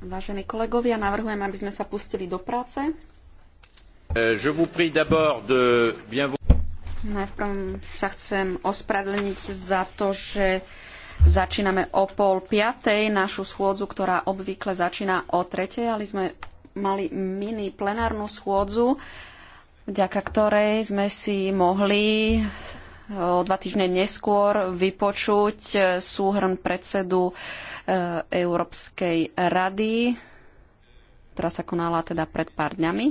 Vážení kolegovia, navrhujem, aby sme sa pustili do práce. Euh, Najprv sa chcem ospravedlniť za to, že začíname o pol piatej našu schôdzu, ktorá obvykle začína o tretej, ale sme mali mini plenárnu schôdzu, vďaka ktorej sme si mohli o dva týždne neskôr vypočuť e, súhrn predsedu e, Európskej rady, ktorá sa konala teda pred pár dňami.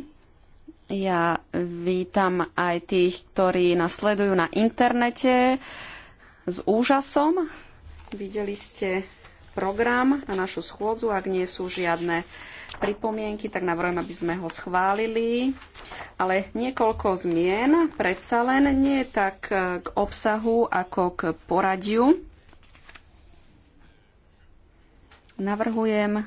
Ja vítam aj tých, ktorí nás sledujú na internete s úžasom. Videli ste program na našu schôdzu, ak nie sú žiadne pripomienky, tak navrhujem, aby sme ho schválili. Ale niekoľko zmien predsa len nie tak e, k obsahu ako k poradiu. Navrhujem,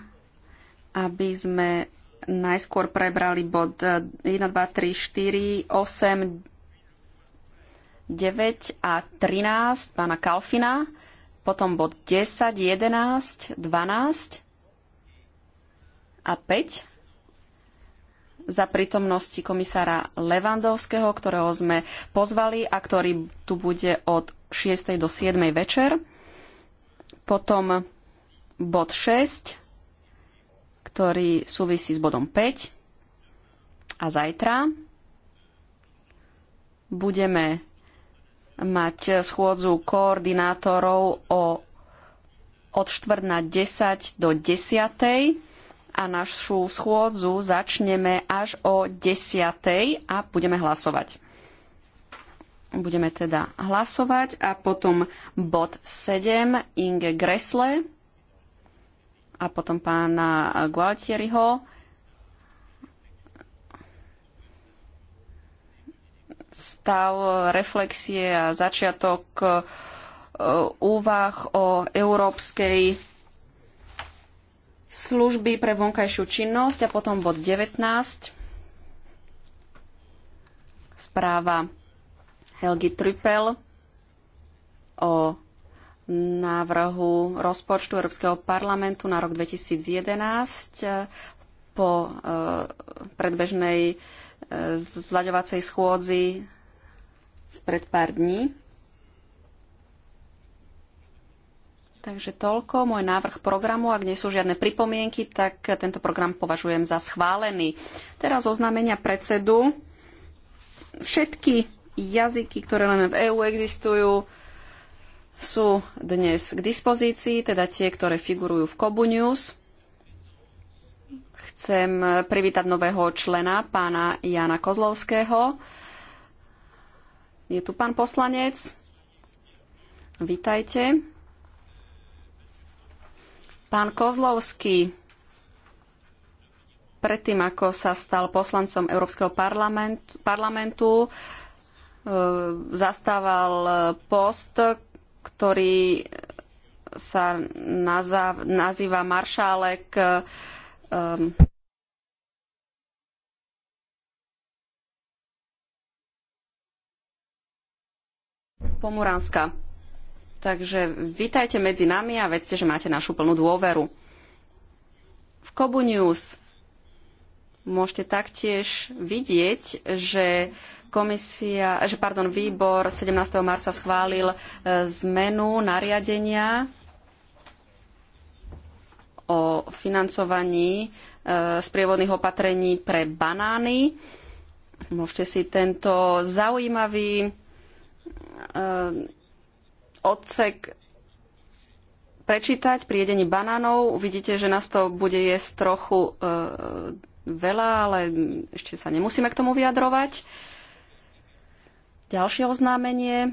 aby sme najskôr prebrali bod 1, 2, 3, 4, 8, 9 a 13 pána Kalfina, potom bod 10, 11, 12 a 5 za prítomnosti komisára Levandovského, ktorého sme pozvali a ktorý tu bude od 6. do 7. večer. Potom bod 6, ktorý súvisí s bodom 5. A zajtra budeme mať schôdzu koordinátorov o, od 4 na 10 do 10 a našu schôdzu začneme až o 10. a budeme hlasovať. Budeme teda hlasovať a potom bod 7 Inge Gresle a potom pána Gualtieriho. Stav reflexie a začiatok e, úvah o európskej služby pre vonkajšiu činnosť a potom bod 19. Správa Helgi Trüppel o návrhu rozpočtu Európskeho parlamentu na rok 2011 po eh, predbežnej eh, zvaďovacej schôdzi spred pár dní. Takže toľko môj návrh programu. Ak nie sú žiadne pripomienky, tak tento program považujem za schválený. Teraz oznámenia predsedu. Všetky jazyky, ktoré len v EÚ existujú, sú dnes k dispozícii, teda tie, ktoré figurujú v Kobu News. Chcem privítať nového člena, pána Jana Kozlovského. Je tu pán poslanec. Vítajte. Pán Kozlovský, predtým ako sa stal poslancom Európskeho parlamentu, parlamentu zastával post, ktorý sa nazýva maršálek um, Pomuránska. Takže vítajte medzi nami a vedzte, že máte našu plnú dôveru. V Kobu News môžete taktiež vidieť, že komisia, že pardon, výbor 17. marca schválil e, zmenu nariadenia o financovaní e, sprievodných opatrení pre banány. Môžete si tento zaujímavý e, odsek prečítať pri jedení banánov. Uvidíte, že nás to bude jesť trochu e, veľa, ale ešte sa nemusíme k tomu vyjadrovať. Ďalšie oznámenie.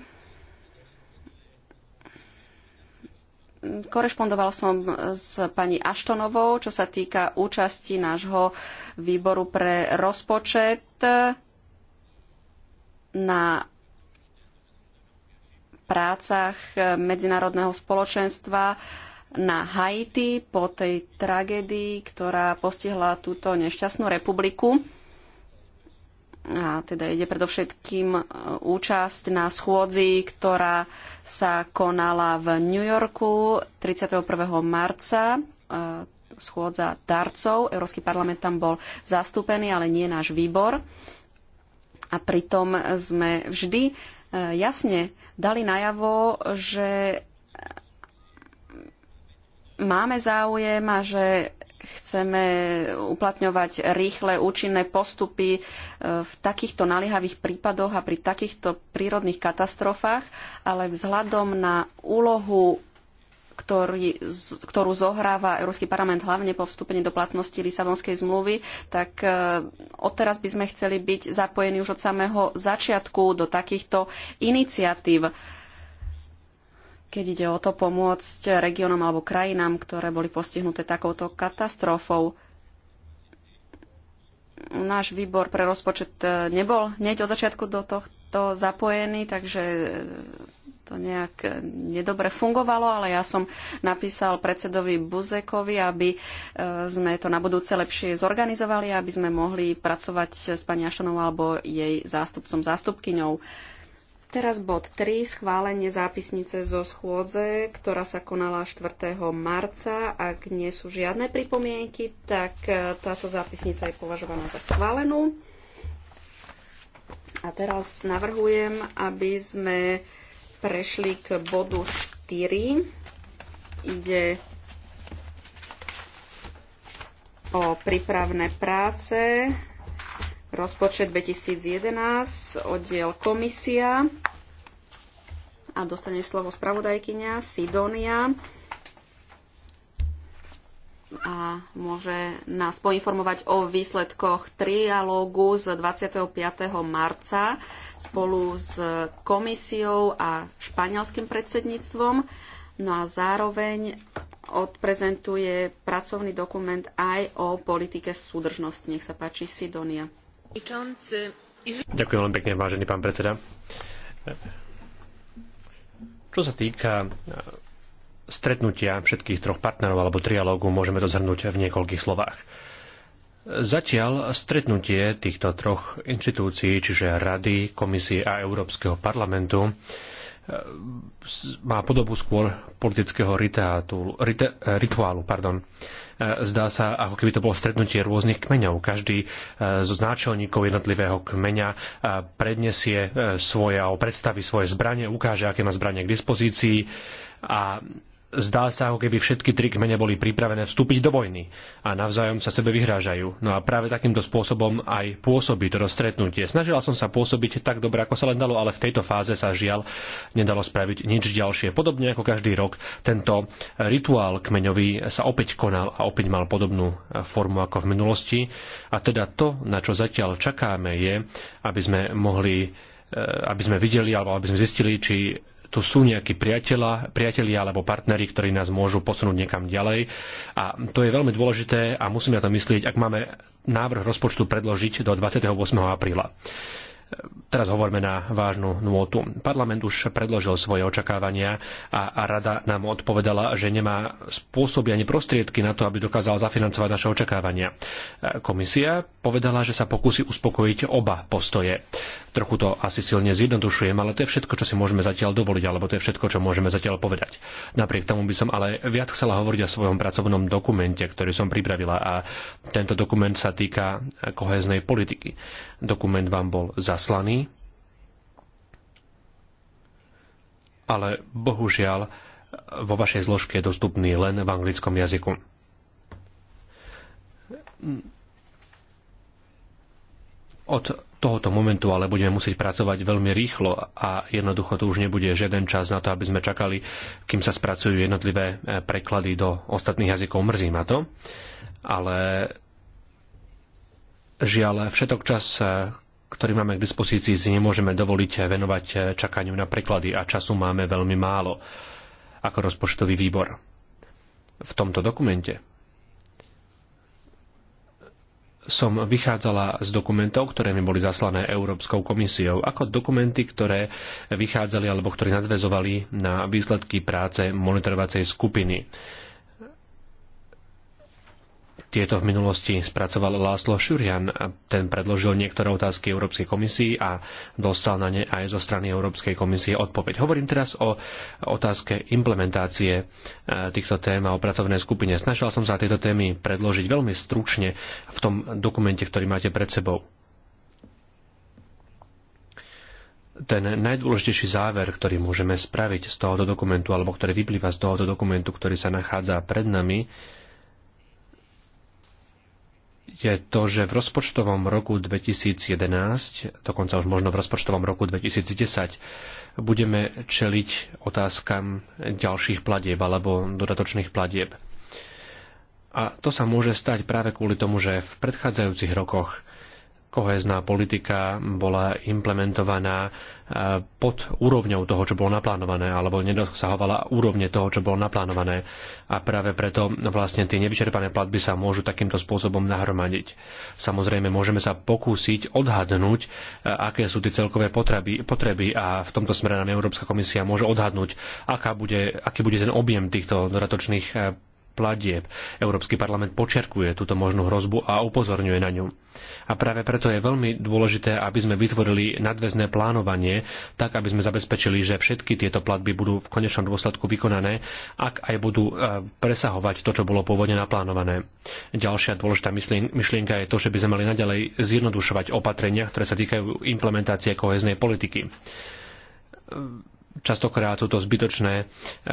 Korešpondoval som s pani Aštonovou, čo sa týka účasti nášho výboru pre rozpočet na prácach e, medzinárodného spoločenstva na Haiti po tej tragédii, ktorá postihla túto nešťastnú republiku. A teda ide predovšetkým e, účasť na schôdzi, ktorá sa konala v New Yorku 31. marca e, schôdza darcov. Európsky parlament tam bol zastúpený, ale nie náš výbor. A pritom sme vždy jasne dali najavo, že máme záujem a že chceme uplatňovať rýchle, účinné postupy e, v takýchto naliehavých prípadoch a pri takýchto prírodných katastrofách, ale vzhľadom na úlohu ktorý, ktorú zohráva Európsky parlament hlavne po vstúpení do platnosti Lisabonskej zmluvy, tak e, odteraz by sme chceli byť zapojení už od samého začiatku do takýchto iniciatív keď ide o to pomôcť regiónom alebo krajinám, ktoré boli postihnuté takouto katastrofou. Náš výbor pre rozpočet e, nebol hneď od začiatku do tohto zapojený, takže to nejak eh, nedobre fungovalo, ale ja som napísal predsedovi Buzekovi, aby eh, sme to na budúce lepšie zorganizovali, aby sme mohli pracovať s pani Ašanou alebo jej zástupcom, zástupkyňou. Teraz bod 3, schválenie zápisnice zo schôdze, ktorá sa konala 4. marca. Ak nie sú žiadne pripomienky, tak eh, táto zápisnica je považovaná za schválenú. A teraz navrhujem, aby sme prešli k bodu 4. Ide o prípravné práce, rozpočet 2011, oddiel komisia a dostane slovo spravodajkynia Sidonia a môže nás poinformovať o výsledkoch trialógu z 25. marca spolu s komisiou a španielským predsedníctvom. No a zároveň odprezentuje pracovný dokument aj o politike súdržnosti. Nech sa páči, Sidonia. Ďakujem veľmi pekne, vážený pán predseda. Čo sa týka stretnutia všetkých troch partnerov alebo trialógu môžeme to zhrnúť v niekoľkých slovách. Zatiaľ stretnutie týchto troch inštitúcií, čiže Rady, Komisie a Európskeho parlamentu, má podobu skôr politického ritátu, rit, rituálu. Pardon. Zdá sa, ako keby to bolo stretnutie rôznych kmeňov. Každý eh, zo znáčelníkov jednotlivého kmeňa eh, prednesie eh, svoje a predstaví svoje zbranie, ukáže, aké má zbranie k dispozícii a zdá sa, ako keby všetky tri kmene boli pripravené vstúpiť do vojny a navzájom sa sebe vyhrážajú. No a práve takýmto spôsobom aj pôsobí to stretnutie. Snažila som sa pôsobiť tak dobre, ako sa len dalo, ale v tejto fáze sa žiaľ nedalo spraviť nič ďalšie. Podobne ako každý rok, tento rituál kmeňový sa opäť konal a opäť mal podobnú formu ako v minulosti. A teda to, na čo zatiaľ čakáme, je, aby sme mohli e, aby sme videli alebo aby sme zistili, či tu sú nejakí priateľa, priatelia alebo partneri, ktorí nás môžu posunúť niekam ďalej. A to je veľmi dôležité a musíme na to myslieť, ak máme návrh rozpočtu predložiť do 28. apríla. Teraz hovorme na vážnu nôtu. Parlament už predložil svoje očakávania a, a rada nám odpovedala, že nemá spôsoby ani prostriedky na to, aby dokázal zafinancovať naše očakávania. Komisia povedala, že sa pokusí uspokojiť oba postoje. Trochu to asi silne zjednodušujem, ale to je všetko, čo si môžeme zatiaľ dovoliť, alebo to je všetko, čo môžeme zatiaľ povedať. Napriek tomu by som ale viac chcela hovoriť o svojom pracovnom dokumente, ktorý som pripravila a tento dokument sa týka koheznej politiky. Dokument vám bol zaslaný, ale bohužiaľ vo vašej zložke je dostupný len v anglickom jazyku. Od tohoto momentu, ale budeme musieť pracovať veľmi rýchlo a jednoducho tu už nebude žiaden čas na to, aby sme čakali, kým sa spracujú jednotlivé e, preklady do ostatných jazykov. Mrzí ma to, ale žiaľ, všetok čas, e, ktorý máme k dispozícii, si nemôžeme dovoliť venovať e, čakaniu na preklady a času máme veľmi málo ako rozpočtový výbor. V tomto dokumente som vychádzala z dokumentov, ktoré mi boli zaslané Európskou komisiou, ako dokumenty, ktoré vychádzali alebo ktoré nadvezovali na výsledky práce monitorovacej skupiny. Tieto v minulosti spracoval Láslo Šurian. Ten predložil niektoré otázky Európskej komisii a dostal na ne aj zo strany Európskej komisie odpoveď. Hovorím teraz o otázke implementácie e, týchto tém a o pracovnej skupine. Snažil som sa tieto témy predložiť veľmi stručne v tom dokumente, ktorý máte pred sebou. ten najdôležitejší záver, ktorý môžeme spraviť z tohoto dokumentu, alebo ktorý vyplýva z tohoto dokumentu, ktorý sa nachádza pred nami, je to, že v rozpočtovom roku 2011, dokonca už možno v rozpočtovom roku 2010, budeme čeliť otázkam ďalších platieb alebo dodatočných platieb. A to sa môže stať práve kvôli tomu, že v predchádzajúcich rokoch kohezná politika bola implementovaná e, pod úrovňou toho, čo bolo naplánované, alebo nedosahovala úrovne toho, čo bolo naplánované. A práve preto vlastne tie nevyčerpané platby sa môžu takýmto spôsobom nahromadiť. Samozrejme, môžeme sa pokúsiť odhadnúť, e, aké sú tie celkové potreby, potreby a v tomto smere nám Európska komisia môže odhadnúť, aká bude, aký bude ten objem týchto dodatočných e, platieb. Európsky parlament počerkuje túto možnú hrozbu a upozorňuje na ňu. A práve preto je veľmi dôležité, aby sme vytvorili nadväzné plánovanie, tak aby sme zabezpečili, že všetky tieto platby budú v konečnom dôsledku vykonané, ak aj budú e, presahovať to, čo bolo pôvodne naplánované. Ďalšia dôležitá myšlienka je to, že by sme mali naďalej zjednodušovať opatrenia, ktoré sa týkajú implementácie koheznej politiky častokrát sú to zbytočné e,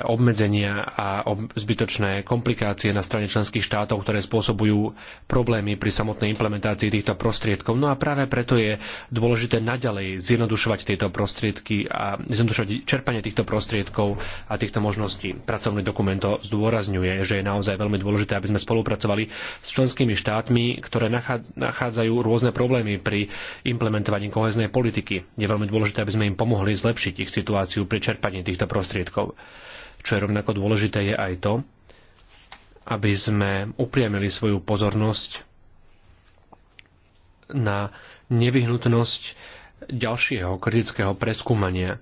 obmedzenia a zbytočné komplikácie na strane členských štátov, ktoré spôsobujú problémy pri samotnej implementácii týchto prostriedkov. No a práve preto je dôležité naďalej zjednodušovať tieto prostriedky a zjednodušovať čerpanie týchto prostriedkov a týchto možností. Pracovný dokument to zdôrazňuje, že je naozaj veľmi dôležité, aby sme spolupracovali s členskými štátmi, ktoré nachádzajú rôzne problémy pri implementovaní koheznej politiky. Je veľmi dôležité, aby sme im pomohli zlepšiť ich situáciu pri čerpaní týchto prostriedkov. Čo je rovnako dôležité je aj to, aby sme upriamili svoju pozornosť na nevyhnutnosť ďalšieho kritického preskúmania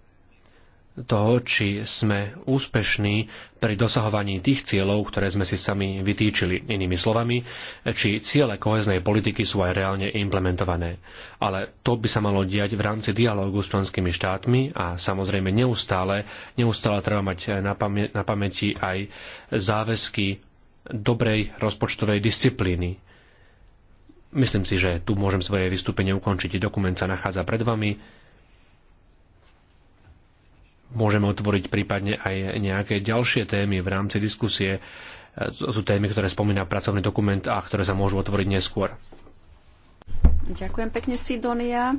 toho, či sme úspešní pri dosahovaní tých cieľov, ktoré sme si sami vytýčili. Inými slovami, či ciele koheznej politiky sú aj reálne implementované. Ale to by sa malo diať v rámci dialógu s členskými štátmi a samozrejme neustále, neustále treba mať na, pamä- na pamäti aj záväzky dobrej rozpočtovej disciplíny. Myslím si, že tu môžem svoje vystúpenie ukončiť. Dokument sa nachádza pred vami Môžeme otvoriť prípadne aj nejaké ďalšie témy v rámci diskusie. Sú témy, ktoré spomína pracovný dokument a ktoré sa môžu otvoriť neskôr. Ďakujem pekne, Sidonia.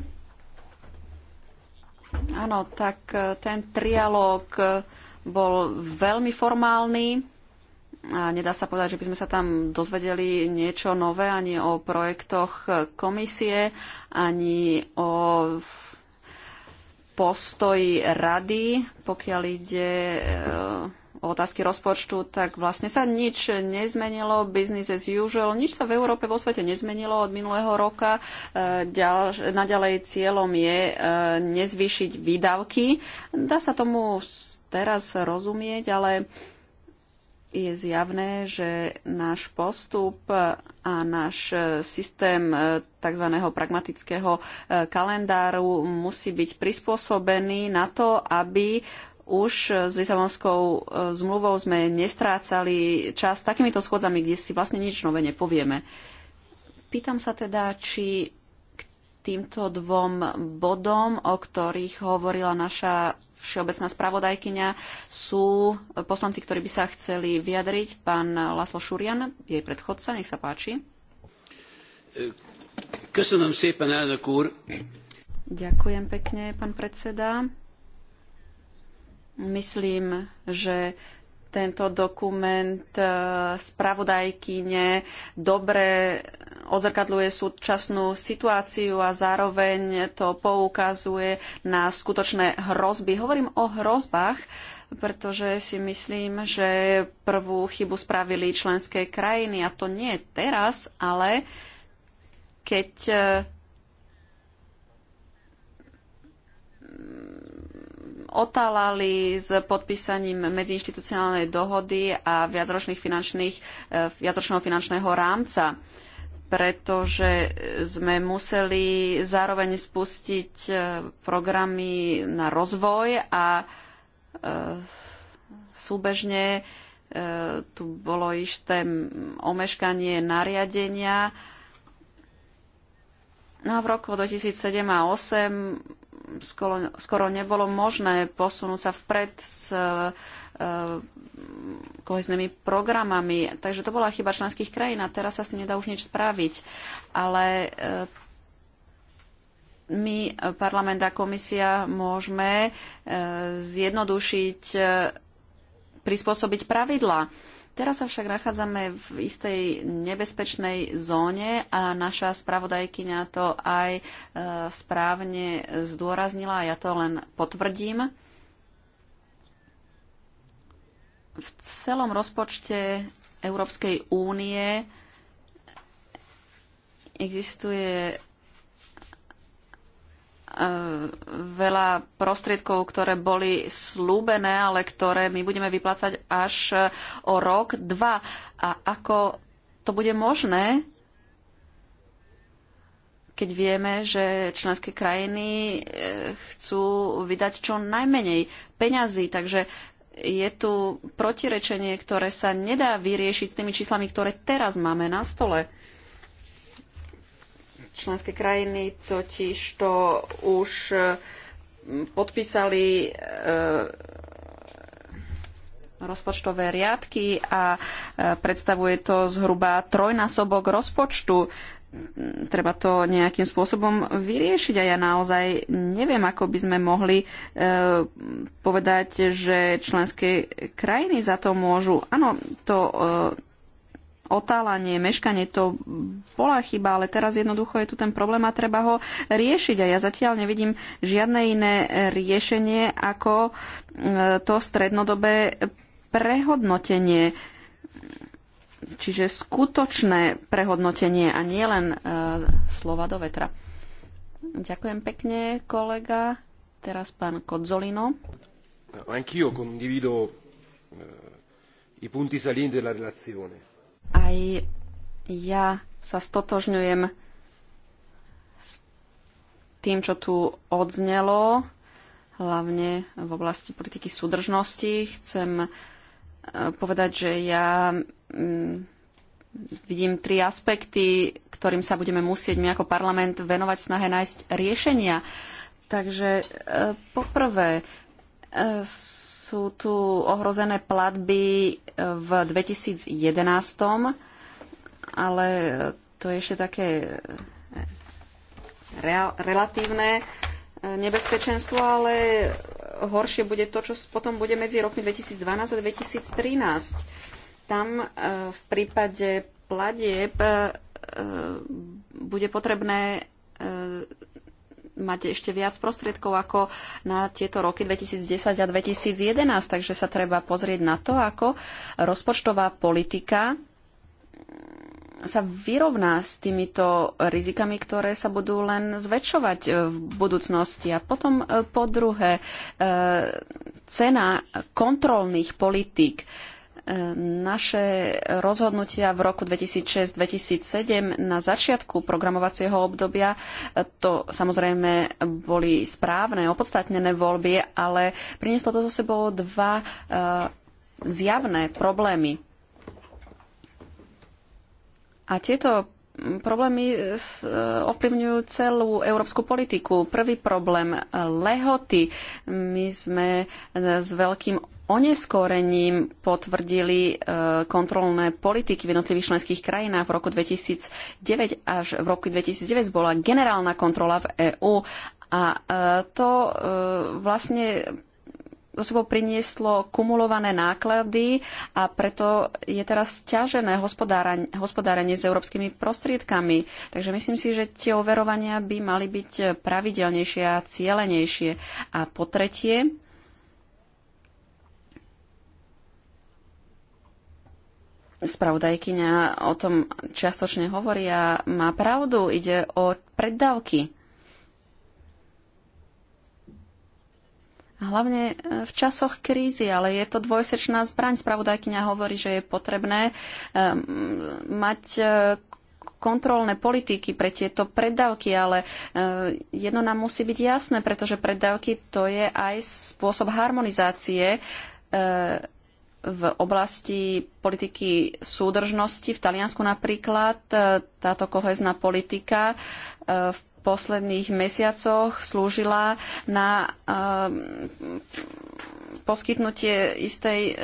Áno, tak e, ten trialóg e, bol veľmi formálny a nedá sa povedať, že by sme sa tam dozvedeli niečo nové ani o projektoch e, komisie, ani o postoji rady, pokiaľ ide e, o otázky rozpočtu, tak vlastne sa nič nezmenilo, business as usual, nič sa v Európe, vo svete nezmenilo od minulého roka. E, ďalš, naďalej cieľom je e, nezvyšiť výdavky. Dá sa tomu teraz rozumieť, ale je zjavné, že náš postup a náš systém e, tzv. pragmatického e, kalendáru musí byť prispôsobený na to, aby už s Lisabonskou e, zmluvou sme nestrácali čas takýmito schôdzami, kde si vlastne nič nové nepovieme. Pýtam sa teda, či k týmto dvom bodom, o ktorých hovorila naša všeobecná spravodajkyňa, sú poslanci, ktorí by sa chceli vyjadriť. Pán Laslo Šurian, jej predchodca, nech sa páči. Ďakujem pekne, pán predseda. Myslím, že tento dokument eh, spravodajkyne dobre ozrkadluje súčasnú situáciu a zároveň to poukazuje na skutočné hrozby. Hovorím o hrozbách, pretože si myslím, že prvú chybu spravili členské krajiny a to nie teraz, ale keď eh, otálali s podpísaním medziinštitucionálnej dohody a viacročných finančných, eh, viacročného finančného rámca pretože sme museli zároveň spustiť e, programy na rozvoj a e, súbežne e, tu bolo isté omeškanie nariadenia. No a v roku 2007 a 2008 skoro, skoro nebolo možné posunúť sa vpred s e, koheznými programami. Takže to bola chyba členských krajín a teraz sa s tým nedá už nič spraviť. Ale e, my, parlament a komisia, môžeme e, zjednodušiť, e, prispôsobiť pravidla Teraz sa však nachádzame v istej nebezpečnej zóne a naša spravodajkyňa to aj e, správne zdôraznila a ja to len potvrdím. V celom rozpočte Európskej únie existuje E, veľa prostriedkov, ktoré boli slúbené, ale ktoré my budeme vyplácať až e, o rok, dva. A ako to bude možné, keď vieme, že členské krajiny e, chcú vydať čo najmenej peňazí. Takže je tu protirečenie, ktoré sa nedá vyriešiť s tými číslami, ktoré teraz máme na stole. Členské krajiny totiž to už e, podpísali e, rozpočtové riadky a e, predstavuje to zhruba trojnásobok rozpočtu. Treba to nejakým spôsobom vyriešiť a ja naozaj neviem, ako by sme mohli povedať, že členské krajiny za to môžu. Áno, to otálanie, meškanie, to bola chyba, ale teraz jednoducho je tu ten problém a treba ho riešiť. A ja zatiaľ nevidím žiadne iné riešenie ako e, to strednodobé prehodnotenie, čiže skutočné prehodnotenie a nie len e, slova do vetra. Ďakujem pekne, kolega. Teraz pán Kodzolino. Anch'io condivido e, i punti salienti della relazione aj ja sa stotožňujem s tým, čo tu odznelo, hlavne v oblasti politiky súdržnosti. Chcem e, povedať, že ja mm, vidím tri aspekty, ktorým sa budeme musieť my ako parlament venovať v snahe nájsť riešenia. Takže e, poprvé, e, sú tu ohrozené platby e, v 2011, ale to je ešte také e, real, relatívne e, nebezpečenstvo, ale horšie bude to, čo potom bude medzi rokmi 2012 a 2013. Tam v prípade platieb bude potrebné mať ešte viac prostriedkov ako na tieto roky 2010 a 2011. Takže sa treba pozrieť na to, ako rozpočtová politika sa vyrovná s týmito rizikami, ktoré sa budú len zväčšovať e, v budúcnosti. A potom e, po druhé, e, cena kontrolných politík naše rozhodnutia v roku 2006-2007 na začiatku programovacieho obdobia, to samozrejme boli správne, opodstatnené voľby, ale prinieslo to zo sebou dva e, zjavné problémy. A tieto problémy e, e, ovplyvňujú celú európsku politiku. Prvý problém lehoty. My sme s veľkým oneskorením potvrdili e, kontrolné politiky v jednotlivých členských krajinách. V roku 2009 až v roku 2009 bola generálna kontrola v EÚ a e, to e, vlastne do sebou prinieslo kumulované náklady a preto je teraz ťažené hospodárenie s európskymi prostriedkami. Takže myslím si, že tie overovania by mali byť pravidelnejšie a cielenejšie. A po tretie, Spravodajkyňa o tom čiastočne hovorí a má pravdu, ide o preddavky. Hlavne e, v časoch krízy, ale je to dvojsečná zbraň. Spravodajkyňa hovorí, že je potrebné e, mať e, kontrolné politiky pre tieto predávky, ale jedno nám musí byť jasné, pretože predávky to je aj spôsob harmonizácie v oblasti politiky súdržnosti v Taliansku napríklad. E, táto kohezná politika e, v posledných mesiacoch slúžila na e, poskytnutie istej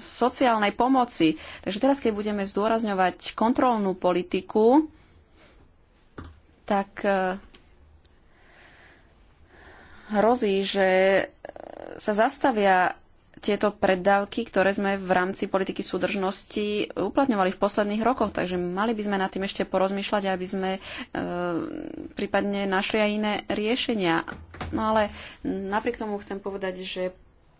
sociálnej pomoci. Takže teraz, keď budeme zdôrazňovať kontrolnú politiku, tak hrozí, že sa zastavia tieto preddavky, ktoré sme v rámci politiky súdržnosti uplatňovali v posledných rokoch. Takže mali by sme nad tým ešte porozmýšľať, aby sme e, prípadne našli aj iné riešenia. No ale napriek tomu chcem povedať, že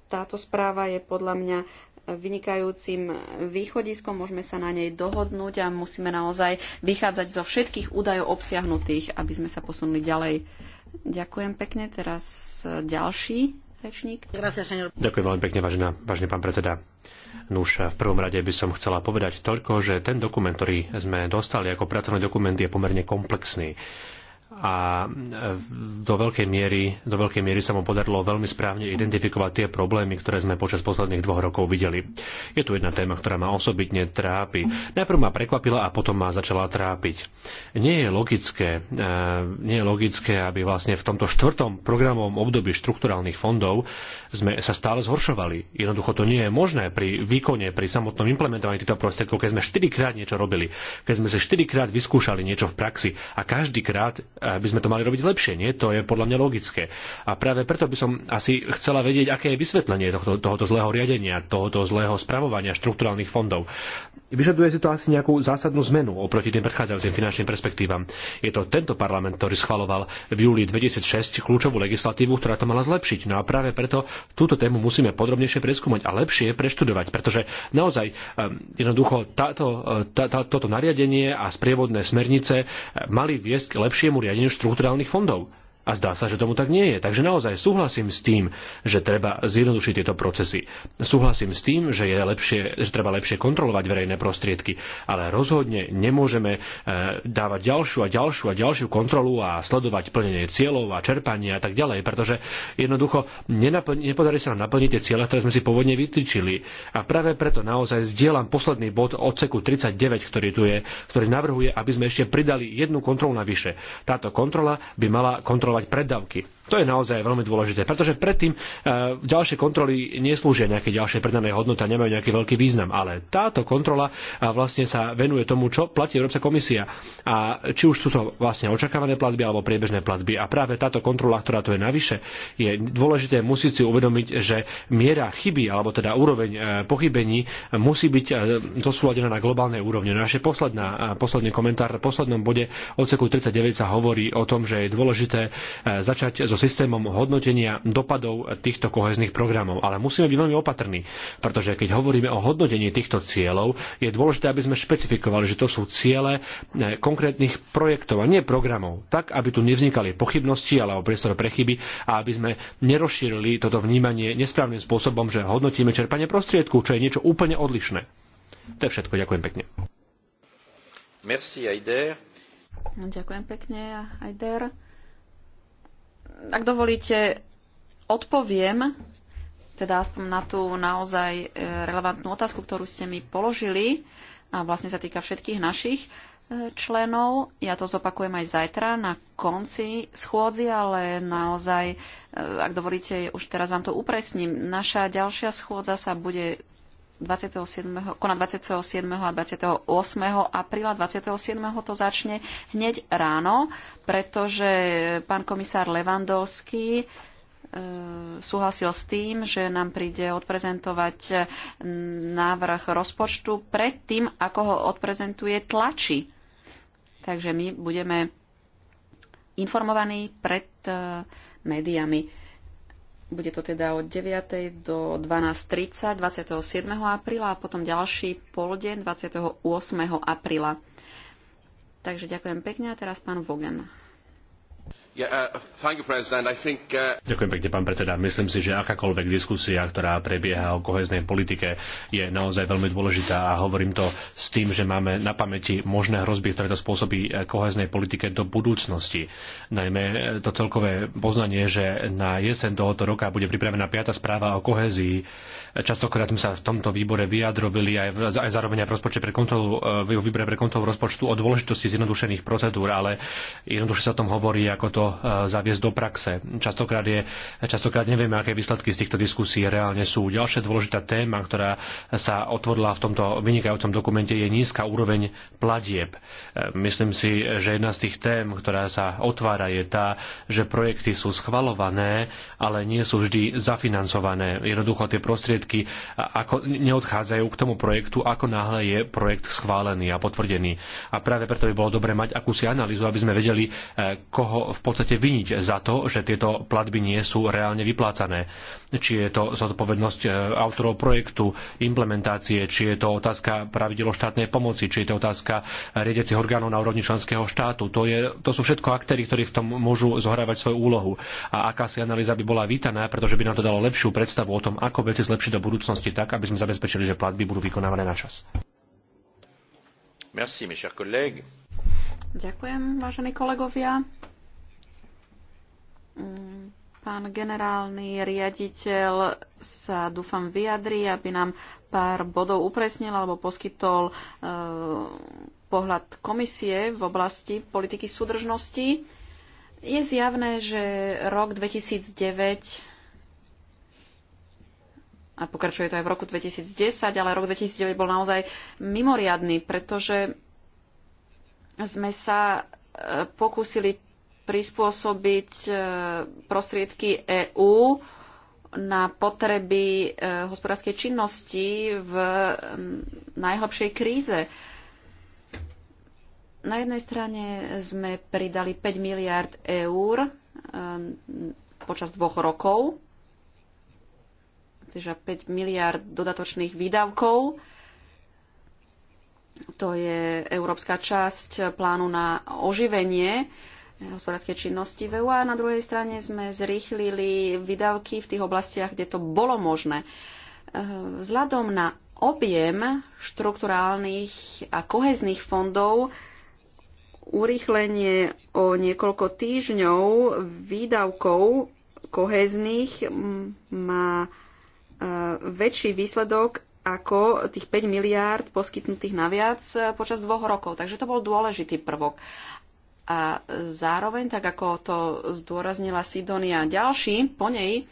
táto správa je podľa mňa vynikajúcim východiskom, môžeme sa na nej dohodnúť a musíme naozaj vychádzať zo všetkých údajov obsiahnutých, aby sme sa posunuli ďalej. Ďakujem pekne. Teraz e, ďalší rečník. Ďakujem veľmi pekne, vážená, vážený pán predseda. Nuž, v prvom rade by som chcela povedať toľko, že ten dokument, ktorý sme dostali ako pracovný dokument, je pomerne komplexný a e, do veľkej, miery, do veľkej miery sa mu podarilo veľmi správne identifikovať tie problémy, ktoré sme počas posledných dvoch rokov videli. Je tu jedna téma, ktorá ma osobitne trápi. Najprv ma prekvapila a potom ma začala trápiť. Nie je logické, e, nie je logické aby vlastne v tomto štvrtom programovom období štrukturálnych fondov sme sa stále zhoršovali. Jednoducho to nie je možné pri výkone, pri samotnom implementovaní týchto prostriedkov, keď sme štyrikrát niečo robili, keď sme sa štyrikrát vyskúšali niečo v praxi a každý krát by sme to mali robiť lepšie, nie? To je podľa mňa logické. A práve preto by som asi chcela vedieť, aké je vysvetlenie tohto, tohoto zlého riadenia, tohoto zlého spravovania štrukturálnych fondov. Vyžaduje si to asi nejakú zásadnú zmenu oproti tým predchádzajúcim finančným perspektívam. Je to tento parlament, ktorý schvaloval v júli 2006 kľúčovú legislatívu, ktorá to mala zlepšiť. No a práve preto túto tému musíme podrobnejšie preskúmať a lepšie preštudovať, pretože naozaj ehm, jednoducho táto, e, tá, tá, toto nariadenie a sprievodné smernice e, mali viesť k lepšiemu riadeniu štrukturálnych fondov a zdá sa, že tomu tak nie je. Takže naozaj súhlasím s tým, že treba zjednodušiť tieto procesy. Súhlasím s tým, že, je lepšie, že treba lepšie kontrolovať verejné prostriedky, ale rozhodne nemôžeme e, dávať ďalšiu a ďalšiu a ďalšiu kontrolu a sledovať plnenie cieľov a čerpanie a tak ďalej, pretože jednoducho nepodarí sa nám naplniť tie cieľe, ktoré sme si pôvodne vytýčili. A práve preto naozaj zdieľam posledný bod odseku 39, ktorý tu je, ktorý navrhuje, aby sme ešte pridali jednu kontrolu navyše. Táto kontrola by mala kontrolovať kontrolovať predávky. To je naozaj veľmi dôležité, pretože predtým eh, ďalšie kontroly neslúžia nejaké ďalšie predané a nemajú nejaký veľký význam, ale táto kontrola eh, vlastne sa venuje tomu, čo platí Európska komisia. A či už sú to vlastne očakávané platby alebo priebežné platby. A práve táto kontrola, ktorá tu je navyše, je dôležité musieť si uvedomiť, že miera chyby alebo teda úroveň eh, pochybení musí byť zosúladená na globálnej úrovni. Naše no posledná, posledný komentár v poslednom bode odseku 39 sa hovorí o tom, že je dôležité začať so systémom hodnotenia dopadov týchto kohezných programov. Ale musíme byť veľmi opatrní, pretože keď hovoríme o hodnotení týchto cieľov, je dôležité, aby sme špecifikovali, že to sú ciele eh, konkrétnych projektov a nie programov, tak aby tu nevznikali pochybnosti alebo priestor pre chyby a aby sme nerozšírili toto vnímanie nesprávnym spôsobom, že hodnotíme čerpanie prostriedku, čo je niečo úplne odlišné. To je všetko. Ďakujem pekne. Merci, Aider. Ďakujem pekne, Aider ak dovolíte, odpoviem teda aspoň na tú naozaj e, relevantnú otázku, ktorú ste mi položili a vlastne sa týka všetkých našich e, členov. Ja to zopakujem aj zajtra na konci schôdzi, ale naozaj, e, ak dovolíte, už teraz vám to upresním. Naša ďalšia schôdza sa bude 27, koná 27. a 28. apríla. 27. to začne hneď ráno, pretože pán komisár Levandovský e, súhlasil s tým, že nám príde odprezentovať e, návrh rozpočtu pred tým, ako ho odprezentuje tlači. Takže my budeme informovaní pred e, médiami. Bude to teda od 9. do 12.30 27. apríla a potom ďalší poldeň 28. apríla. Takže ďakujem pekne a teraz pán Vogen. Uh, uh, Ďakujem pekne, pán predseda. Myslím si, že akákoľvek diskusia, ktorá prebieha o koheznej politike, je naozaj veľmi dôležitá a hovorím to s tým, že máme na pamäti možné hrozby, ktoré to spôsobí eh, koheznej politike do budúcnosti. Najmä eh, to celkové poznanie, že na jeseň tohoto roka bude pripravená piata správa o kohezii. Častokrát sme sa v tomto výbore vyjadrovili aj, aj zároveň aj v rozpočte pre kontrolu, eh, v výbore pre kontrolu rozpočtu o dôležitosti zjednodušených procedúr, ale jednoduše sa o tom hovorí ako to to eh, zaviesť do praxe. Častokrát, je, častokrát nevieme, aké výsledky z týchto diskusí reálne sú. Ďalšia dôležitá téma, ktorá sa otvorila v tomto vynikajúcom dokumente, je nízka úroveň platieb. Eh, myslím si, že jedna z tých tém, ktorá sa otvára, je tá, že projekty sú schvalované, ale nie sú vždy zafinancované. Jednoducho tie prostriedky ako neodchádzajú k tomu projektu, ako náhle je projekt schválený a potvrdený. A práve preto by bolo dobre mať akúsi analýzu, aby sme vedeli, eh, koho v podstate vyniť za to, že tieto platby nie sú reálne vyplácané. Či je to zodpovednosť e, autorov projektu, implementácie, či je to otázka pravidelo štátnej pomoci, či je to otázka riadiacich orgánov na úrovni členského štátu. To, je, to sú všetko aktéry, ktorí v tom môžu zohrávať svoju úlohu. A akási analýza by bola vítaná, pretože by nám to dalo lepšiu predstavu o tom, ako veci zlepšiť do budúcnosti tak, aby sme zabezpečili, že platby budú vykonávané na čas. Merci, mes chers collègues. Ďakujem, vážení kolegovia. Pán generálny riaditeľ sa dúfam vyjadri, aby nám pár bodov upresnil alebo poskytol e, pohľad komisie v oblasti politiky súdržnosti. Je zjavné, že rok 2009 a pokračuje to aj v roku 2010, ale rok 2009 bol naozaj mimoriadný, pretože sme sa e, pokúsili prispôsobiť e, prostriedky EÚ na potreby e, hospodárskej činnosti v najhlbšej kríze. Na jednej strane sme pridali 5 miliard eur e, počas dvoch rokov, čiže teda 5 miliard dodatočných výdavkov. To je európska časť plánu na oživenie hospodárskej činnosti v EU a na druhej strane sme zrýchlili výdavky v tých oblastiach, kde to bolo možné. E, vzhľadom na objem štrukturálnych a kohezných fondov urýchlenie o niekoľko týždňov výdavkov kohezných má e, väčší výsledok ako tých 5 miliárd poskytnutých naviac e, počas dvoch rokov. Takže to bol dôležitý prvok. A zároveň, tak ako to zdôraznila Sidonia ďalší, po nej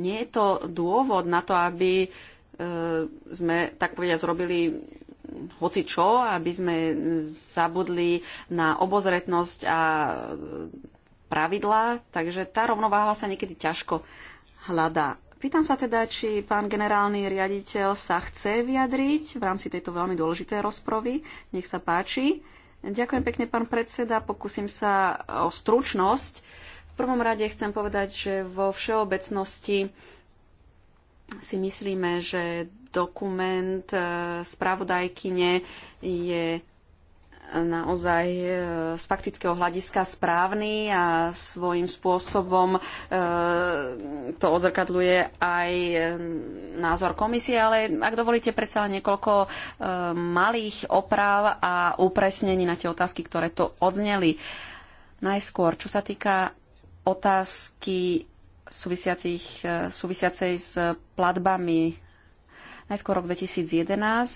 nie je to dôvod na to, aby e, sme, tak povedia zrobili hoci čo, aby sme zabudli na obozretnosť a pravidlá, takže tá rovnováha sa niekedy ťažko hľadá. Pýtam sa teda, či pán generálny riaditeľ sa chce vyjadriť v rámci tejto veľmi dôležitej rozpravy. Nech sa páči. Ďakujem pekne, pán predseda. Pokúsim sa o stručnosť. V prvom rade chcem povedať, že vo všeobecnosti si myslíme, že dokument eh, spravodajkyne je naozaj e, z faktického hľadiska správny a svojím spôsobom e, to odzrkadľuje aj e, názor komisie, ale ak dovolíte predsa niekoľko malých oprav a upresnení na tie otázky, ktoré to odzneli. Najskôr, čo sa týka otázky súvisiacej s platbami Najskôr rok 2011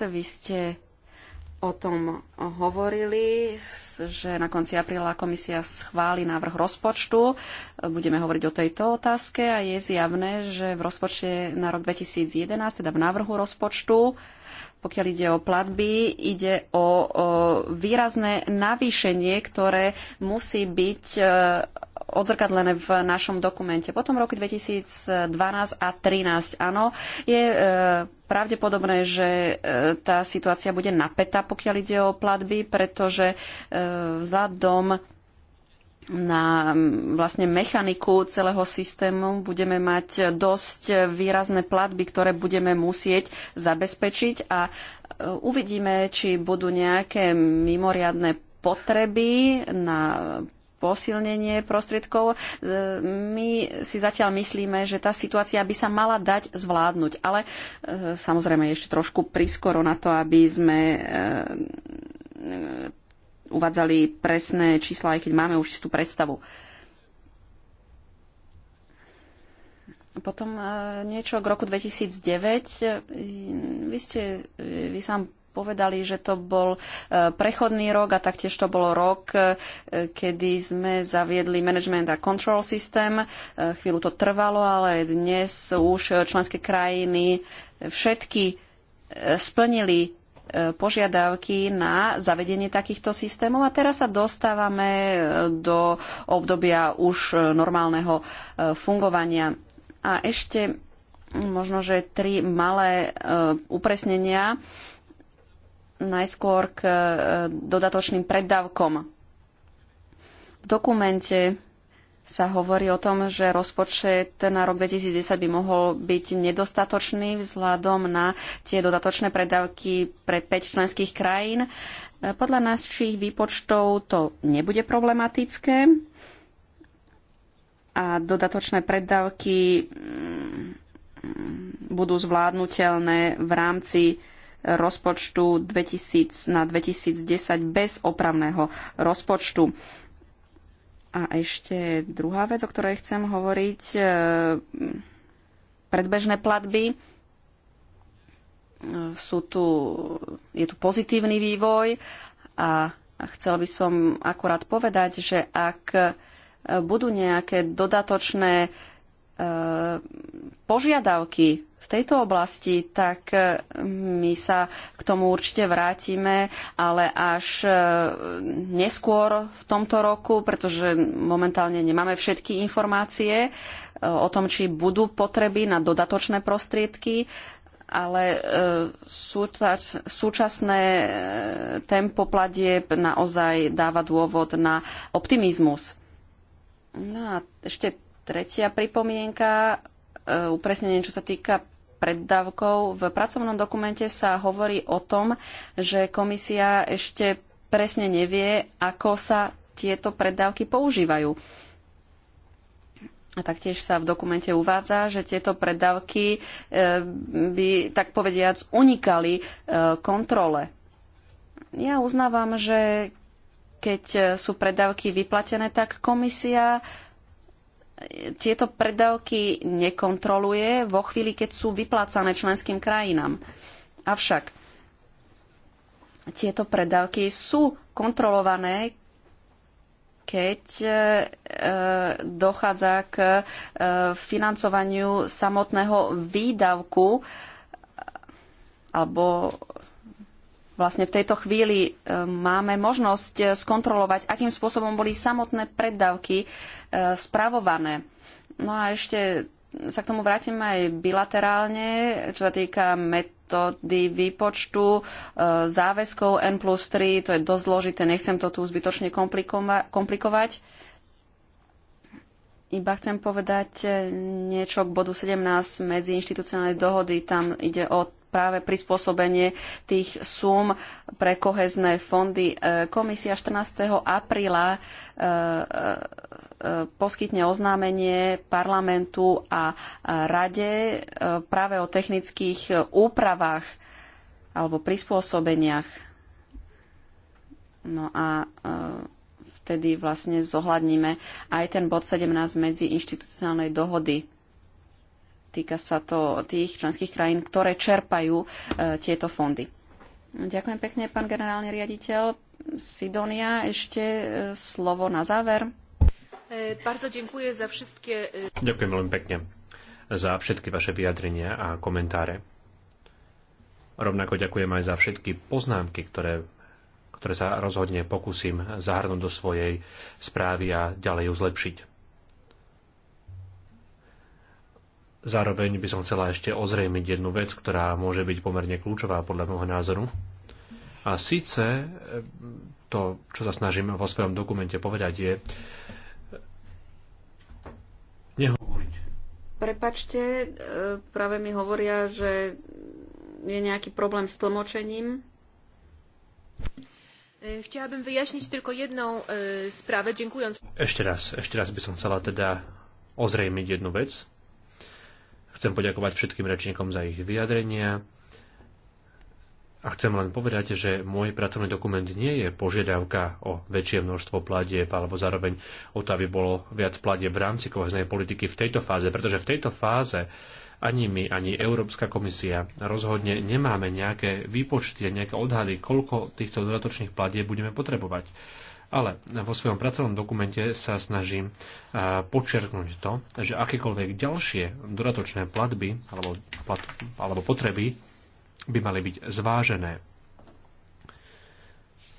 vy ste o tom hovorili, že na konci apríla komisia schváli návrh rozpočtu. Budeme hovoriť o tejto otázke a je zjavné, že v rozpočte na rok 2011, teda v návrhu rozpočtu, pokiaľ ide o platby, ide o, o výrazné navýšenie, ktoré musí byť e, odzrkadlené v našom dokumente. Potom roky 2012 a 2013, áno, je e, pravdepodobné, že e, tá situácia bude napätá, pokiaľ ide o platby, pretože e, vzhľadom na vlastne mechaniku celého systému budeme mať dosť výrazné platby, ktoré budeme musieť zabezpečiť a e, uvidíme, či budú nejaké mimoriadne potreby na posilnenie prostriedkov. E, my si zatiaľ myslíme, že tá situácia by sa mala dať zvládnuť, ale e, samozrejme ešte trošku prískoro na to, aby sme e, uvádzali presné čísla, aj keď máme už istú predstavu. Potom niečo k roku 2009. Vy ste, vy sám povedali, že to bol e, prechodný rok a taktiež to bolo rok, e, kedy sme zaviedli management a control systém. E, chvíľu to trvalo, ale dnes už členské krajiny všetky splnili požiadavky na zavedenie takýchto systémov a teraz sa dostávame do obdobia už normálneho fungovania. A ešte možno, že tri malé upresnenia najskôr k e, dodatočným preddavkom. V dokumente sa hovorí o tom, že rozpočet na rok 2010 by mohol byť nedostatočný vzhľadom na tie dodatočné predávky pre 5 členských krajín. E, podľa našich výpočtov to nebude problematické a dodatočné predávky mm, budú zvládnutelné v rámci rozpočtu 2000 na 2010 bez opravného rozpočtu. A ešte druhá vec, o ktorej chcem hovoriť, e, predbežné platby. E, sú tu, je tu pozitívny vývoj a chcela by som akurát povedať, že ak budú nejaké dodatočné e, požiadavky v tejto oblasti, tak e, my sa k tomu určite vrátime, ale až e, neskôr v tomto roku, pretože momentálne nemáme všetky informácie e, o tom, či budú potreby na dodatočné prostriedky ale súčasné tempo platieb naozaj dáva dôvod na optimizmus. No a ešte tretia pripomienka, upresnenie, čo sa týka preddavkov. V pracovnom dokumente sa hovorí o tom, že komisia ešte presne nevie, ako sa tieto preddavky používajú. A taktiež sa v dokumente uvádza, že tieto predávky e, by, tak povediac, unikali e, kontrole. Ja uznávam, že keď sú predávky vyplatené, tak komisia tieto predávky nekontroluje vo chvíli, keď sú vyplácané členským krajinám. Avšak tieto predávky sú kontrolované, keď e, dochádza k e, financovaniu samotného výdavku alebo vlastne v tejto chvíli e, máme možnosť e, skontrolovať, akým spôsobom boli samotné preddavky e, spravované. No a ešte sa k tomu vrátim aj bilaterálne, čo sa týka metódy výpočtu záväzkov N plus 3, to je dosť zložité, nechcem to tu zbytočne komplikovať. Iba chcem povedať niečo k bodu 17 medzi inštitucionálnej dohody. Tam ide o práve prispôsobenie tých súm pre kohezné fondy. E, komisia 14. apríla e, e, poskytne oznámenie parlamentu a rade práve o technických úpravách alebo prispôsobeniach. No a vtedy vlastne zohľadníme aj ten bod 17 medzi inštitucionálnej dohody Týka sa to tých členských krajín, ktoré čerpajú e, tieto fondy. Ďakujem pekne, pán generálny riaditeľ. Sidonia, ešte e, slovo na záver. E, bardzo za Ďakujem veľmi pekne za všetky vaše vyjadrenia a komentáre. Rovnako ďakujem aj za všetky poznámky, ktoré, ktoré sa rozhodne pokúsim zahrnúť do svojej správy a ďalej ju zlepšiť. Zároveň by som chcela ešte ozrejmiť jednu vec, ktorá môže byť pomerne kľúčová podľa môjho názoru. A síce e, to, čo sa snažím vo svojom dokumente povedať, je nehovoriť. Prepačte, e, práve mi hovoria, že je nejaký problém s tlmočením. E, bym vyjašniť tylko jedną sprawę, dziękując. Ešte raz, ešte raz by som chcela teda ozrejmiť jednu vec. Chcem poďakovať všetkým rečníkom za ich vyjadrenia. A chcem len povedať, že môj pracovný dokument nie je požiadavka o väčšie množstvo platieb alebo zároveň o to, aby bolo viac platieb v rámci koheznej politiky v tejto fáze, pretože v tejto fáze ani my, ani Európska komisia rozhodne nemáme nejaké výpočty a nejaké odhady, koľko týchto dodatočných platieb budeme potrebovať. Ale vo svojom pracovnom dokumente sa snažím počerknúť to, že akékoľvek ďalšie dodatočné platby alebo, plat, alebo potreby by mali byť zvážené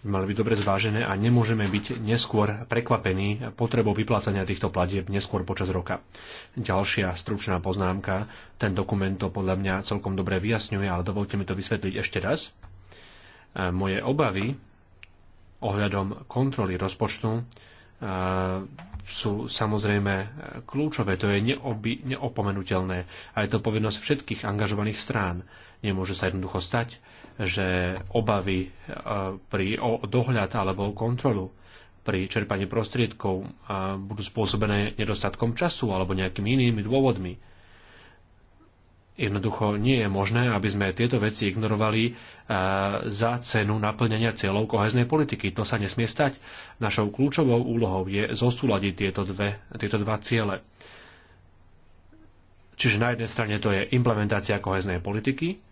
by mali byť dobre zvážené a nemôžeme byť neskôr prekvapení potrebou vyplácania týchto platieb neskôr počas roka. Ďalšia stručná poznámka, ten dokument to podľa mňa celkom dobre vyjasňuje, ale dovolte mi to vysvetliť ešte raz. Moje obavy ohľadom kontroly rozpočtu e, sú samozrejme kľúčové, to je neobi, neopomenutelné a je to povinnosť všetkých angažovaných strán. Nemôže sa jednoducho stať, že obavy e, pri o dohľad alebo o kontrolu pri čerpaní prostriedkov e, budú spôsobené nedostatkom času alebo nejakými inými dôvodmi Jednoducho nie je možné, aby sme tieto veci ignorovali e, za cenu naplnenia cieľov koheznej politiky. To sa nesmie stať. Našou kľúčovou úlohou je zosúľadiť tieto, dve, tieto dva ciele. Čiže na jednej strane to je implementácia koheznej politiky,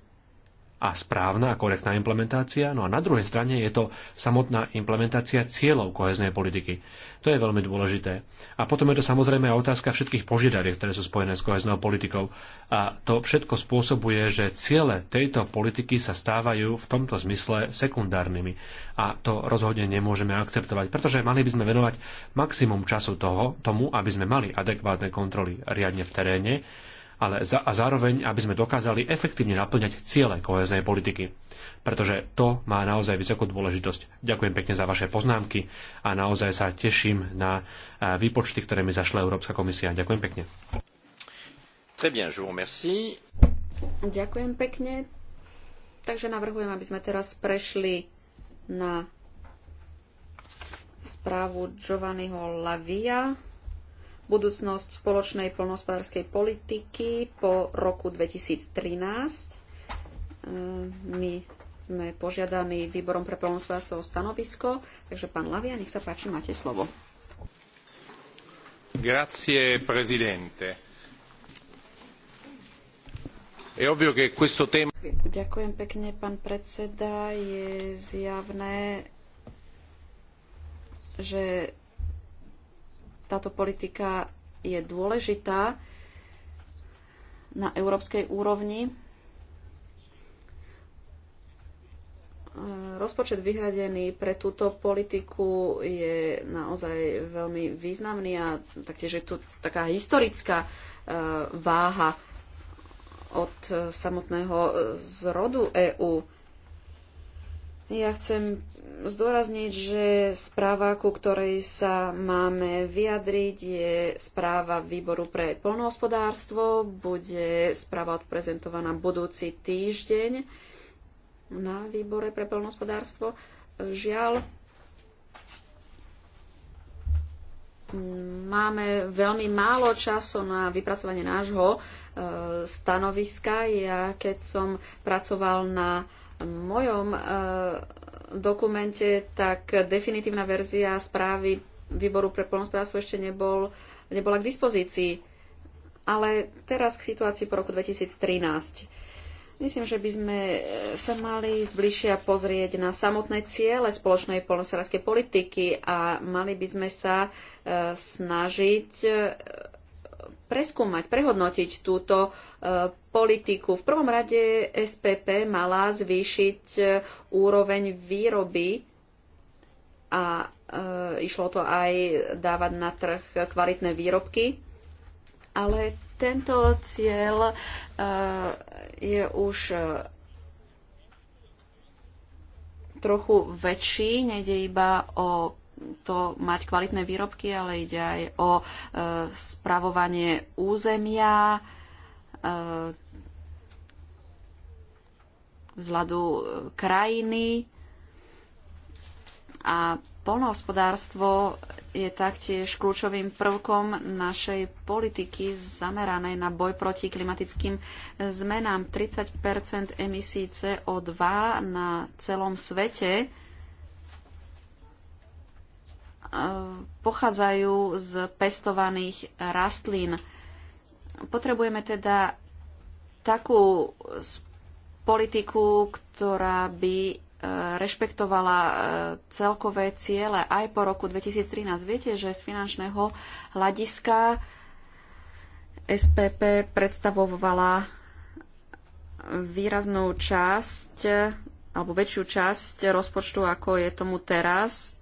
a správna a korektná implementácia, no a na druhej strane je to samotná implementácia cieľov koheznej politiky. To je veľmi dôležité. A potom je to samozrejme aj otázka všetkých požiadaviek, ktoré sú spojené s koheznou politikou. A to všetko spôsobuje, že ciele tejto politiky sa stávajú v tomto zmysle sekundárnymi. A to rozhodne nemôžeme akceptovať, pretože mali by sme venovať maximum času toho, tomu, aby sme mali adekvátne kontroly riadne v teréne, ale za, a zároveň, aby sme dokázali efektívne naplňať ciele koheznej politiky. Pretože to má naozaj vysokú dôležitosť. Ďakujem pekne za vaše poznámky a naozaj sa teším na e, výpočty, ktoré mi zašla Európska komisia. Ďakujem pekne. Très bien, je vous Ďakujem pekne. Takže navrhujem, aby sme teraz prešli na správu Giovanniho Lavia budúcnosť spoločnej polnospodárskej politiky po roku 2013. E, my sme požiadaní výborom pre polnospodárstvo o stanovisko, takže pán Lavia, nech sa páči, máte slovo. Grazie, prezidente. Ďakujem pekne, pán predseda. Je zjavné, že táto politika je dôležitá na európskej úrovni. Rozpočet vyhradený pre túto politiku je naozaj veľmi významný a taktiež je tu taká historická e, váha od e, samotného e, zrodu EÚ ja chcem zdôrazniť, že správa, ku ktorej sa máme vyjadriť, je správa výboru pre polnohospodárstvo. Bude správa odprezentovaná budúci týždeň na výbore pre polnohospodárstvo. Žiaľ, máme veľmi málo času na vypracovanie nášho e, stanoviska. Ja keď som pracoval na mojom e, dokumente, tak definitívna verzia správy výboru pre polnospodárstvo ešte nebol, nebola k dispozícii. Ale teraz k situácii po roku 2013. Myslím, že by sme e, sa mali zbližšia pozrieť na samotné ciele spoločnej polnospodárskej politiky a mali by sme sa e, snažiť preskúmať, prehodnotiť túto e, politiku. V prvom rade SPP mala zvýšiť e, úroveň výroby a e, išlo to aj dávať na trh kvalitné výrobky, ale tento cieľ je už trochu väčší, nejde iba o to mať kvalitné výrobky, ale ide aj o e, spravovanie územia, vzhľadu e, e, krajiny a polnohospodárstvo je taktiež kľúčovým prvkom našej politiky zameranej na boj proti klimatickým zmenám. 30 emisí CO2 na celom svete pochádzajú z pestovaných rastlín. Potrebujeme teda takú politiku, ktorá by e, rešpektovala e, celkové ciele aj po roku 2013. Viete, že z finančného hľadiska SPP predstavovala výraznú časť alebo väčšiu časť rozpočtu, ako je tomu teraz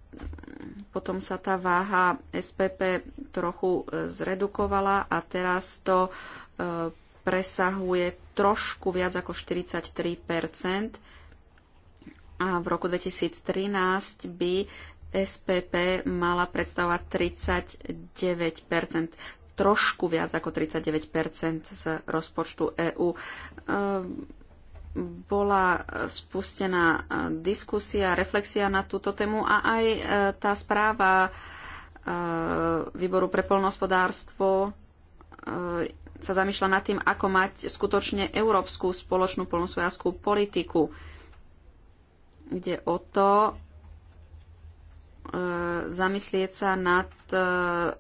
potom sa tá váha SPP trochu e, zredukovala a teraz to e, presahuje trošku viac ako 43 a v roku 2013 by SPP mala predstavovať 39 trošku viac ako 39 z rozpočtu EÚ. Ehm, bola spustená e, diskusia, reflexia na túto tému a aj e, tá správa e, výboru pre polnohospodárstvo sa zamýšľa nad tým, ako mať skutočne európsku spoločnú polnohospodárskú politiku. Ide o to zamyslieť sa nad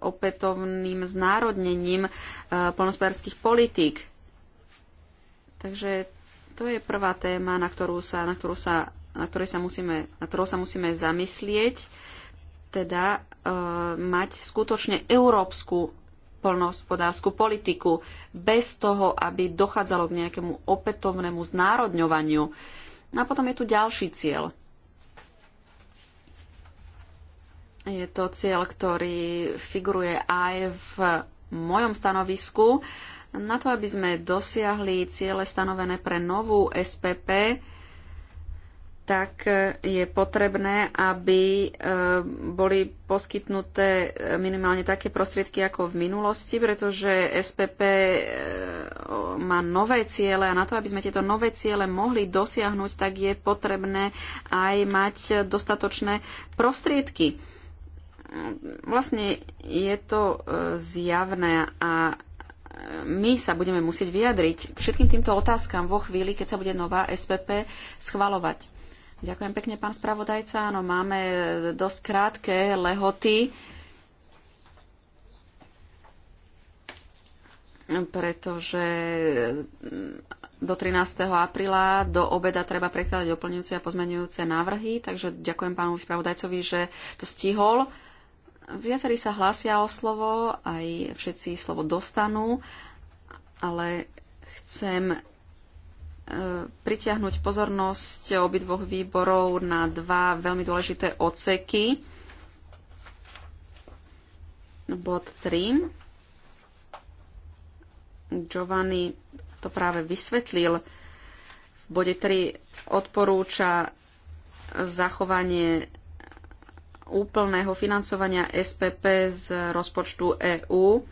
opätovným znárodnením polnohospodárských politík. Takže to je prvá téma, na, ktorú sa, na, ktorú sa, na, ktorej sa musíme, na ktorou sa musíme zamyslieť, teda e, mať skutočne európsku poľnohospodárskú politiku bez toho, aby dochádzalo k nejakému opätovnému znárodňovaniu. No a potom je tu ďalší cieľ. Je to cieľ, ktorý figuruje aj v mojom stanovisku. Uh, na to, aby sme dosiahli ciele stanovené pre novú SPP, tak e, je potrebné, aby e, boli poskytnuté e, minimálne také prostriedky ako v minulosti, pretože SPP má nové ciele a na to, aby sme tieto nové ciele mohli dosiahnuť, tak je potrebné aj mať dostatočné prostriedky. Vlastne je to zjavné a my sa budeme musieť vyjadriť k všetkým týmto otázkam vo chvíli, keď sa bude nová SPP schvalovať. Ďakujem pekne, pán spravodajca. Áno, máme dosť krátke lehoty, pretože do 13. apríla do obeda treba prekladať doplňujúce a pozmenujúce návrhy, takže ďakujem pánu spravodajcovi, že to stihol. Viacerí sa hlásia o slovo, aj všetci slovo dostanú, ale chcem e, pritiahnuť pozornosť obidvoch výborov na dva veľmi dôležité odseky. Bod 3. Giovanni to práve vysvetlil. V bode 3 odporúča zachovanie úplného financovania SPP z rozpočtu EÚ.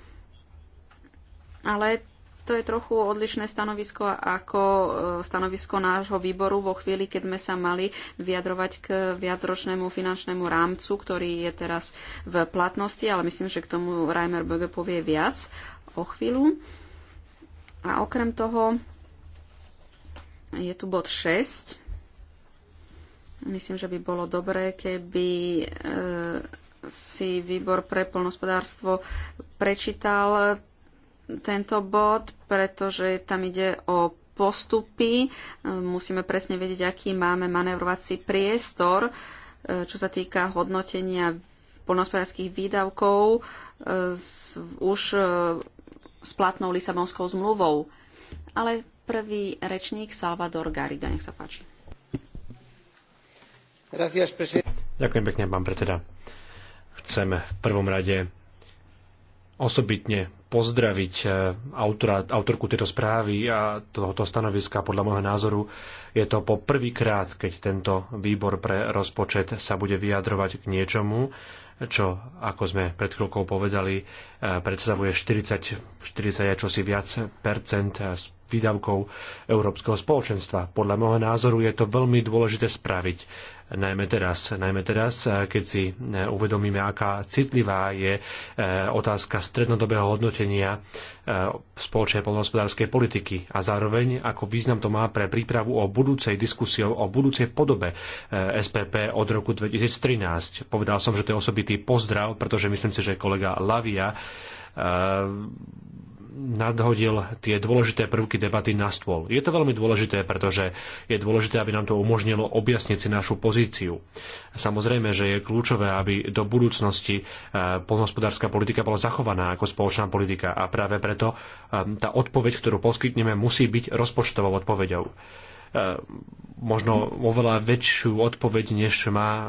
Ale to je trochu odlišné stanovisko ako e, stanovisko nášho výboru vo chvíli, keď sme sa mali vyjadrovať k viacročnému finančnému rámcu, ktorý je teraz v platnosti, ale myslím, že k tomu Reimer Böge povie viac o chvíľu. A okrem toho je tu bod 6, Myslím, že by bolo dobré, keby e, si výbor pre polnospodárstvo prečítal tento bod, pretože tam ide o postupy. E, musíme presne vedieť, aký máme manevrovací priestor, e, čo sa týka hodnotenia polnospodárských výdavkov s, už s platnou Lisabonskou zmluvou. Ale prvý rečník Salvador Gariga, nech sa páči. Ďakujem pekne, pán predseda. Chcem v prvom rade osobitne pozdraviť eh, autora, autorku tejto správy a tohoto stanoviska. Podľa môjho názoru je to po prvýkrát, keď tento výbor pre rozpočet sa bude vyjadrovať k niečomu, čo, ako sme pred chvíľkou povedali, eh, predstavuje 40, 40 čosi viac percent z výdavkov Európskeho spoločenstva. Podľa môjho názoru je to veľmi dôležité spraviť najmä teraz, najmä teraz, keď si e, uvedomíme, aká citlivá je e, otázka strednodobého hodnotenia e, spoločnej poľnohospodárskej politiky a zároveň ako význam to má pre prípravu o budúcej diskusii, o budúcej podobe SPP od roku 2013. Povedal som, že to je osobitý pozdrav, pretože myslím si, že kolega Lavia nadhodil tie dôležité prvky debaty na stôl. Je to veľmi dôležité, pretože je dôležité, aby nám to umožnilo objasniť si našu pozíciu. Samozrejme, že je kľúčové, aby do budúcnosti e, polnohospodárska politika bola zachovaná ako spoločná politika a práve preto e, tá odpoveď, ktorú poskytneme, musí byť rozpočtovou odpoveďou. E, možno oveľa väčšiu odpoveď, než má e,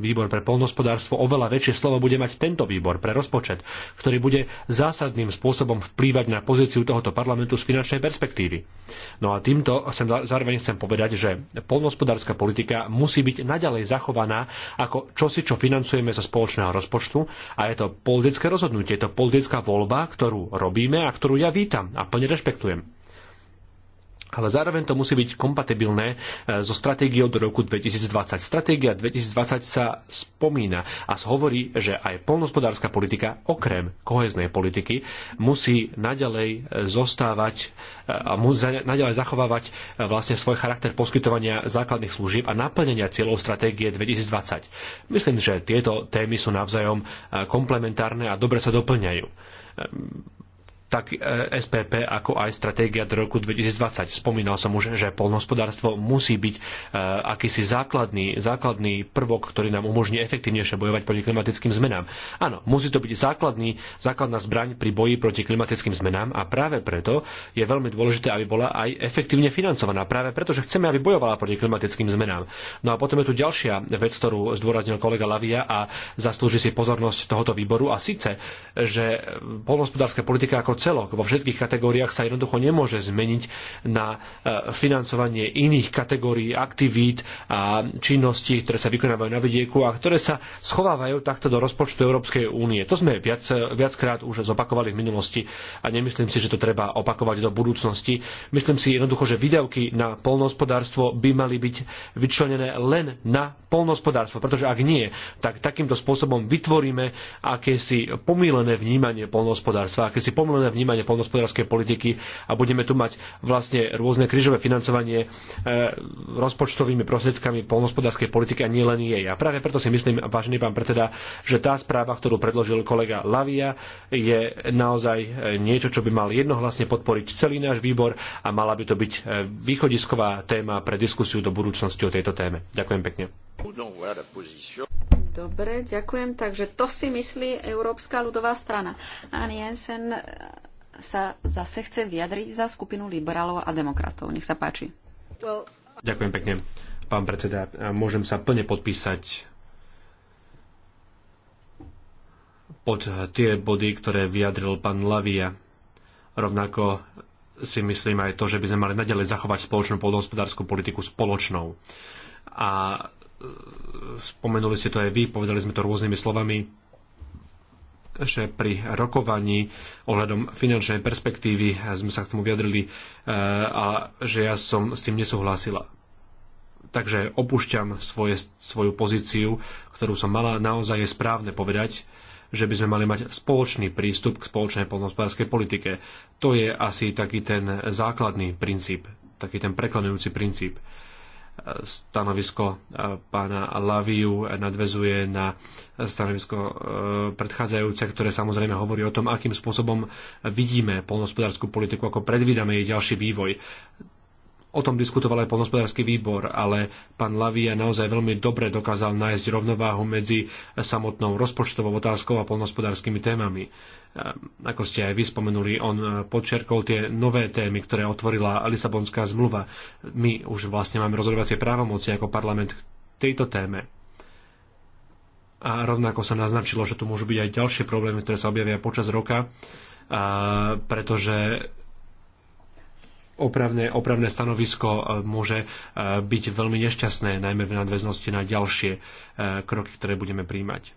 výbor pre polnospodárstvo. Oveľa väčšie slovo bude mať tento výbor pre rozpočet, ktorý bude zásadným spôsobom vplývať na pozíciu tohoto parlamentu z finančnej perspektívy. No a týmto chcem, zároveň chcem povedať, že polnospodárska politika musí byť naďalej zachovaná ako čosi, čo financujeme zo spoločného rozpočtu a je to politické rozhodnutie, je to politická voľba, ktorú robíme a ktorú ja vítam a plne rešpektujem ale zároveň to musí byť kompatibilné e, so stratégiou do roku 2020. Stratégia 2020 sa spomína a hovorí, že aj polnospodárska politika okrem koheznej politiky musí naďalej e, zostávať e, a musí naďalej zachovávať vlastne svoj charakter poskytovania základných služieb a naplnenia cieľov stratégie 2020. Myslím, že tieto témy sú navzájom komplementárne a dobre sa doplňajú tak e, SPP, ako aj stratégia do roku 2020. Spomínal som už, že polnohospodárstvo musí byť e, akýsi základný, základný prvok, ktorý nám umožní efektívnejšie bojovať proti klimatickým zmenám. Áno, musí to byť základný, základná zbraň pri boji proti klimatickým zmenám a práve preto je veľmi dôležité, aby bola aj efektívne financovaná. Práve preto, že chceme, aby bojovala proti klimatickým zmenám. No a potom je tu ďalšia vec, ktorú zdôraznil kolega Lavia a zaslúži si pozornosť tohoto výboru a síce, že polnohospodárska politika ako celok vo všetkých kategóriách sa jednoducho nemôže zmeniť na e, financovanie iných kategórií aktivít a činností, ktoré sa vykonávajú na vidieku a ktoré sa schovávajú takto do rozpočtu Európskej únie. To sme viac, viackrát už zopakovali v minulosti a nemyslím si, že to treba opakovať do budúcnosti. Myslím si jednoducho, že výdavky na polnohospodárstvo by mali byť vyčlenené len na polnohospodárstvo, pretože ak nie, tak takýmto spôsobom vytvoríme akési pomílené vnímanie polnohospodárstva, akési pomílené spoločné vnímanie poľnohospodárskej politiky a budeme tu mať vlastne rôzne krížové financovanie eh, rozpočtovými prostriedkami poľnohospodárskej politiky a nielen jej. A práve preto si myslím, vážený pán predseda, že tá správa, ktorú predložil kolega Lavia, je naozaj eh, niečo, čo by mal jednohlasne podporiť celý náš výbor a mala by to byť eh, východisková téma pre diskusiu do budúcnosti o tejto téme. Ďakujem pekne. Dobre, ďakujem. Takže to si myslí Európska ľudová strana. Ani Jensen sa zase chce vyjadriť za skupinu liberálov a demokratov. Nech sa páči. Ďakujem pekne, pán predseda. Môžem sa plne podpísať pod tie body, ktoré vyjadril pán Lavia. Rovnako si myslím aj to, že by sme mali nadalej zachovať spoločnú poľnohospodárskú politiku spoločnou. A spomenuli ste to aj vy, povedali sme to rôznymi slovami, že pri rokovaní ohľadom finančnej perspektívy sme sa k tomu vyjadrili e, a že ja som s tým nesúhlasila. Takže opúšťam svoje, svoju pozíciu, ktorú som mala. Naozaj je správne povedať, že by sme mali mať spoločný prístup k spoločnej poľnohospodárskej politike. To je asi taký ten základný princíp, taký ten prekladujúci princíp. Uh, stanovisko eh, pána Laviu nadvezuje na stanovisko eh, predchádzajúce, ktoré samozrejme hovorí o tom, akým spôsobom vidíme polnospodárskú politiku, ako predvídame jej ďalší vývoj. O tom diskutoval aj polnospodársky výbor, ale pán Lavia naozaj veľmi dobre dokázal nájsť rovnováhu medzi samotnou rozpočtovou otázkou a polnospodárskymi témami ehm, ako ste aj vyspomenuli, on podčerkol tie nové témy, ktoré otvorila Lisabonská zmluva. My už vlastne máme rozhodovacie právomoci ako parlament k tejto téme. A rovnako sa naznačilo, že tu môžu byť aj ďalšie problémy, ktoré sa objavia počas roka, pretože opravné, opravné stanovisko e, môže e, byť veľmi nešťastné, najmä v nadväznosti na ďalšie e, kroky, ktoré budeme príjmať.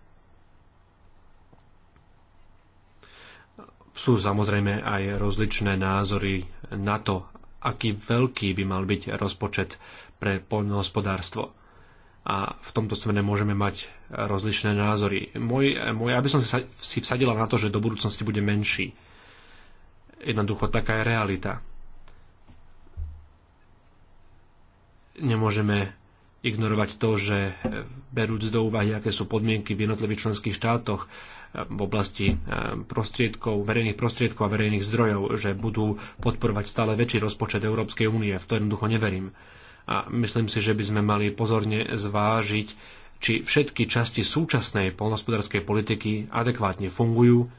Sú samozrejme aj rozličné názory na to, aký veľký by mal byť rozpočet pre poľnohospodárstvo a v tomto smere môžeme mať rozličné názory. Môj, môj, aby som si vsadila na to, že do budúcnosti bude menší. Jednoducho taká je realita. nemôžeme ignorovať to, že e, berúc do úvahy, aké sú podmienky v jednotlivých členských štátoch e, v oblasti e, prostriedkov, verejných prostriedkov a verejných zdrojov, že budú podporovať stále väčší rozpočet Európskej únie. V to jednoducho neverím. A myslím si, že by sme mali pozorne zvážiť, či všetky časti súčasnej polnospodárskej politiky adekvátne fungujú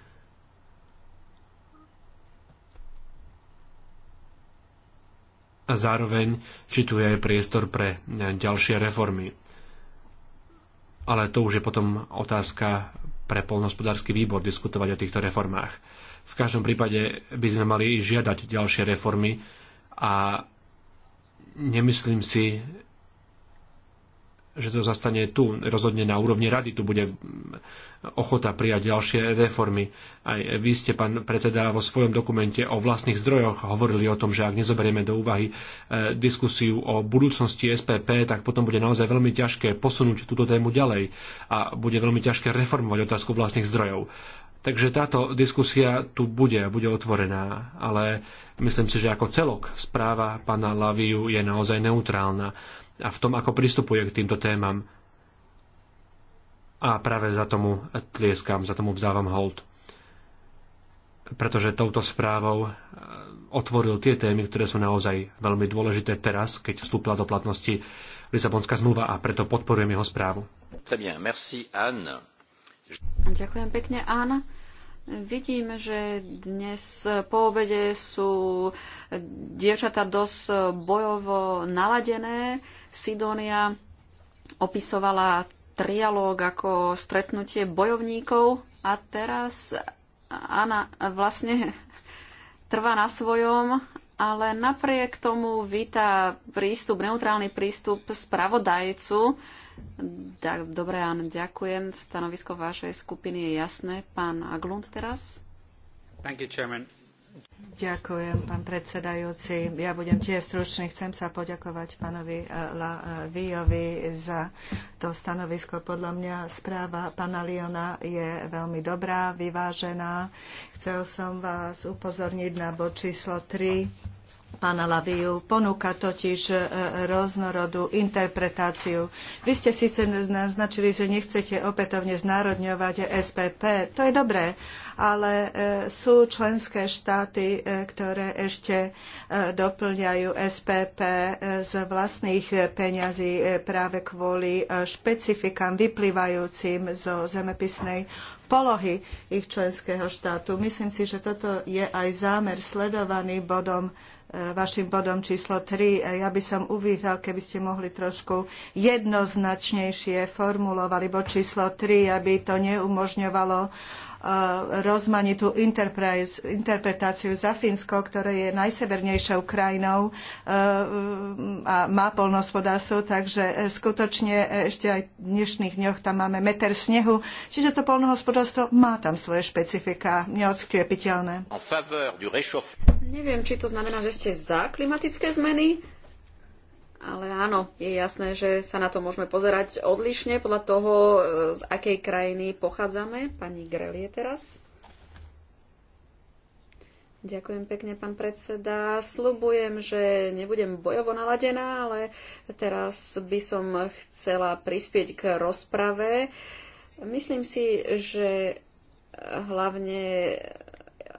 a zároveň, či tu je aj priestor pre ďalšie reformy. Ale to už je potom otázka pre polnospodársky výbor diskutovať o týchto reformách. V každom prípade by sme mali žiadať ďalšie reformy a nemyslím si, že to zastane tu, rozhodne na úrovni rady, tu bude ochota prijať ďalšie reformy. Aj vy ste, pán predseda, vo svojom dokumente o vlastných zdrojoch hovorili o tom, že ak nezoberieme do úvahy e, diskusiu o budúcnosti SPP, tak potom bude naozaj veľmi ťažké posunúť túto tému ďalej a bude veľmi ťažké reformovať otázku vlastných zdrojov. Takže táto diskusia tu bude a bude otvorená, ale myslím si, že ako celok správa pána Laviu je naozaj neutrálna a v tom, ako pristupuje k týmto témam. A práve za tomu tlieskam, za tomu vzdávam hold. Pretože touto správou e, otvoril tie témy, ktoré sú naozaj veľmi dôležité teraz, keď vstúpila do platnosti Lisabonská zmluva a preto podporujem jeho správu. Ďakujem pekne, Anne. Vidím, že dnes po obede sú dievčatá dosť bojovo naladené. Sidonia opisovala trialóg ako stretnutie bojovníkov a teraz Anna vlastne trvá na svojom, ale napriek tomu víta prístup, neutrálny prístup spravodajcu, Dobre, áno, ďakujem. Stanovisko vašej skupiny je jasné. Pán Aglund teraz. Thank you, chairman. Ďakujem, pán predsedajúci. Ja budem tiež stručný. Chcem sa poďakovať pánovi eh, eh, Víjovi za to stanovisko. Podľa mňa správa pána Liona je veľmi dobrá, vyvážená. Chcel som vás upozorniť na bod číslo 3 pána Laviu. Ponúka totiž e, rôznorodú interpretáciu. Vy ste síce naznačili, že nechcete opätovne znárodňovať SPP. To je dobré, ale e, sú členské štáty, e, ktoré ešte doplňajú SPP z vlastných peňazí práve kvôli špecifikám vyplývajúcim zo zemepisnej polohy ich členského štátu. Myslím si, že toto je aj zámer sledovaný bodom vašim bodom číslo 3. Ja by som uvítal, keby ste mohli trošku jednoznačnejšie formulovali bod číslo 3, aby to neumožňovalo rozmanitú interpretáciu za Fínsko, ktoré je najsevernejšou krajinou e, a má poľnohospodárstvo, takže e, skutočne e, ešte aj v dnešných dňoch tam máme meter snehu, čiže to polnohospodárstvo má tam svoje špecifika, neodskriepiteľné. Neviem, či to znamená, že ste za klimatické zmeny, ale áno, je jasné, že sa na to môžeme pozerať odlišne podľa toho, e, z akej krajiny pochádzame. Pani grelie teraz. Ďakujem pekne, pán predseda. Slubujem, že nebudem bojovo naladená, ale teraz by som chcela prispieť k rozprave. Myslím si, že hlavne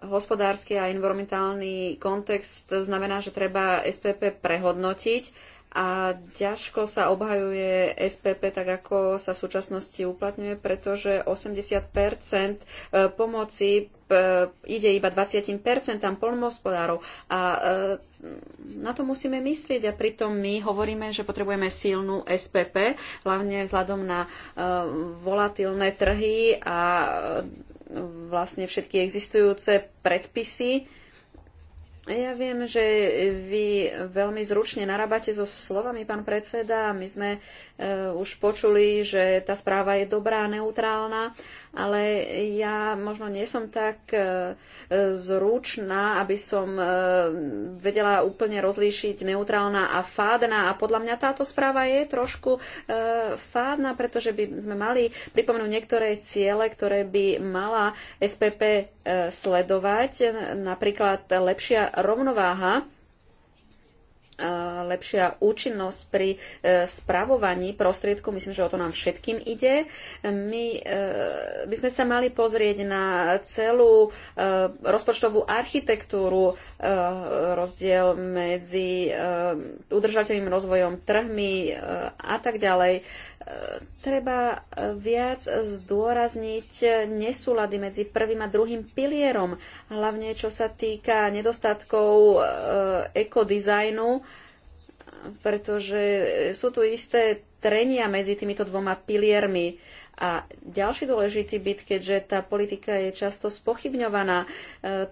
hospodársky a environmentálny kontext znamená, že treba SPP prehodnotiť a ťažko sa obhajuje SPP tak, ako sa v súčasnosti uplatňuje, pretože 80 e, pomoci e, ide iba 20 polnohospodárov. A e, na to musíme myslieť a pritom my hovoríme, že potrebujeme silnú SPP, hlavne vzhľadom na volatilné trhy a vlastne všetky existujúce predpisy ja viem, že vy veľmi zručne narábate so slovami, pán predseda. My sme e, už počuli, že tá správa je dobrá, neutrálna, ale ja možno nie som tak e, zručná, aby som e, vedela úplne rozlíšiť neutrálna a fádna. A podľa mňa táto správa je trošku e, fádna, pretože by sme mali pripomenúť niektoré ciele, ktoré by mala SPP e, sledovať, napríklad lepšia rovnováha lepšia účinnosť pri e, spravovaní prostriedku. Myslím, že o to nám všetkým ide. My e, by sme sa mali pozrieť na celú e, rozpočtovú architektúru, rozdiel medzi udržateľným rozvojom trhmi a tak ďalej. Treba viac zdôrazniť nesúlady medzi prvým a druhým pilierom, hlavne čo sa týka nedostatkov ekodizajnu pretože sú tu isté trenia medzi týmito dvoma piliermi. A ďalší dôležitý byt, keďže tá politika je často spochybňovaná, e,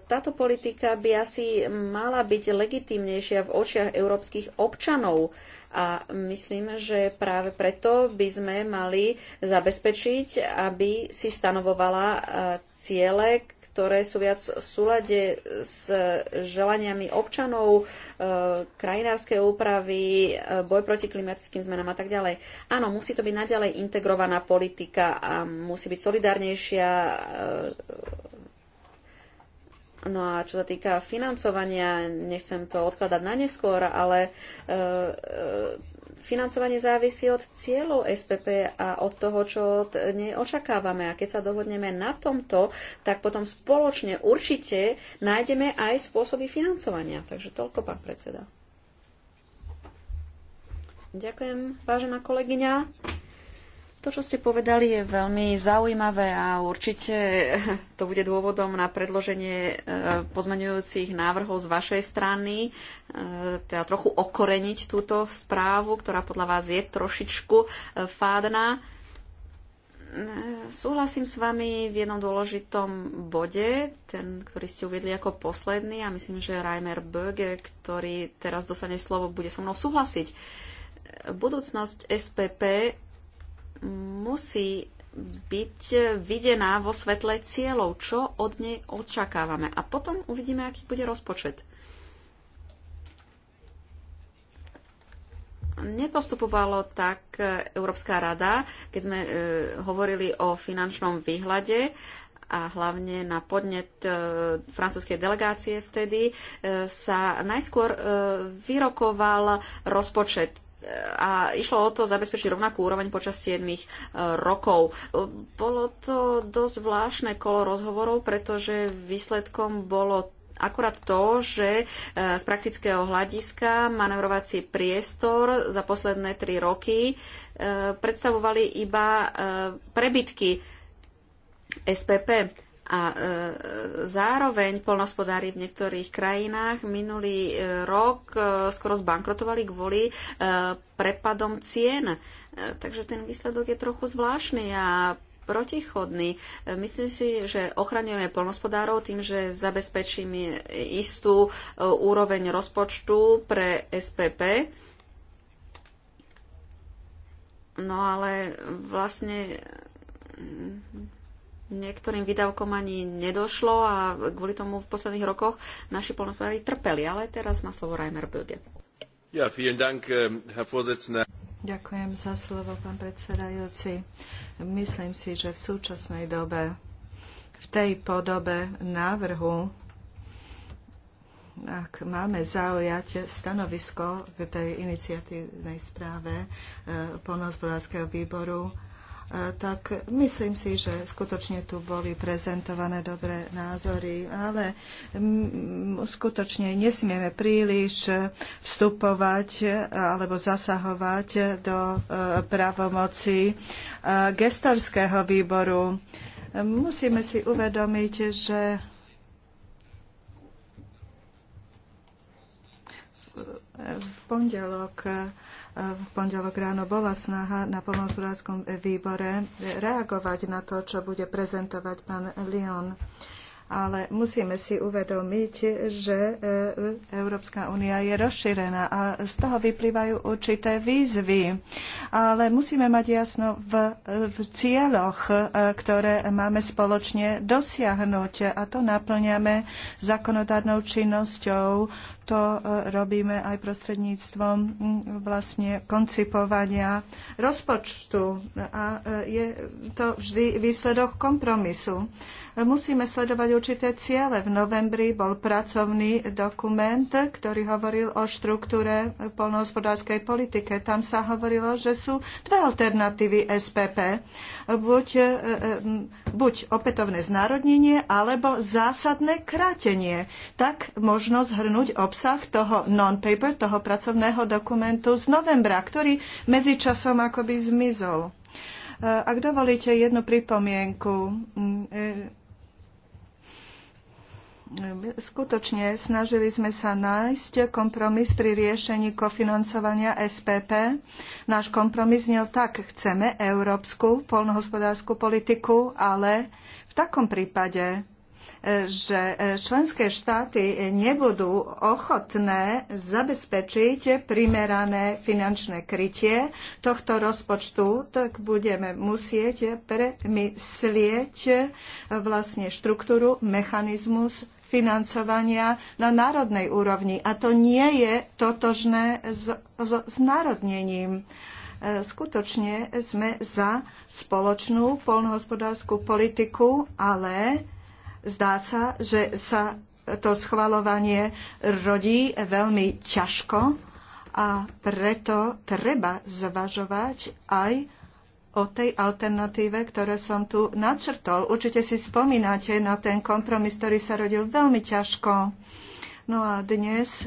táto politika by asi mala byť legitímnejšia v očiach európskych občanov. A myslím, že práve preto by sme mali zabezpečiť, aby si stanovovala e, ciele, ktoré sú viac v súlade s želaniami občanov, e, krajinárskej úpravy, e, boj proti klimatickým zmenám a tak ďalej. Áno, musí to byť naďalej integrovaná politika a musí byť solidárnejšia. E, no a čo sa týka financovania, nechcem to odkladať na neskôr, ale financovanie závisí od cieľov SPP a od toho, čo od nej očakávame. A keď sa dohodneme na tomto, tak potom spoločne určite nájdeme aj spôsoby financovania. Takže toľko, pán predseda. Ďakujem, vážená kolegyňa. To, čo ste povedali, je veľmi zaujímavé a určite to bude dôvodom na predloženie e, pozmeňujúcich návrhov z vašej strany, e, teda trochu okoreniť túto správu, ktorá podľa vás je trošičku e, fádna. Súhlasím s vami v jednom dôležitom bode, ten, ktorý ste uviedli ako posledný a myslím, že Reimer Böge, ktorý teraz dostane slovo, bude so mnou súhlasiť. Budúcnosť SPP musí byť videná vo svetle cieľov, čo od nej očakávame. A potom uvidíme, aký bude rozpočet. Nepostupovalo tak Európska rada, keď sme e, hovorili o finančnom výhľade a hlavne na podnet e, francúzskej delegácie vtedy e, sa najskôr e, vyrokoval rozpočet a išlo o to zabezpečiť rovnakú úroveň počas 7 e, rokov. Bolo to dosť zvláštne kolo rozhovorov, pretože výsledkom bolo akurát to, že e, z praktického hľadiska manevrovací priestor za posledné 3 roky e, predstavovali iba prebytky SPP a e, zároveň polnospodári v niektorých krajinách minulý e, rok e, skoro zbankrotovali kvôli prepadom cien. Takže ten výsledok je trochu zvláštny a protichodný. Myslím si, že ochraňujeme polnospodárov tým, že zabezpečíme istú úroveň rozpočtu pre SPP. No ale vlastne niektorým výdavkom ani nedošlo a kvôli tomu v posledných rokoch naši polnospodári trpeli. Ale teraz má slovo Reimer Böge. Ja, vielen Dank, eh, Herr Vorsitzender. Ďakujem za slovo, pán predsedajúci. Myslím si, že v súčasnej dobe, v tej podobe návrhu, ak máme zaujať stanovisko k tej iniciatívnej správe eh, Polnohospodárskeho výboru, tak myslím si, že skutočne tu boli prezentované dobré názory, ale mm, mm, skutočne nesmieme príliš vstupovať alebo zasahovať do e, právomoci e, gestorského výboru. Musíme si uvedomiť, že v e, pondelok v pondelok ráno bola snaha na polnohospodárskom výbore reagovať na to, čo bude prezentovať pán Lyon. Ale musíme si uvedomiť, že e, Európska únia je rozšírená a z toho vyplývajú určité výzvy. Ale musíme mať jasno v, v cieľoch, e, ktoré máme spoločne dosiahnuť. A to naplňame zákonodárnou činnosťou to e, robíme aj prostredníctvom vlastne koncipovania rozpočtu a e, je to vždy výsledok kompromisu. Musíme sledovať určité ciele. V novembri bol pracovný dokument, ktorý hovoril o štruktúre polnohospodárskej politike. Tam sa hovorilo, že sú dve alternatívy SPP. Buď, e, buď opätovné znárodnenie, alebo zásadné krátenie. Tak možno zhrnúť ob obsah toho non-paper, toho pracovného dokumentu z novembra, ktorý medzičasom akoby zmizol. Eh, ak dovolíte jednu pripomienku, mm, eh, eh, skutočne snažili sme sa nájsť kompromis pri riešení kofinancovania SPP. Náš kompromis znel tak, chceme európsku polnohospodárskú politiku, ale v takom prípade že e, členské štáty nebudú ochotné zabezpečiť primerané finančné krytie tohto rozpočtu, tak budeme musieť premyslieť e, vlastne štruktúru, mechanizmus financovania na národnej úrovni. A to nie je totožné s, s, s národnením e, skutočne sme za spoločnú poľnohospodárskú politiku, ale Zdá sa, že sa to schvalovanie rodí veľmi ťažko a preto treba zvažovať aj o tej alternatíve, ktoré som tu načrtol. Určite si spomínate na ten kompromis, ktorý sa rodil veľmi ťažko. No a dnes e,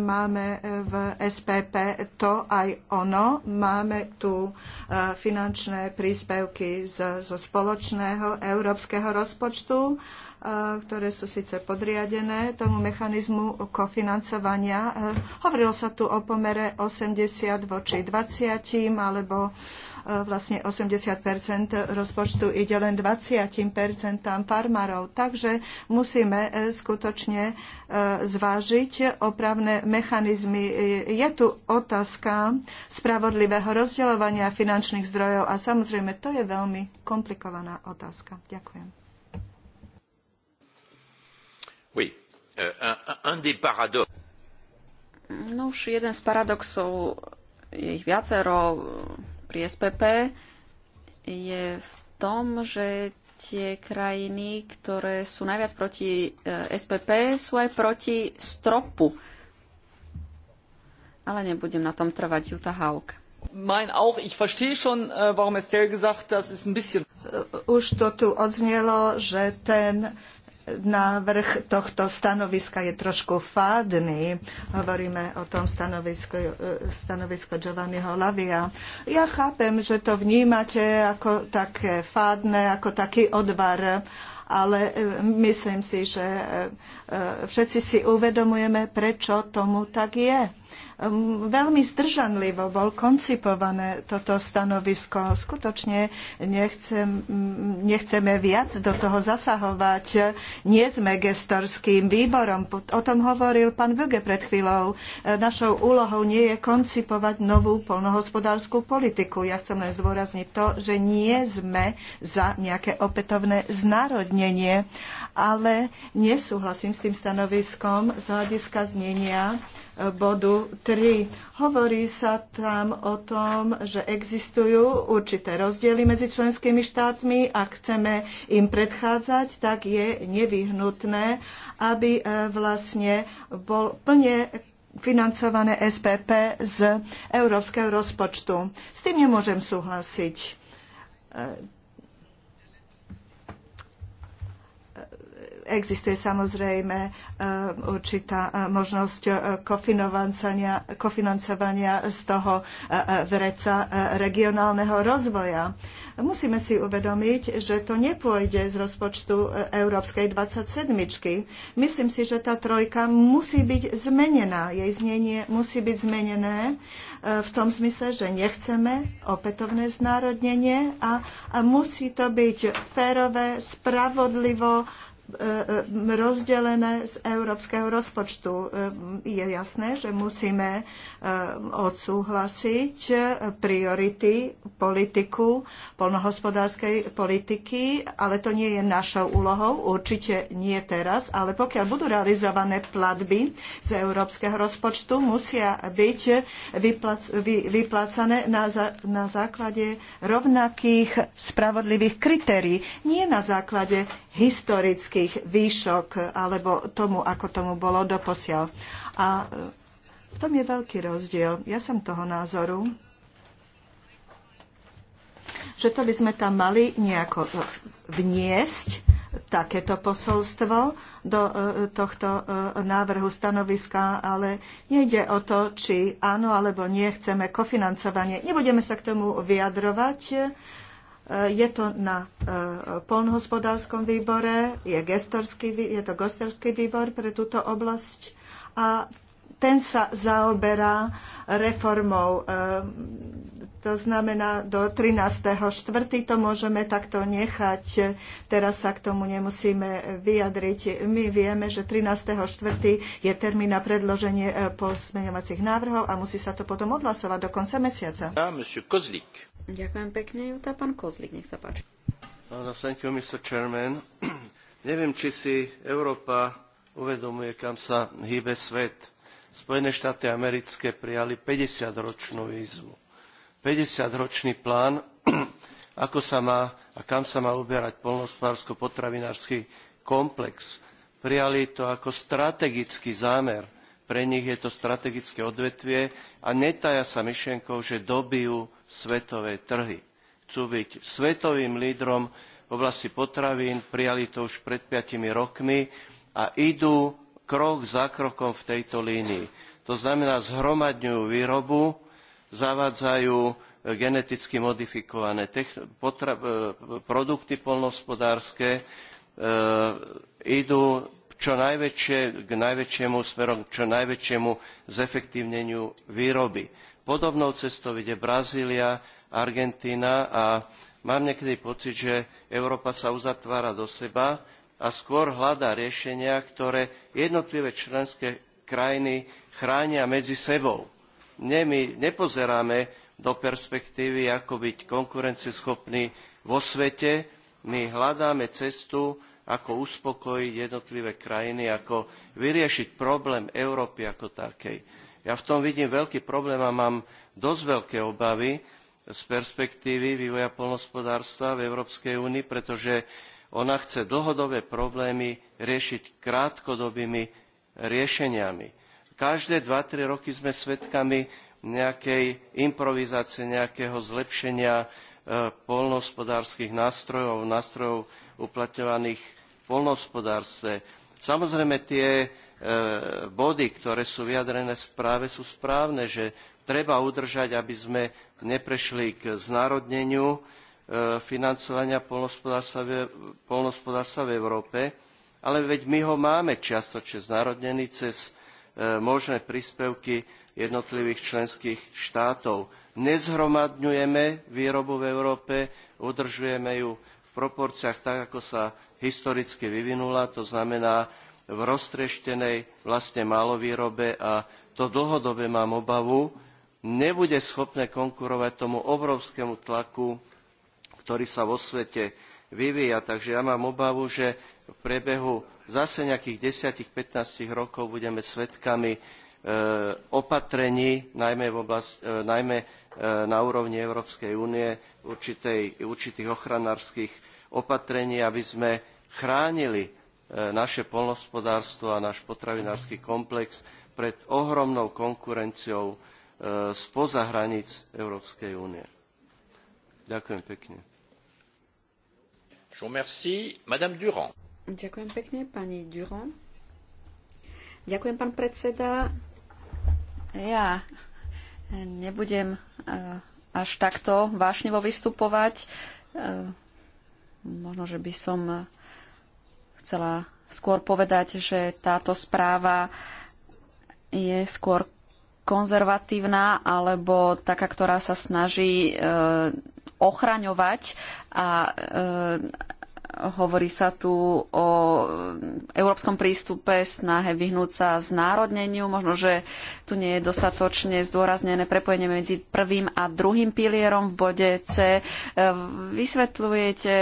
máme v SPP to aj ono. Máme tu e, finančné príspevky zo spoločného európskeho rozpočtu ktoré sú síce podriadené tomu mechanizmu kofinancovania. E, hovorilo sa tu o pomere 80 voči 20 alebo e, vlastne 80 rozpočtu ide len 20 farmárov. Takže musíme e, skutočne zvážiť opravné mechanizmy. Je tu otázka spravodlivého rozdeľovania finančných zdrojov a samozrejme to je veľmi komplikovaná otázka. Ďakujem. Euh, no už jeden z paradoxov, je ich viacero pri SPP, je v tom, že tie krajiny, ktoré sú najviac proti e, SPP, sú aj proti stropu. Ale nebudem na tom trvať, Jutta Haug. Mein auch, ich verstehe schon, äh, warum Estelle gesagt, das ist ein bisschen... Už to tu odznelo, že ten návrh tohto stanoviska je trošku fádny. Hovoríme o tom stanovisku, stanovisku Giovanniho Lavia. Ja chápem, že to vnímate ako také fádne, ako taký odvar, ale e, myslím si, že e, e, všetci si uvedomujeme, prečo tomu tak je Ehm, veľmi zdržanlivo bol koncipované toto stanovisko. Skutočne nechcem, nechceme viac do toho zasahovať. Nie sme gestorským výborom. O tom hovoril pán Böge pred chvíľou. Ehm, našou úlohou nie je koncipovať novú polnohospodárskú politiku. Ja chcem len zdôrazniť to, že nie sme za nejaké opätovné znárodnenie, ale nesúhlasím s tým stanoviskom z hľadiska znenia bodu 3. Hovorí sa tam o tom, že existujú určité rozdiely medzi členskými štátmi a chceme im predchádzať, tak je nevyhnutné, aby e, vlastne bol plne financované SPP z európskeho rozpočtu. S tým nemôžem súhlasiť e, Existuje samozrejme e, určitá e, možnosť e, kofinancovania, kofinancovania z toho vreca regionálneho rozvoja. Musíme si uvedomiť, že to nepôjde z rozpočtu Európskej 27. Myslím si, že tá trojka musí byť zmenená. Jej znenie musí byť zmenené v tom zmysle, že nechceme opätovné znárodnenie a, a musí to byť férové, spravodlivo, E, e, rozdelené z európskeho rozpočtu. E, je jasné, že musíme odsúhlasiť priority politiku, polnohospodárskej politiky, ale to nie je našou úlohou, určite nie teraz, ale pokiaľ budú realizované platby z európskeho rozpočtu, musia byť vyplácané na, na základe rovnakých spravodlivých kritérií, nie na základe historických výšok alebo tomu, ako tomu bolo doposiaľ. A e, v tom je veľký rozdiel. Ja som toho názoru, že to by sme tam mali nejako e, vniesť takéto posolstvo do e, tohto návrhu stanoviska, ale nejde o to, či áno alebo nie chceme kofinancovanie. Nebudeme sa k tomu vyjadrovať je to na e, polnohospodárskom výbore, je, gestorský, je to gestorský výbor pre túto oblasť a ten sa zaoberá reformou. E, to znamená, do 13.4. to môžeme takto nechať. Teraz sa k tomu nemusíme vyjadriť. My vieme, že 13.4. je termín na predloženie e, pozmeňovacích návrhov a musí sa to potom odhlasovať do konca mesiaca. Ďakujem pekne, Juta. Pán Kozlik, nech sa páči. thank you, Mr. Chairman. Neviem, či si Európa uvedomuje, kam sa hýbe svet. Spojené štáty americké prijali 50-ročnú výzvu. 50-ročný plán, ako sa má a kam sa má uberať polnospodársko-potravinársky komplex. Prijali to ako strategický zámer. Pre nich je to strategické odvetvie a netaja sa myšlienkou, že dobijú svetové trhy. Chcú byť svetovým lídrom v oblasti potravín, prijali to už pred 5 rokmi a idú krok za krokom v tejto línii. To znamená, zhromadňujú výrobu, zavádzajú e, geneticky modifikované e, produkty poľnohospodárske, e, idú čo najväčšie, k najväčšiemu smerom, k čo najväčšiemu zefektívneniu výroby Podobnou cestou ide Brazília, Argentína a mám niekedy pocit, že Európa sa uzatvára do seba a skôr hľadá riešenia, ktoré jednotlivé členské krajiny chránia medzi sebou. my nepozeráme do perspektívy, ako byť konkurencieschopný vo svete. My hľadáme cestu, ako uspokojiť jednotlivé krajiny, ako vyriešiť problém Európy ako takej. Ja v tom vidím veľký problém a mám dosť veľké obavy z perspektívy vývoja poľnohospodárstva v Európskej únii, pretože ona chce dlhodobé problémy riešiť krátkodobými riešeniami. Každé dva tri roky sme svedkami nejakej improvizácie, nejakého zlepšenia e, poľnohospodárskych nástrojov, nástrojov uplatňovaných v poľnohospodárstve. Samozrejme, tie E, body, ktoré sú vyjadrené v správe, sú správne, že treba udržať, aby sme neprešli k znárodneniu e, financovania poľnohospodárstva v Európe, ale veď my ho máme čiastočne znárodnený cez e, možné príspevky jednotlivých členských štátov. Nezhromadňujeme výrobu v Európe, udržujeme ju v proporciách tak, ako sa historicky vyvinula, to znamená v roztreštenej vlastne malovýrobe a to dlhodobé mám obavu, nebude schopné konkurovať tomu obrovskému tlaku, ktorý sa vo svete vyvíja. Takže ja mám obavu, že v priebehu zase nejakých 10-15 rokov budeme svedkami eh, opatrení, najmä, oblast, eh, najmä, eh, na úrovni Európskej únie, určitých ochranárskych opatrení, aby sme chránili E, naše poľnohospodárstvo a náš potravinársky komplex pred ohromnou konkurenciou e, spoza hraníc Európskej únie. Ďakujem pekne. Ďakujem pekne, pani Durand. Ďakujem, pán predseda. Ja nebudem e, až takto vášnevo vystupovať. Možno, že by som chcela skôr povedať, že táto správa je skôr konzervatívna alebo taká, ktorá sa snaží e, ochraňovať a e, Hovorí sa tu o európskom prístupe, snahe vyhnúť sa znárodneniu. Možno, že tu nie je dostatočne zdôraznené prepojenie medzi prvým a druhým pilierom v bode C. Vysvetľujete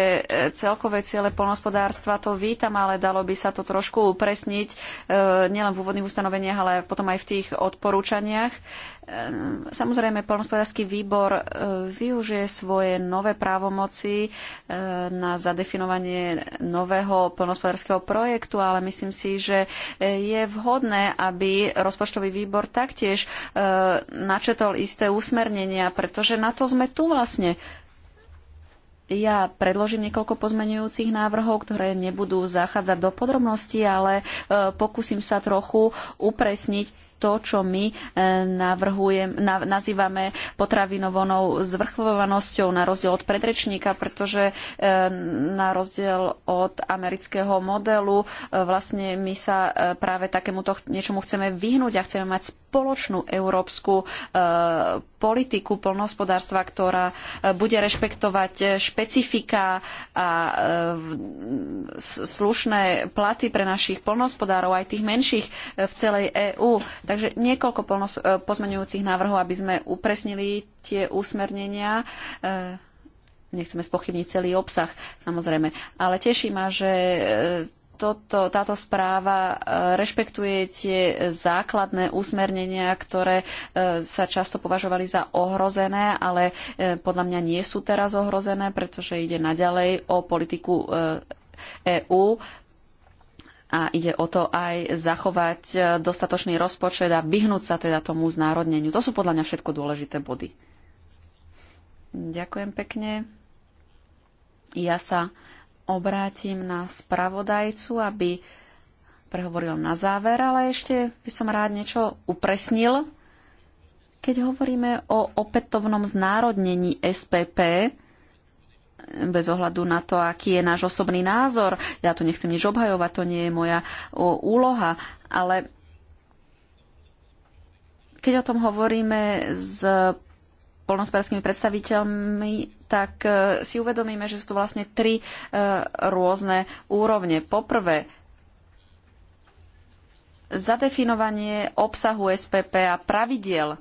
celkové ciele polnospodárstva, to vítam, ale dalo by sa to trošku upresniť eh, nielen v úvodných ustanoveniach, ale potom aj v tých odporúčaniach Ehm, samozrejme, polnospodársky výbor e, využije svoje nové právomoci e, na zadefinovanie nového polnospodárskeho projektu, ale myslím si, že e, je vhodné, aby rozpočtový výbor taktiež načetol isté usmernenia, pretože na to sme tu vlastne. Ja predložím niekoľko pozmenujúcich návrhov, ktoré nebudú zachádzať do podrobností, ale pokúsim sa trochu upresniť to, čo my e, navrhujem, nazývame potravinovanou zvrchovanosťou na rozdiel od predrečníka, pretože e, na rozdiel od amerického modelu e, vlastne my sa práve takémuto niečomu chceme vyhnúť a chceme mať spoločnú európsku politiku polnohospodárstva, ktorá e, bude rešpektovať e, špecifika a e, slušné platy pre našich polnohospodárov, aj tých menších v celej EÚ. Takže niekoľko pozmeňujúcich návrhov, aby sme upresnili tie úsmernenia. Nechceme spochybniť celý obsah, samozrejme. Ale teší ma, že toto, táto správa e, rešpektuje tie základné usmernenia, ktoré e, sa často považovali za ohrozené, ale e, podľa mňa nie sú teraz ohrozené, pretože ide naďalej o politiku EÚ a ide o to aj zachovať dostatočný rozpočet a vyhnúť sa teda tomu znárodneniu. To sú podľa mňa všetko dôležité body. Ďakujem pekne. Ja sa obrátim na spravodajcu, aby prehovoril na záver, ale ešte by som rád niečo upresnil. Keď hovoríme o opätovnom znárodnení SPP, bez ohľadu na to, aký je náš osobný názor, ja tu nechcem nič obhajovať, to nie je moja úloha, ale keď o tom hovoríme s polnospodárskými predstaviteľmi, tak e, si uvedomíme, že sú tu vlastne tri e, rôzne úrovne. Poprvé, zadefinovanie obsahu SPP a pravidiel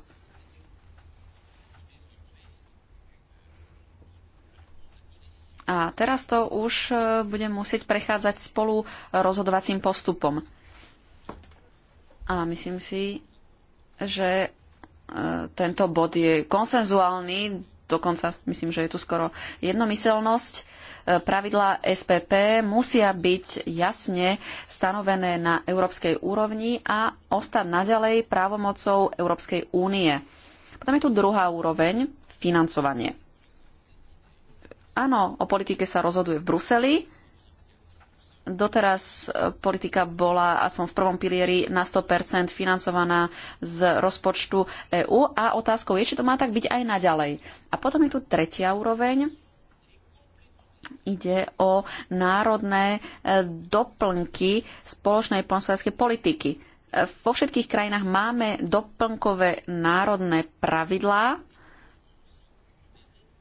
A teraz to už e, budem musieť prechádzať spolu rozhodovacím postupom. A myslím si, že E, tento bod je konsenzuálny, dokonca myslím, že je tu skoro jednomyselnosť. E, pravidlá SPP musia byť jasne stanovené na európskej úrovni a ostať naďalej právomocou Európskej únie. Potom je tu druhá úroveň, financovanie. Áno, o politike sa rozhoduje v Bruseli, Doteraz e, politika bola aspoň v prvom pilieri na 100% financovaná z rozpočtu EÚ a otázkou je, či to má tak byť aj naďalej. A potom je tu tretia úroveň. Ide o národné e, doplnky spoločnej polnospodárskej politiky. E, vo všetkých krajinách máme doplnkové národné pravidlá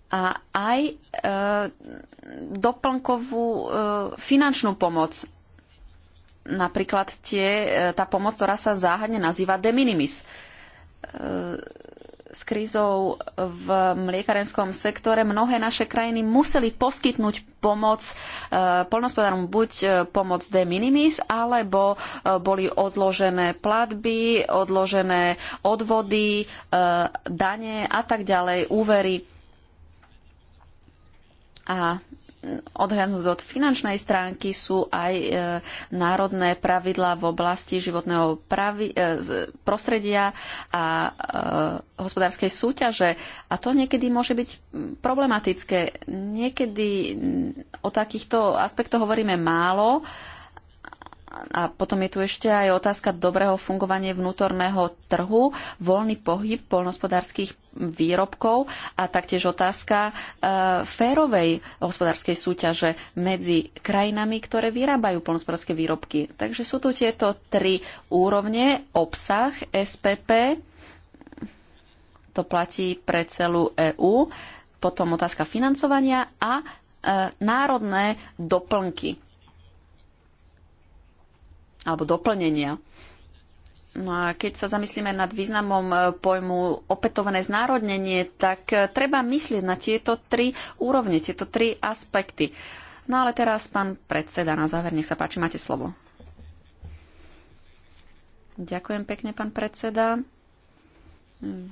a aj doplnkovú e, finančnú pomoc. Napríklad tie, e, tá pomoc, ktorá sa záhadne nazýva de minimis. E, s krízou v mliekarenskom sektore mnohé naše krajiny museli poskytnúť pomoc polnospodárom buď pomoc de minimis, alebo boli odložené platby, odložené odvody, dane a tak ďalej, úvery. A odhľadnúť od finančnej stránky, sú aj e, národné pravidlá v oblasti životného pravi, e, prostredia a e, hospodárskej súťaže. A to niekedy môže byť problematické. Niekedy o takýchto aspektoch hovoríme málo, a potom je tu ešte aj otázka dobrého fungovania vnútorného trhu, voľný pohyb poľnohospodárských výrobkov a taktiež otázka e, férovej hospodárskej súťaže medzi krajinami, ktoré vyrábajú poľnohospodárske výrobky. Takže sú tu tieto tri úrovne, obsah SPP, to platí pre celú EÚ, potom otázka financovania a e, národné doplnky alebo doplnenia. No a keď sa zamyslíme nad významom e, pojmu opätovné znárodnenie, tak e, treba myslieť na tieto tri úrovne, tieto tri aspekty. No ale teraz, pán predseda, na záver, nech sa páči, máte slovo. Ďakujem pekne, pán predseda.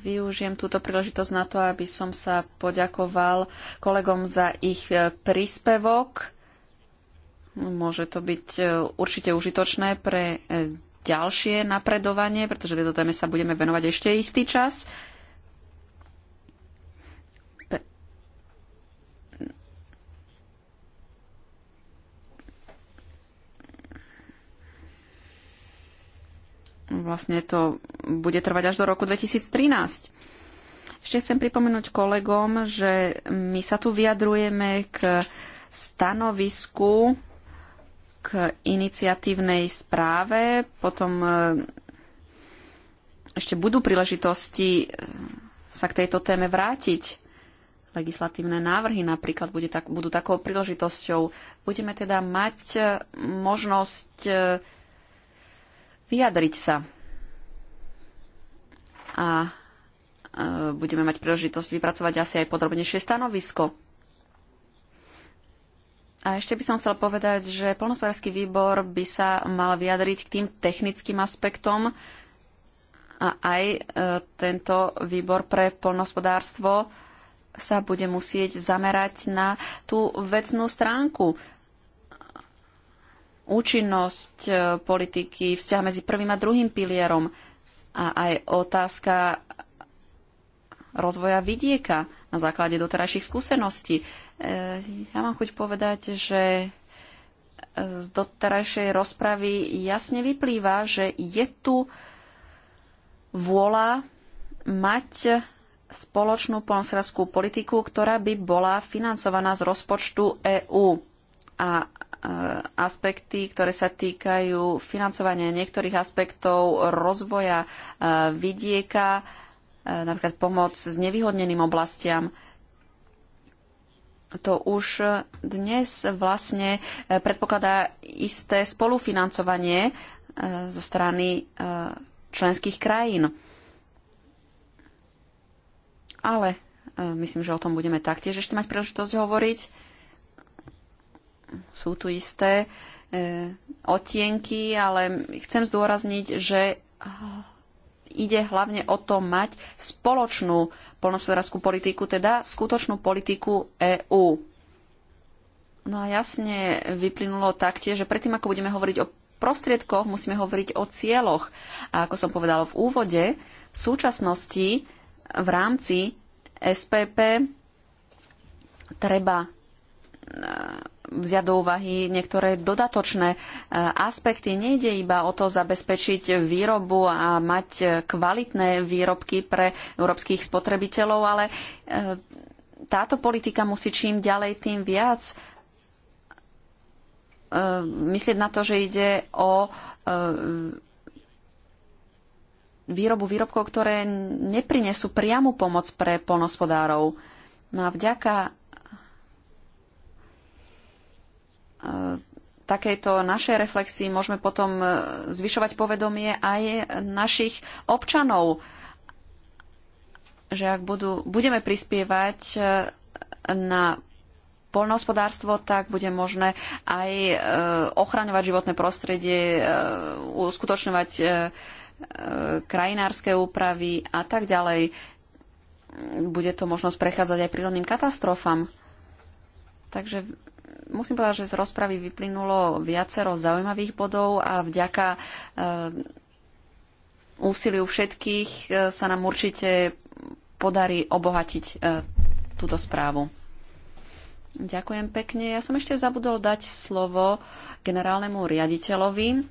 Využijem túto príležitosť na to, aby som sa poďakoval kolegom za ich e, príspevok Môže to byť e, určite užitočné pre e, ďalšie napredovanie, pretože tejto téme sa budeme venovať ešte istý čas. Vlastne to bude trvať až do roku 2013. Ešte chcem pripomenúť kolegom, že my sa tu vyjadrujeme k stanovisku k iniciatívnej správe. Potom e, ešte budú príležitosti e, sa k tejto téme vrátiť. Legislatívne návrhy napríklad bude tak, budú takou príležitosťou. Budeme teda mať e, možnosť vyjadriť sa. A budeme mať príležitosť vypracovať asi aj podrobnejšie stanovisko. A ešte by som chcel povedať, že polnospodársky výbor by sa mal vyjadriť k tým technickým aspektom a aj e, tento výbor pre polnospodárstvo sa bude musieť zamerať na tú vecnú stránku. Účinnosť e, politiky, vzťah medzi prvým a druhým pilierom a aj otázka rozvoja vidieka na základe doterajších skúseností Eh, ja mám chuť povedať, že z doterajšej rozpravy jasne vyplýva, že je tu vôľa mať spoločnú polnospodárskú politiku, ktorá by bola financovaná z rozpočtu EÚ. A eh, aspekty, ktoré sa týkajú financovania niektorých aspektov rozvoja eh, vidieka, napríklad pomoc s nevyhodneným oblastiam to už dnes vlastne eh, predpokladá isté spolufinancovanie eh, zo strany eh, členských krajín. Ale myslím, že o tom budeme taktiež ešte mať príležitosť hovoriť. Sú tu isté otienky, ale chcem zdôrazniť, že ide hlavne o to mať spoločnú poľnohospodárskú politiku, teda skutočnú politiku EÚ. No a jasne vyplynulo taktiež, že predtým, ako budeme hovoriť o prostriedkoch, musíme hovoriť o cieľoch. A ako som povedala v úvode, v súčasnosti v rámci SPP treba vziať do úvahy niektoré dodatočné e, aspekty. Nejde iba o to zabezpečiť výrobu a mať kvalitné výrobky pre európskych spotrebiteľov, ale e, táto politika musí čím ďalej tým viac e, myslieť na to, že ide o výrobu výrobkov, ktoré neprinesú priamu pomoc pre polnospodárov. No a vďaka E, takejto našej reflexii môžeme potom e, zvyšovať povedomie aj našich občanov, že ak budú, budeme prispievať e, na poľnohospodárstvo, tak bude možné aj ochraňovať životné prostredie, uskutočňovať krajinárske úpravy a tak ďalej. Bude to možnosť prechádzať aj prírodným katastrofám. Takže musím povedať, že z rozpravy vyplynulo viacero zaujímavých bodov a vďaka eh, úsiliu všetkých eh, sa nám určite podarí obohatiť eh, túto správu. Ďakujem pekne. Ja som ešte zabudol dať slovo generálnemu riaditeľovi.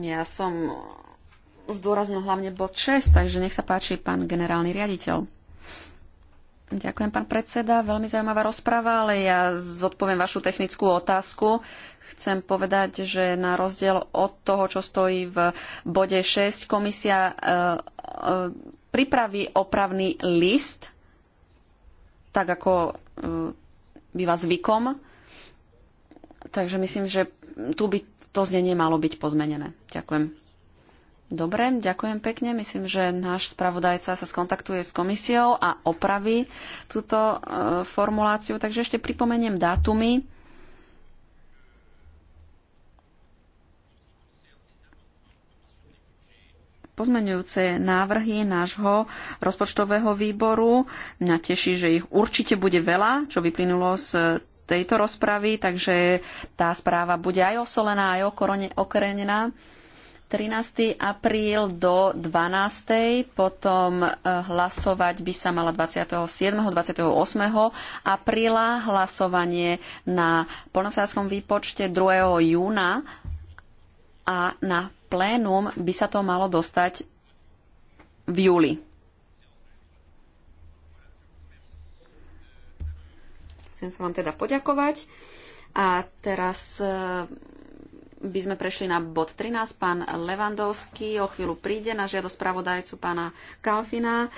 Ja som zdôraznil hlavne bod 6, takže nech sa páči pán generálny riaditeľ. Ďakujem, pán predseda. Veľmi zaujímavá rozpráva, ale ja zodpoviem vašu technickú otázku. Chcem povedať, že na rozdiel od toho, čo stojí v bode 6, komisia e, e, pripraví opravný list, tak ako e, býva zvykom. Takže myslím, že tu by to znenie malo byť pozmenené. Ďakujem. Dobre, ďakujem pekne. Myslím, že náš spravodajca sa skontaktuje s komisiou a opraví túto e, formuláciu. Takže ešte pripomeniem dátumy. Pozmenujúce návrhy nášho rozpočtového výboru. Mňa teší, že ich určite bude veľa, čo vyplynulo z tejto rozpravy, takže tá správa bude aj osolená, aj okorenená. 13. apríl do 12. Potom e, hlasovať by sa mala 27. 28. apríla hlasovanie na polnohospodárskom výpočte 2. júna a na plénum by sa to malo dostať v júli. Chcem sa vám teda poďakovať a teraz e, by sme prešli na bod 13. Pán Levandovský o chvíľu príde na žiadosť spravodajcu pána Kalfina.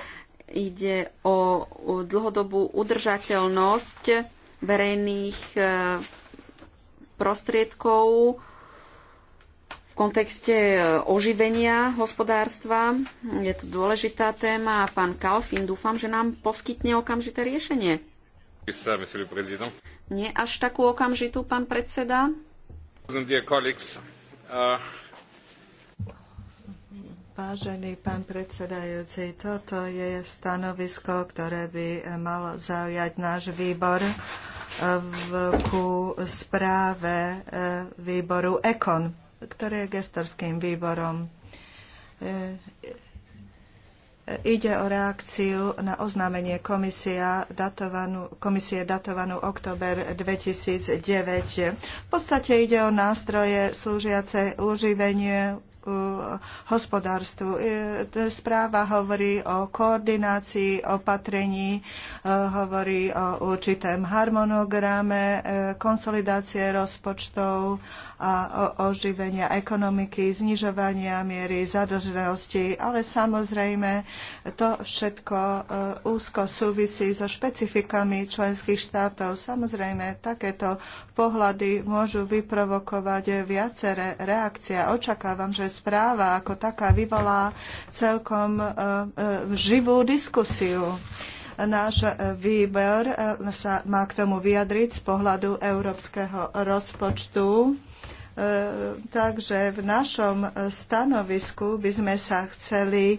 Ide o dlhodobú udržateľnosť verejných e, prostriedkov v kontexte e, oživenia hospodárstva. Je to dôležitá téma a pán Kalfin dúfam, že nám poskytne okamžité riešenie. Nie až takú okamžitú, pán predseda. Uh, Vážený pán predsedajúci, toto je stanovisko, ktoré by mal zaujať náš výbor eh, v, ku správe eh, výboru ECON, ktorý je gestorským výborom eh, Ide o reakciu na oznámenie komisia datovanú, komisie datovanú október 2009. V podstate ide o nástroje slúžiace uživenie hospodárstvu. E, správa hovorí o koordinácii opatrení, e, hovorí o určitém harmonograme, e, konsolidácie rozpočtov a oživenia ekonomiky, znižovania miery zadlženosti, ale samozrejme to všetko e, úzko súvisí so špecifikami členských štátov. Samozrejme, takéto pohľady môžu vyprovokovať viaceré reakcie. Očakávam, že správa ako taká vyvolá celkom e, e, živú diskusiu náš výber sa má k tomu vyjadriť z pohľadu európskeho rozpočtu E, takže v našom stanovisku by sme sa chceli e,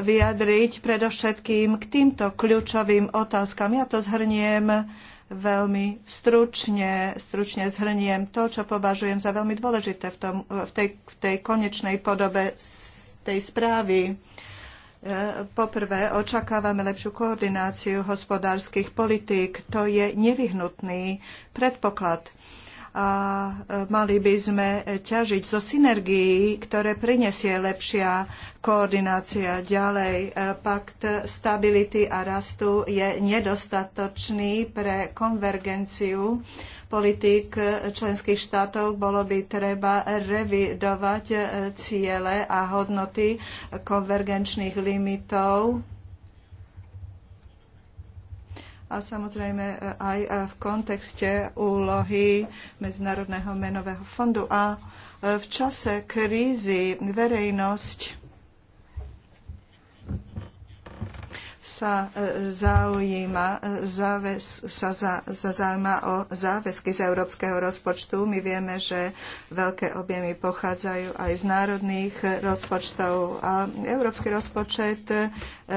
vyjadriť predovšetkým k týmto kľúčovým otázkam. Ja to zhrniem veľmi stručne, stručne zhrniem to, čo považujem za veľmi dôležité v, tom, e, v, tej, v tej konečnej podobe tej správy. Poprvé, očakávame lepšiu koordináciu hospodárskych politík. To je nevyhnutný predpoklad a e, mali by sme ťažiť zo synergií, ktoré prinesie lepšia koordinácia ďalej. E, pakt stability a rastu je nedostatočný pre konvergenciu politík členských štátov. Bolo by treba revidovať e, ciele a hodnoty konvergenčných limitov a samozrejme e, aj e, v kontexte úlohy Medzinárodného menového fondu a e, v čase krízy verejnosť sa e, zaujíma, e, sa za, sa zaujíma o záväzky z európskeho rozpočtu. My vieme, že veľké objemy pochádzajú aj z národných rozpočtov a európsky rozpočet e,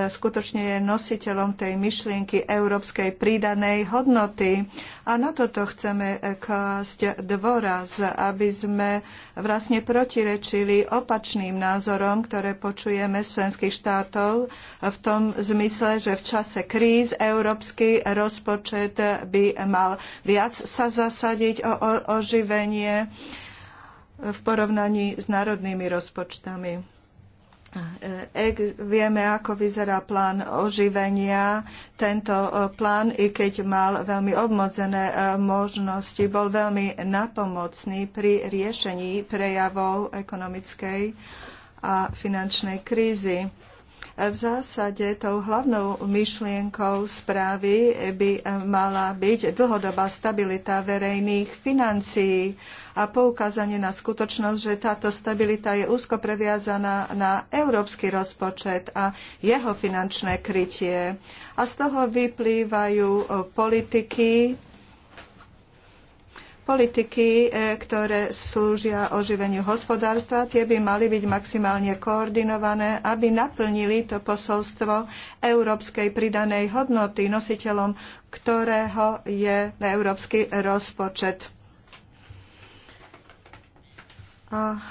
skutočne je nositeľom tej myšlienky európskej prídanej hodnoty. A na toto chceme klásť dôraz, aby sme vlastne protirečili opačným názorom, ktoré počujeme z členských štátov v tom zmysle, že v čase kríz európsky rozpočet by mal viac sa zasadiť o oživenie v porovnaní s národnými rozpočtami vieme, ako vyzerá plán oživenia. Tento e, plán, i keď mal veľmi obmodzené e, možnosti, bol veľmi napomocný pri riešení prejavov ekonomickej a finančnej krízy v zásade tou hlavnou myšlienkou správy by mala byť dlhodobá stabilita verejných financií a poukázanie na skutočnosť, že táto stabilita je úzko previazaná na európsky rozpočet a jeho finančné krytie. A z toho vyplývajú politiky Politiky, e, ktoré slúžia oživeniu hospodárstva, tie by mali byť maximálne koordinované, aby naplnili to posolstvo európskej pridanej hodnoty, nositeľom ktorého je európsky rozpočet. A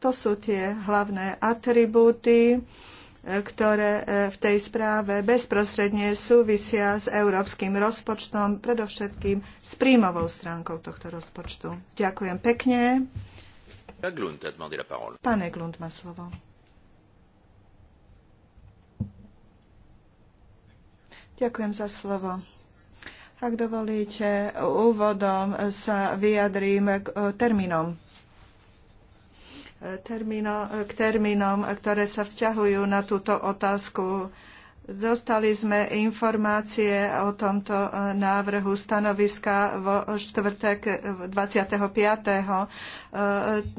to sú tie hlavné atribúty ktoré e, v tej správe bezprostredne súvisia s európskym rozpočtom, predovšetkým s príjmovou stránkou tohto rozpočtu. Ďakujem pekne. Pán Eglund má slovo. Ďakujem za slovo. Ak dovolíte, úvodom sa vyjadrím k e, termínom k termínom, ktoré sa vzťahujú na túto otázku. Dostali sme informácie o tomto návrhu stanoviska vo štvrtek 25.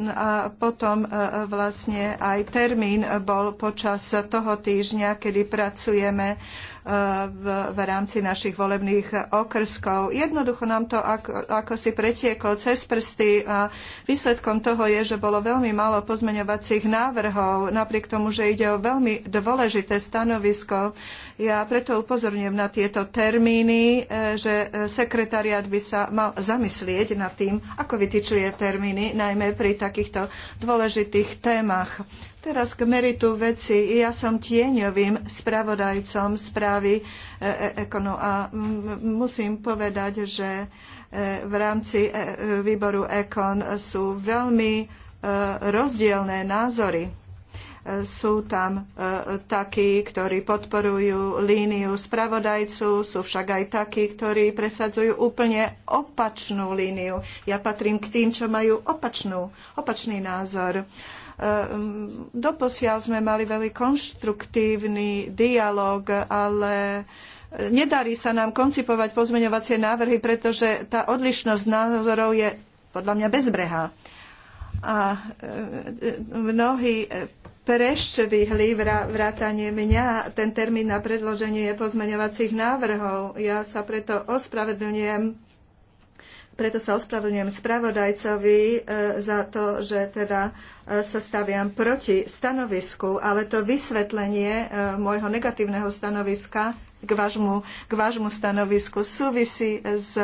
a potom e, vlastne aj termín bol počas toho týždňa, kedy pracujeme v, v rámci našich volebných okrskov. Jednoducho nám to ako, ako si pretieklo cez prsty a výsledkom toho je, že bolo veľmi málo pozmeňovacích návrhov, napriek tomu, že ide o veľmi dôležité stanovisko. Ja preto upozorňujem na tieto termíny, e, že e, sekretariat by sa mal zamyslieť nad tým, ako vytýčuje termíny, najmä pri takýchto dôležitých témach. Teraz k meritu veci. Ja som tieňovým spravodajcom správy e, e, Ekonu a musím povedať, že e, v rámci výboru ECON sú veľmi rozdielne názory. Sú tam takí, ktorí podporujú líniu spravodajcu, sú však aj takí, ktorí presadzujú úplne opačnú líniu. Ja patrím k tým, čo majú opačnú, opačný názor. Ehm, doposiaľ sme mali veľmi konštruktívny dialog, ale nedarí sa nám koncipovať pozmeňovacie návrhy, pretože tá odlišnosť názorov je podľa mňa bezbrehá. A ehm, mnohí preštevihli vrátanie mňa ten termín na predloženie pozmeňovacích návrhov. Ja sa preto ospravedlňujem preto sa ospravedlňujem spravodajcovi e, za to, že teda e, sa staviam proti stanovisku, ale to vysvetlenie e, môjho negatívneho stanoviska k vášmu, k vášmu stanovisku súvisí s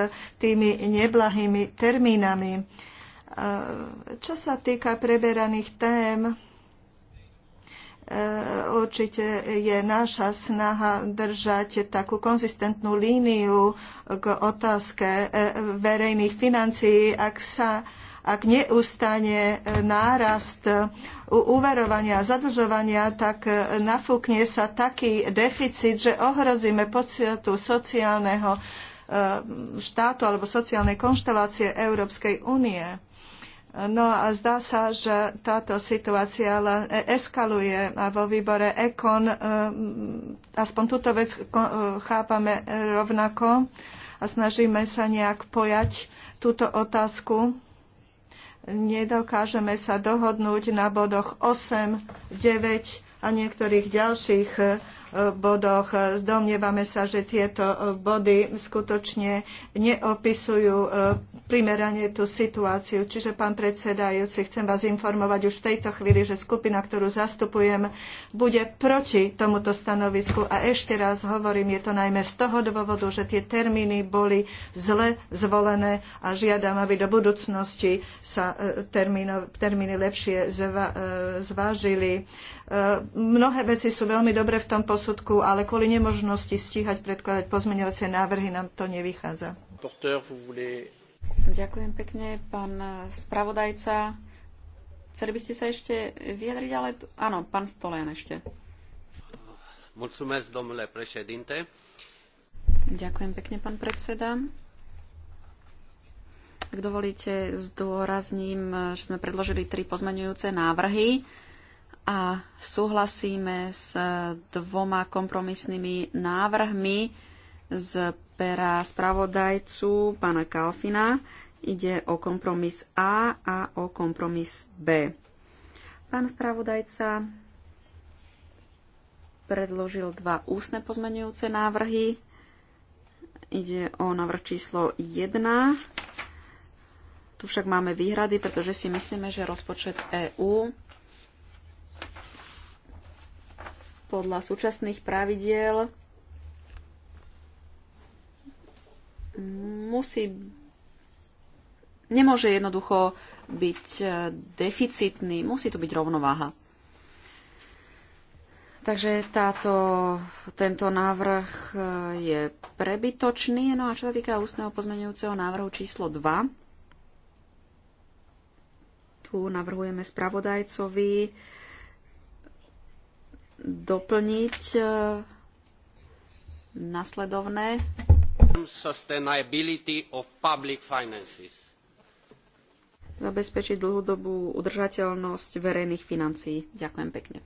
tými neblahými termínami. Čo sa týka preberaných tém, E, určite je naša snaha držať takú konzistentnú líniu k otázke e, verejných financií, ak sa ak neustane nárast uverovania a zadržovania, tak nafúkne sa taký deficit, že ohrozíme pocietu sociálneho e, štátu alebo sociálnej konštelácie Európskej únie No a zdá sa, že táto situácia len e- eskaluje a vo výbore EKON e, aspoň túto vec e, chápame rovnako a snažíme sa nejak pojať túto otázku. Nedokážeme sa dohodnúť na bodoch 8, 9 a niektorých ďalších bodoch. Domnievame sa, že tieto body skutočne neopisujú primerane tú situáciu. Čiže, pán predsedajúci, chcem vás informovať už v tejto chvíli, že skupina, ktorú zastupujem, bude proti tomuto stanovisku. A ešte raz hovorím, je to najmä z toho dôvodu, že tie termíny boli zle zvolené a žiadam, aby do budúcnosti sa e, termíno, termíny lepšie zva, e, zvážili. E, mnohé veci sú veľmi dobre v tom posudku, ale kvôli nemožnosti stíhať predkladať pozmeňovacie návrhy nám to nevychádza. vous voulez Ďakujem pekne, pán spravodajca. Chceli by ste sa ešte vyjadriť, ale... Áno, pán Stolen ešte. Mulțumesc, domnule președinte. Ďakujem pekne, pán predseda. Ak dovolíte, zdôrazním, že sme predložili tri pozmeňujúce návrhy a súhlasíme s dvoma kompromisnými návrhmi z pera spravodajcu pána Kalfina. Ide o kompromis A a o kompromis B. Pán spravodajca predložil dva ústne pozmenujúce návrhy. Ide o návrh číslo 1. Tu však máme výhrady, pretože si myslíme, že rozpočet EÚ podľa súčasných pravidiel musí nemôže jednoducho byť e, deficitný, musí tu byť rovnováha. Takže táto, tento návrh e, je prebytočný. No a čo sa týka ústneho pozmeňujúceho návrhu číslo 2, tu navrhujeme spravodajcovi doplniť e, nasledovné Zabezpečiť dlhodobú udržateľnosť verejných financií. Ďakujem pekne.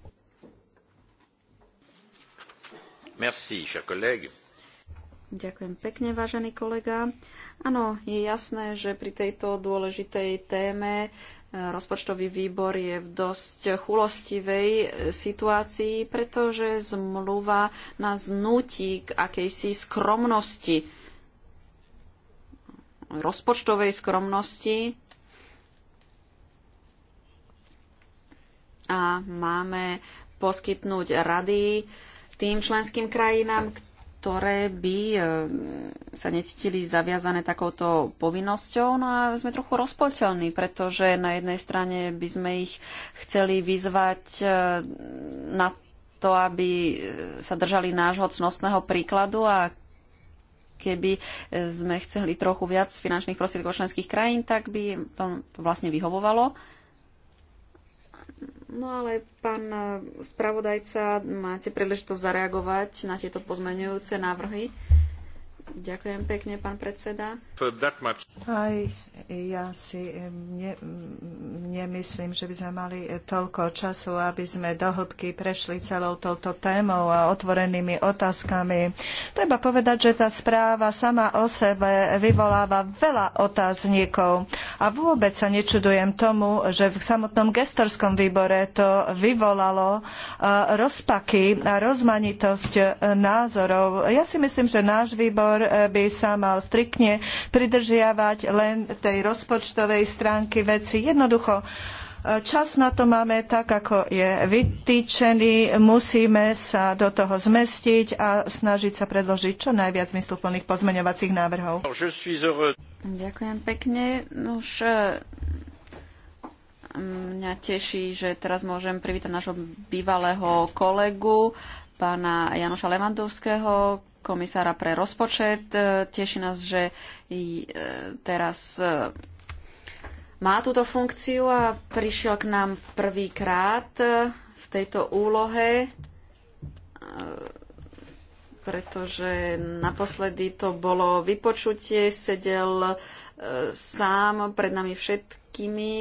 Merci, Ďakujem pekne, vážený kolega. Áno, je jasné, že pri tejto dôležitej téme Rozpočtový výbor je v dosť chulostivej e, situácii, pretože zmluva nás nutí k akejsi skromnosti, rozpočtovej skromnosti. A máme poskytnúť rady tým členským krajinám, ktoré by eh, sa necítili zaviazané takouto povinnosťou. No a sme trochu rozpoľteľní, pretože na jednej strane by sme ich chceli vyzvať eh, na to, aby eh, sa držali nášho cnostného príkladu a keby sme chceli trochu viac finančných prostriedkov členských krajín, tak by to vlastne vyhovovalo. No ale pán e, spravodajca, máte príležitosť zareagovať na tieto pozmeňujúce návrhy. Ďakujem pekne, pán predseda. Aj ja si ne, nemyslím, že by sme mali toľko času, aby sme hĺbky prešli celou touto témou a otvorenými otázkami. Treba povedať, že tá správa sama o sebe vyvoláva veľa otáznikov a vôbec sa nečudujem tomu, že v samotnom gestorskom výbore to vyvolalo rozpaky a rozmanitosť e, názorov. Ja si myslím, že náš výbor e, by sa mal striktne pridržiavať len tej rozpočtovej stránky veci. Jednoducho, čas na to máme tak, ako je vytýčený. Musíme sa do toho zmestiť a snažiť sa predložiť čo najviac zmysluplných pozmeňovacích návrhov. Ďakujem pekne. Už eh, mňa teší, že teraz môžem privítať nášho bývalého kolegu, pána Janoša Levandovského, komisára pre rozpočet. E, teší nás, že e, teraz e, má túto funkciu a prišiel k nám prvýkrát v tejto úlohe, pretože naposledy to bolo vypočutie, sedel sám pred nami všetkými,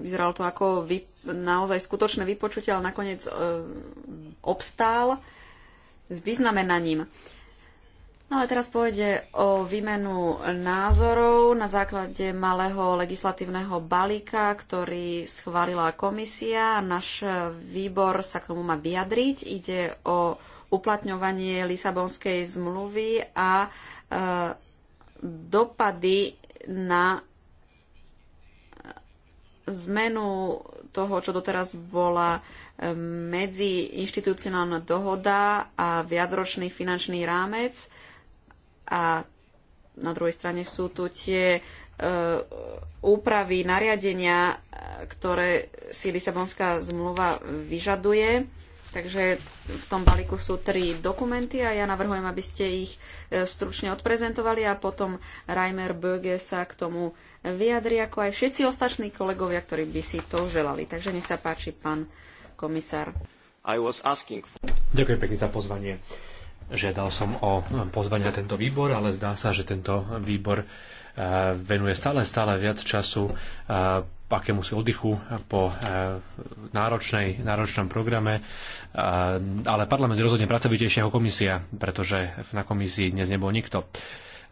vyzeralo to ako naozaj skutočné vypočutie, ale nakoniec obstál s vyznamenaním. No ale teraz pôjde o výmenu názorov na základe malého legislatívneho balíka, ktorý schválila komisia. Náš výbor sa k tomu má vyjadriť. Ide o uplatňovanie Lisabonskej zmluvy a e, dopady na e, zmenu toho, čo doteraz bola medziinštitucionálna dohoda a viacročný finančný rámec a na druhej strane sú tu tie e, úpravy nariadenia, ktoré si Lisabonská zmluva vyžaduje. Takže v tom balíku sú tri dokumenty a ja navrhujem, aby ste ich e, stručne odprezentovali a potom Reimer Böge sa k tomu vyjadri, ako aj všetci ostatní kolegovia, ktorí by si to želali. Takže nech sa páči, pán komisár. Ďakujem pekne za pozvanie. Žiadal som o pozvanie na tento výbor, ale zdá sa, že tento výbor e, venuje stále, stále viac času e, akému si oddychu po e, náročnej, náročnom programe. Ale parlament je rozhodne pracovitejší ako komisia, pretože na komisii dnes nebol nikto.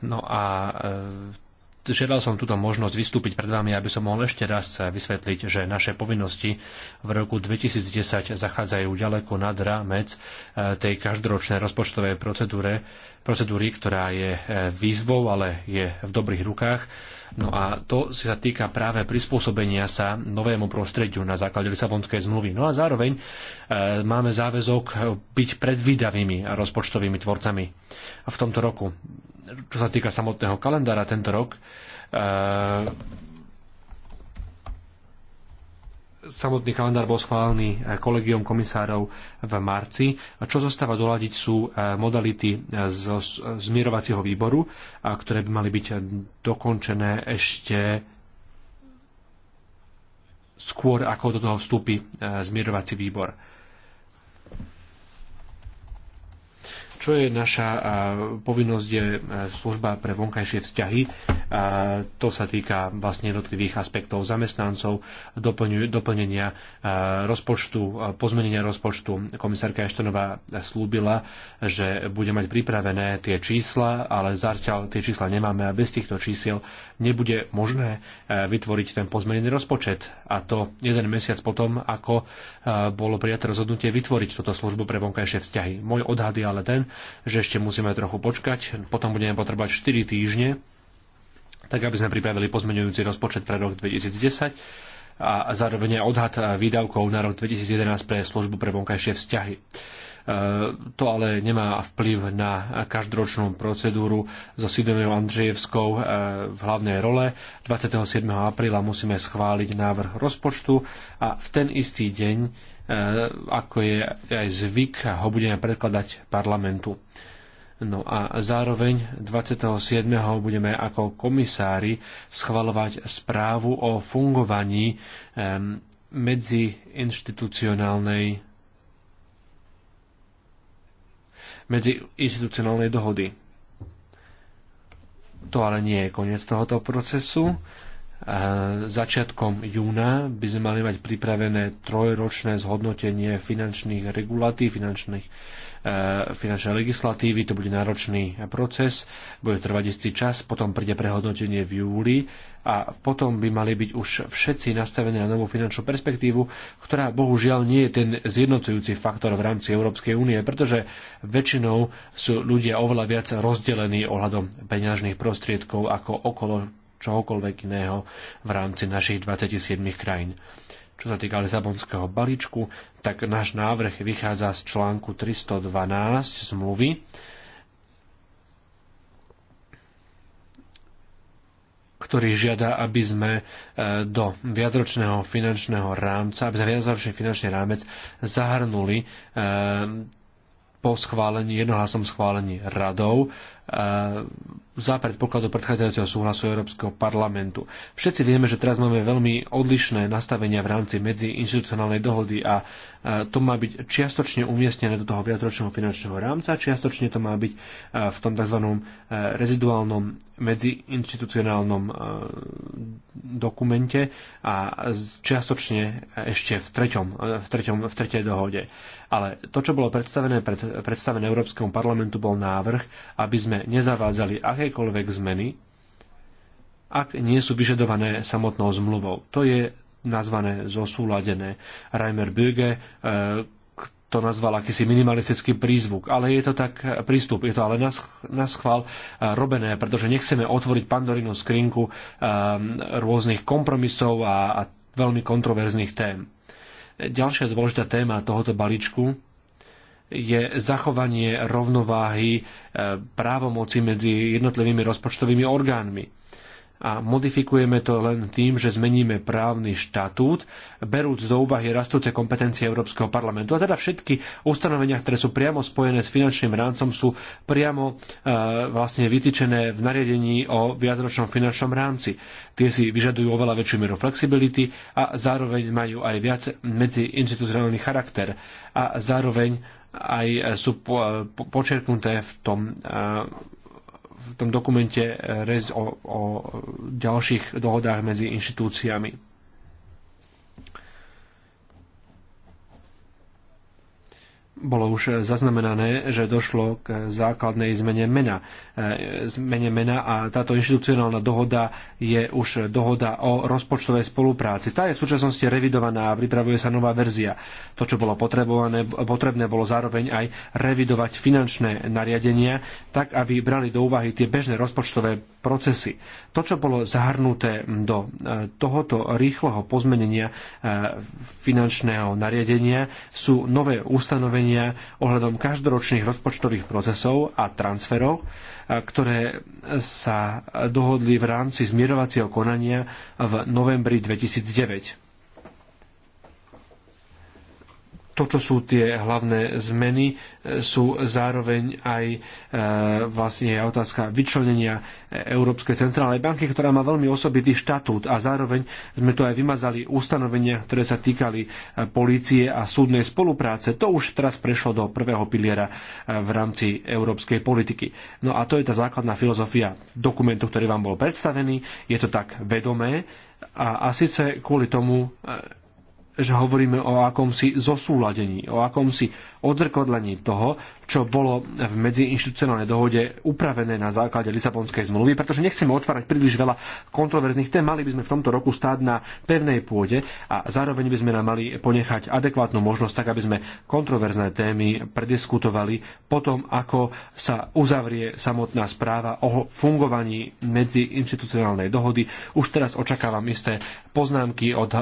No a Žiadal som túto možnosť vystúpiť pred vami, aby som mohol ešte raz vysvetliť, že naše povinnosti v roku 2010 zachádzajú ďaleko nad rámec e, tej každoročnej rozpočtovej procedúre, procedúry, ktorá je e, výzvou, ale je v dobrých rukách. No a to sa týka práve prispôsobenia sa novému prostrediu na základe Lisabonskej zmluvy. No a zároveň e, máme záväzok byť predvídavými rozpočtovými tvorcami v tomto roku čo sa týka samotného kalendára tento rok, eh, samotný kalendár bol schválený eh, kolegiom komisárov v marci. Čo zostáva doľadiť sú eh, modality z zmierovacieho výboru, ktoré by mali byť dokončené ešte skôr, ako do toho vstúpi zmierovací výbor. Čo je naša povinnosť je e, služba pre vonkajšie vzťahy. To sa týka vlastne jednotlivých aspektov zamestnancov, doplnenia e, rozpočtu, e, pozmenenia rozpočtu. Komisárka Eštonová slúbila, že bude mať pripravené tie čísla, ale zatiaľ tie čísla nemáme a bez týchto čísiel nebude možné e, vytvoriť ten pozmenený rozpočet. A to jeden mesiac potom, ako e, bolo prijaté rozhodnutie vytvoriť túto službu pre vonkajšie vzťahy. Môj odhad je ale ten, že ešte musíme trochu počkať, potom budeme potrebať 4 týždne, tak aby sme pripravili pozmeňujúci rozpočet pre rok 2010 a zároveň odhad výdavkov na rok 2011 pre službu pre vonkajšie vzťahy. Eh, to ale nemá vplyv na každoročnú procedúru so Sidoniou Andrzejevskou eh, v hlavnej role. 27. apríla musíme schváliť návrh rozpočtu a v ten istý deň, eh, ako je aj zvyk, ho budeme predkladať parlamentu. No a zároveň 27. budeme ako komisári schvalovať správu o fungovaní medziinštitucionálnej medzi institucionálnej dohody. To ale nie je koniec tohoto procesu začiatkom júna by sme mali mať pripravené trojročné zhodnotenie finančných regulatív, finančných, e, finančnej legislatívy. To bude náročný proces, bude trvať istý čas, potom príde prehodnotenie v júli a potom by mali byť už všetci nastavení na novú finančnú perspektívu, ktorá bohužiaľ nie je ten zjednocujúci faktor v rámci Európskej únie, pretože väčšinou sú ľudia oveľa viac rozdelení ohľadom peňažných prostriedkov ako okolo čohokoľvek iného v rámci našich 27 krajín. Čo sa týka Lisabonského balíčku, tak náš návrh vychádza z článku 312 zmluvy, ktorý žiada, aby sme e, do viacročného finančného rámca, aby sme viacročný finančný rámec zahrnuli e, po schválení, jednohlasom schválení radov E, za predpokladu predchádzajúceho súhlasu Európskeho parlamentu. Všetci vieme, že teraz máme veľmi odlišné nastavenia v rámci medziinstitucionálnej dohody a e, to má byť čiastočne umiestnené do toho viacročného finančného rámca, čiastočne to má byť e, v tom tzv. reziduálnom medziinstitucionálnom dokumente a čiastočne ešte v, treťom, v, treťom, v tretej dohode. Ale to, čo bolo predstavené, pred, predstavené Európskemu parlamentu, bol návrh, aby sme nezavádzali akékoľvek zmeny, ak nie sú vyžadované samotnou zmluvou. To je nazvané zosúladené. Reimer Böge e, to nazval akýsi minimalistický prízvuk, ale je to tak e, prístup, je to ale na schvál e, robené, pretože nechceme otvoriť pandorínu skrinku rôznych kompromisov a veľmi kontroverzných tém. Ďalšia dôležitá téma tohoto balíčku je zachovanie rovnováhy e, právomoci medzi jednotlivými rozpočtovými orgánmi a modifikujeme to len tým, že zmeníme právny štatút, berúc do úvahy rastúce kompetencie Európskeho parlamentu. A teda všetky ustanovenia, ktoré sú priamo spojené s finančným rámcom, sú priamo e, vlastne vytýčené v nariadení o viacročnom finančnom rámci. Tie si vyžadujú oveľa väčšiu mieru flexibility a zároveň majú aj viac medziinstitucionálny charakter a zároveň aj e, sú e, počerknuté v tom e, v tom dokumente o, o ďalších dohodách medzi inštitúciami. bolo už zaznamenané, že došlo k základnej zmene mena. E, zmene mena a táto inštitucionálna dohoda je už dohoda o rozpočtovej spolupráci. Tá je v súčasnosti revidovaná a pripravuje sa nová verzia. To, čo bolo potrebné, bolo zároveň aj revidovať finančné nariadenia, tak aby brali do úvahy tie bežné rozpočtové procesy. To, čo bolo zahrnuté do e, tohoto rýchleho pozmenenia e, finančného nariadenia, sú nové ustanovenia ohľadom každoročných rozpočtových procesov a transferov, e, ktoré sa dohodli v rámci zmierovacieho konania v novembri 2009. to, čo sú tie hlavné zmeny, e, sú zároveň aj e, vlastne otázka vyčlenenia e, Európskej centrálnej banky, ktorá má veľmi osobitý štatút a zároveň sme tu aj vymazali ustanovenia, ktoré sa týkali e, polície a súdnej spolupráce. To už teraz prešlo do prvého piliera v rámci európskej politiky. No a to je tá základná filozofia dokumentu, ktorý vám bol predstavený. Je to tak vedomé a, a síce kvôli tomu, že hovoríme o akomsi zosúladení, o akomsi odzrkodlením toho, čo bolo v medziinštitucionálnej dohode upravené na základe Lisabonskej zmluvy, pretože nechceme otvárať príliš veľa kontroverzných tém, mali by sme v tomto roku stáť na pevnej pôde a zároveň by sme nám mali ponechať adekvátnu možnosť, tak aby sme kontroverzné témy prediskutovali potom, ako sa uzavrie samotná správa o fungovaní medziinštitucionálnej dohody. Už teraz očakávam isté poznámky od eh,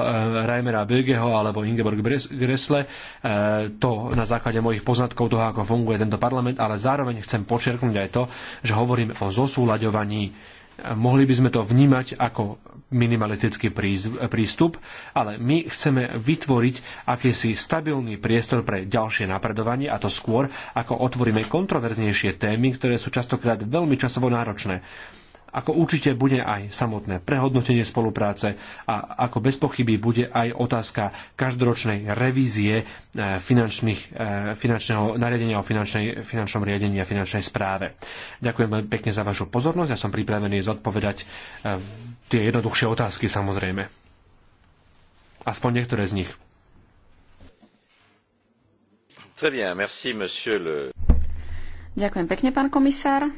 Reimera Bögeho alebo Ingeborg Gressle, eh, to na základe základe mojich poznatkov toho, ako funguje tento parlament, ale zároveň chcem počerknúť aj to, že hovoríme o zosúľaďovaní mohli by sme to vnímať ako minimalistický prístup, ale my chceme vytvoriť akýsi stabilný priestor pre ďalšie napredovanie a to skôr, ako otvoríme kontroverznejšie témy, ktoré sú častokrát veľmi časovo náročné ako určite bude aj samotné prehodnotenie spolupráce a ako bez pochyby bude aj otázka každoročnej revízie eh, eh, finančného nariadenia o finančnej, finančnom riadení a finančnej správe. Ďakujem veľmi pekne za vašu pozornosť. Ja som pripravený zodpovedať eh, tie jednoduchšie otázky samozrejme. Aspoň niektoré z nich. Ďakujem pekne, pán komisár.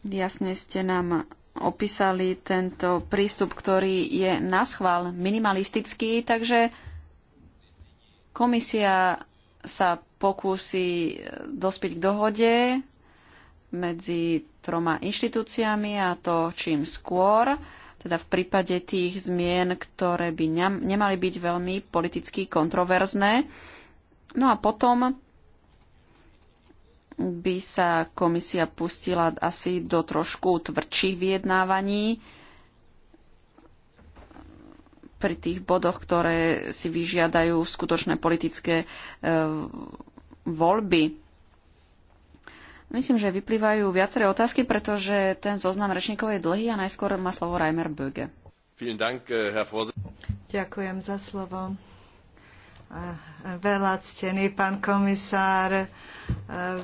Jasne ste nám opísali tento prístup, ktorý je na schvál minimalistický, takže komisia sa pokúsi e, dospiť k dohode medzi troma inštitúciami a to čím skôr, teda v prípade tých zmien, ktoré by nemali byť veľmi politicky kontroverzné. No a potom by sa komisia pustila asi do trošku tvrdších vyjednávaní pri tých bodoch, ktoré si vyžiadajú skutočné politické e, voľby. Myslím, že vyplývajú viaceré otázky, pretože ten zoznam rečníkov je dlhý a najskôr má slovo Reimer Böge. Ďakujem za slovo veľa ctený pán komisár. E,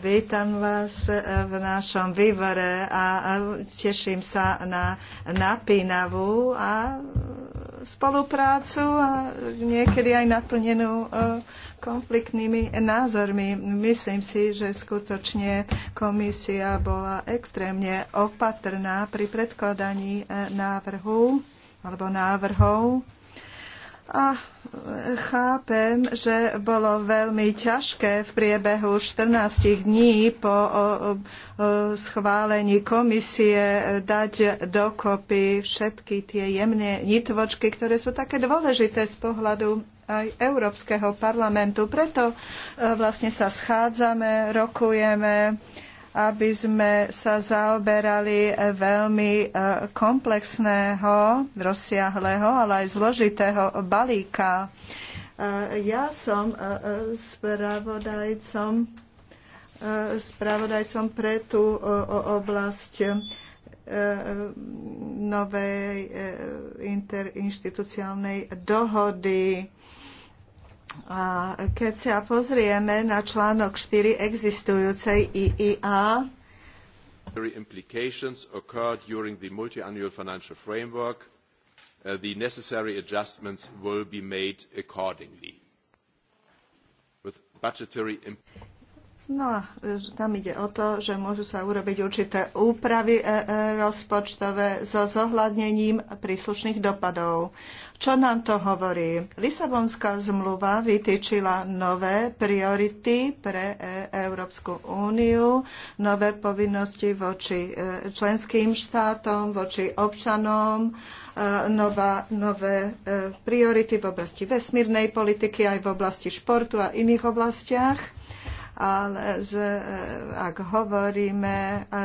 vítam vás v našom výbore a teším sa na napínavú a spoluprácu a niekedy aj naplnenú e, konfliktnými názormi. Myslím si, že skutočne komisia bola extrémne opatrná pri predkladaní e, návrhu alebo návrhov a e, chápem, že bolo veľmi ťažké v priebehu 14 dní po schválení komisie dať dokopy všetky tie jemné nitvočky, ktoré sú také dôležité z pohľadu aj Európskeho parlamentu. Preto e, vlastne sa schádzame, rokujeme, aby sme sa zaoberali eh, veľmi eh, komplexného, rozsiahlého, ale aj zložitého balíka. Eh, ja som spravodajcom, spravodajcom pre tú oblasť novej interinstitucionálnej dohody a keď sa pozrieme na článok 4 existujúcej IIA, implications occur during the multiannual financial framework, uh, the necessary adjustments will be made accordingly. With budgetary No a e, tam ide o to, že môžu sa urobiť určité úpravy e, e, rozpočtové so zohľadnením príslušných dopadov. Čo nám to hovorí? Lisabonská zmluva vytýčila nové priority pre Európsku úniu, nové povinnosti voči členským štátom, voči občanom, nová, nové priority v oblasti vesmírnej politiky aj v oblasti športu a iných oblastiach ale že e, ak hovoríme e,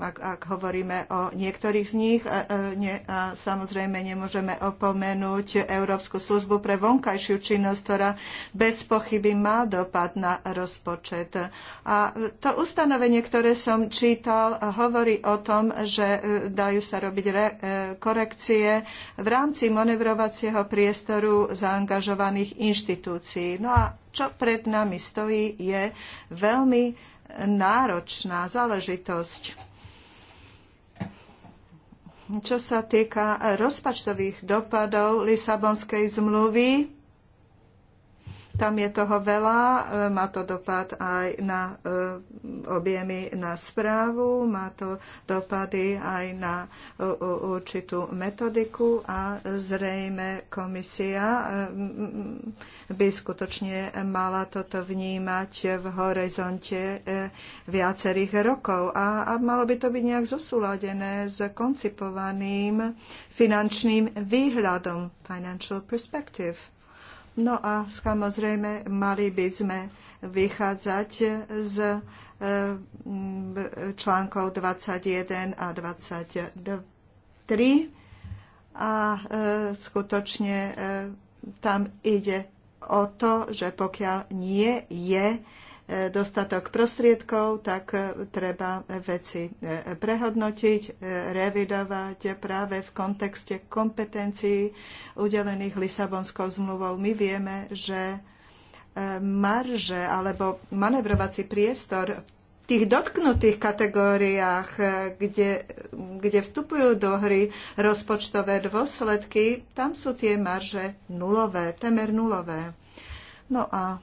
ak, ak hovoríme o niektorých z nich. A, ne, a samozrejme nemôžeme opomenúť Európsku službu pre vonkajšiu činnosť, ktorá bez pochyby má dopad na rozpočet. A to ustanovenie, ktoré som čítal, hovorí o tom, že e, dajú sa robiť re, e, korekcie v rámci manevrovacieho priestoru zaangažovaných inštitúcií. No a čo pred nami stojí, je veľmi náročná záležitosť. Čo sa týka rozpačtových dopadov Lisabonskej zmluvy, tam je toho veľa, e, má to dopad aj na e, objemy na správu, má to dopady aj na e, určitú metodiku a zrejme komisia by skutočne mala toto vnímať v horizonte viacerých rokov a, malo by to byť nejak zosúladené s koncipovaným finančným výhľadom, financial perspective. No a samozrejme mali by sme vychádzať z e, článkov 21 a 23 a e, skutočne e, tam ide o to, že pokiaľ nie je dostatok prostriedkov, tak e, treba veci e, prehodnotiť, e, revidovať práve v kontexte kompetencií udelených Lisabonskou zmluvou. My vieme, že marže alebo manevrovací priestor v tých dotknutých kategóriách, kde, kde vstupujú do hry rozpočtové dôsledky, tam sú tie marže nulové, temer nulové. No a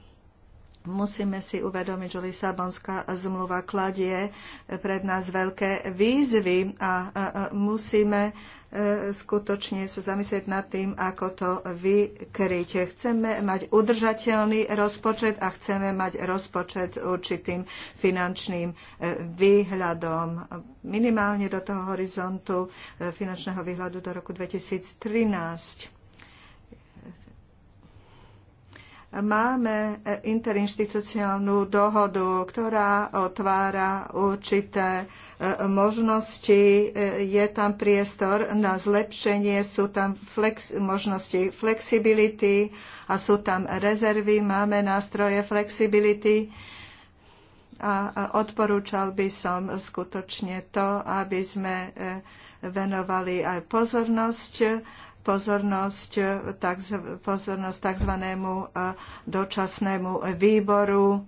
Musíme si uvedomiť, že Lisabonská zmluva kladie pred nás veľké výzvy a musíme e, skutočne sa zamyslieť nad tým, ako to vykryť. Chceme mať udržateľný rozpočet a chceme mať rozpočet s určitým finančným e, výhľadom. Minimálne do toho horizontu e, finančného výhľadu do roku 2013 máme e, interinštitucionálnu dohodu, ktorá otvára určité e, možnosti. E, je tam priestor na zlepšenie, sú tam flex, možnosti flexibility a sú tam rezervy, máme nástroje flexibility. A odporúčal by som skutočne to, aby sme venovali aj pozornosť pozornosť, pozornosť tzv. E, dočasnému výboru.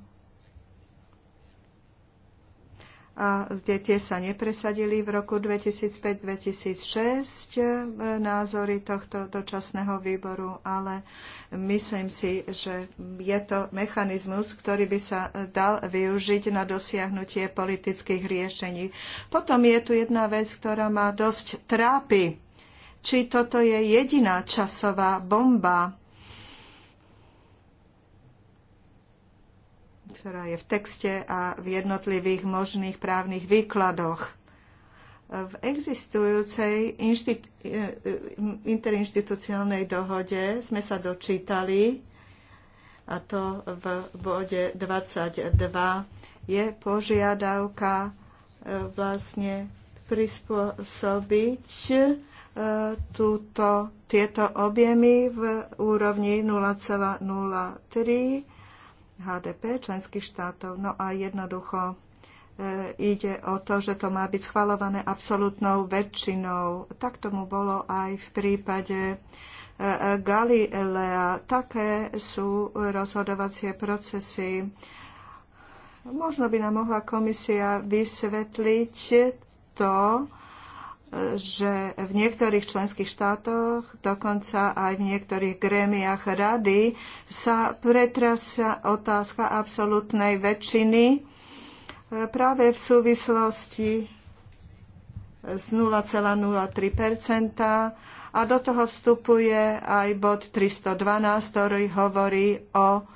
A tie, tie sa nepresadili v roku 2005-2006 e, názory tohto dočasného výboru, ale myslím si, že je to mechanizmus, ktorý by sa dal využiť na dosiahnutie politických riešení. Potom je tu jedna vec, ktorá ma dosť trápi či toto je jediná časová bomba, ktorá je v texte a v jednotlivých možných právnych výkladoch. V existujúcej inštit... Eh, interinstitucionálnej dohode sme sa dočítali, a to v bode 22, je požiadavka eh, vlastne prispôsobiť túto, tieto objemy v úrovni 0,03 HDP členských štátov. No a jednoducho e, ide o to, že to má byť schvalované absolútnou väčšinou. Tak tomu bolo aj v prípade e, Galilea. Také sú rozhodovacie procesy. Možno by nám mohla komisia vysvetliť to, že v niektorých členských štátoch, dokonca aj v niektorých grémiách rady, sa pretrasia otázka absolútnej väčšiny e, práve v súvislosti z 0,03 a do toho vstupuje aj bod 312, ktorý hovorí o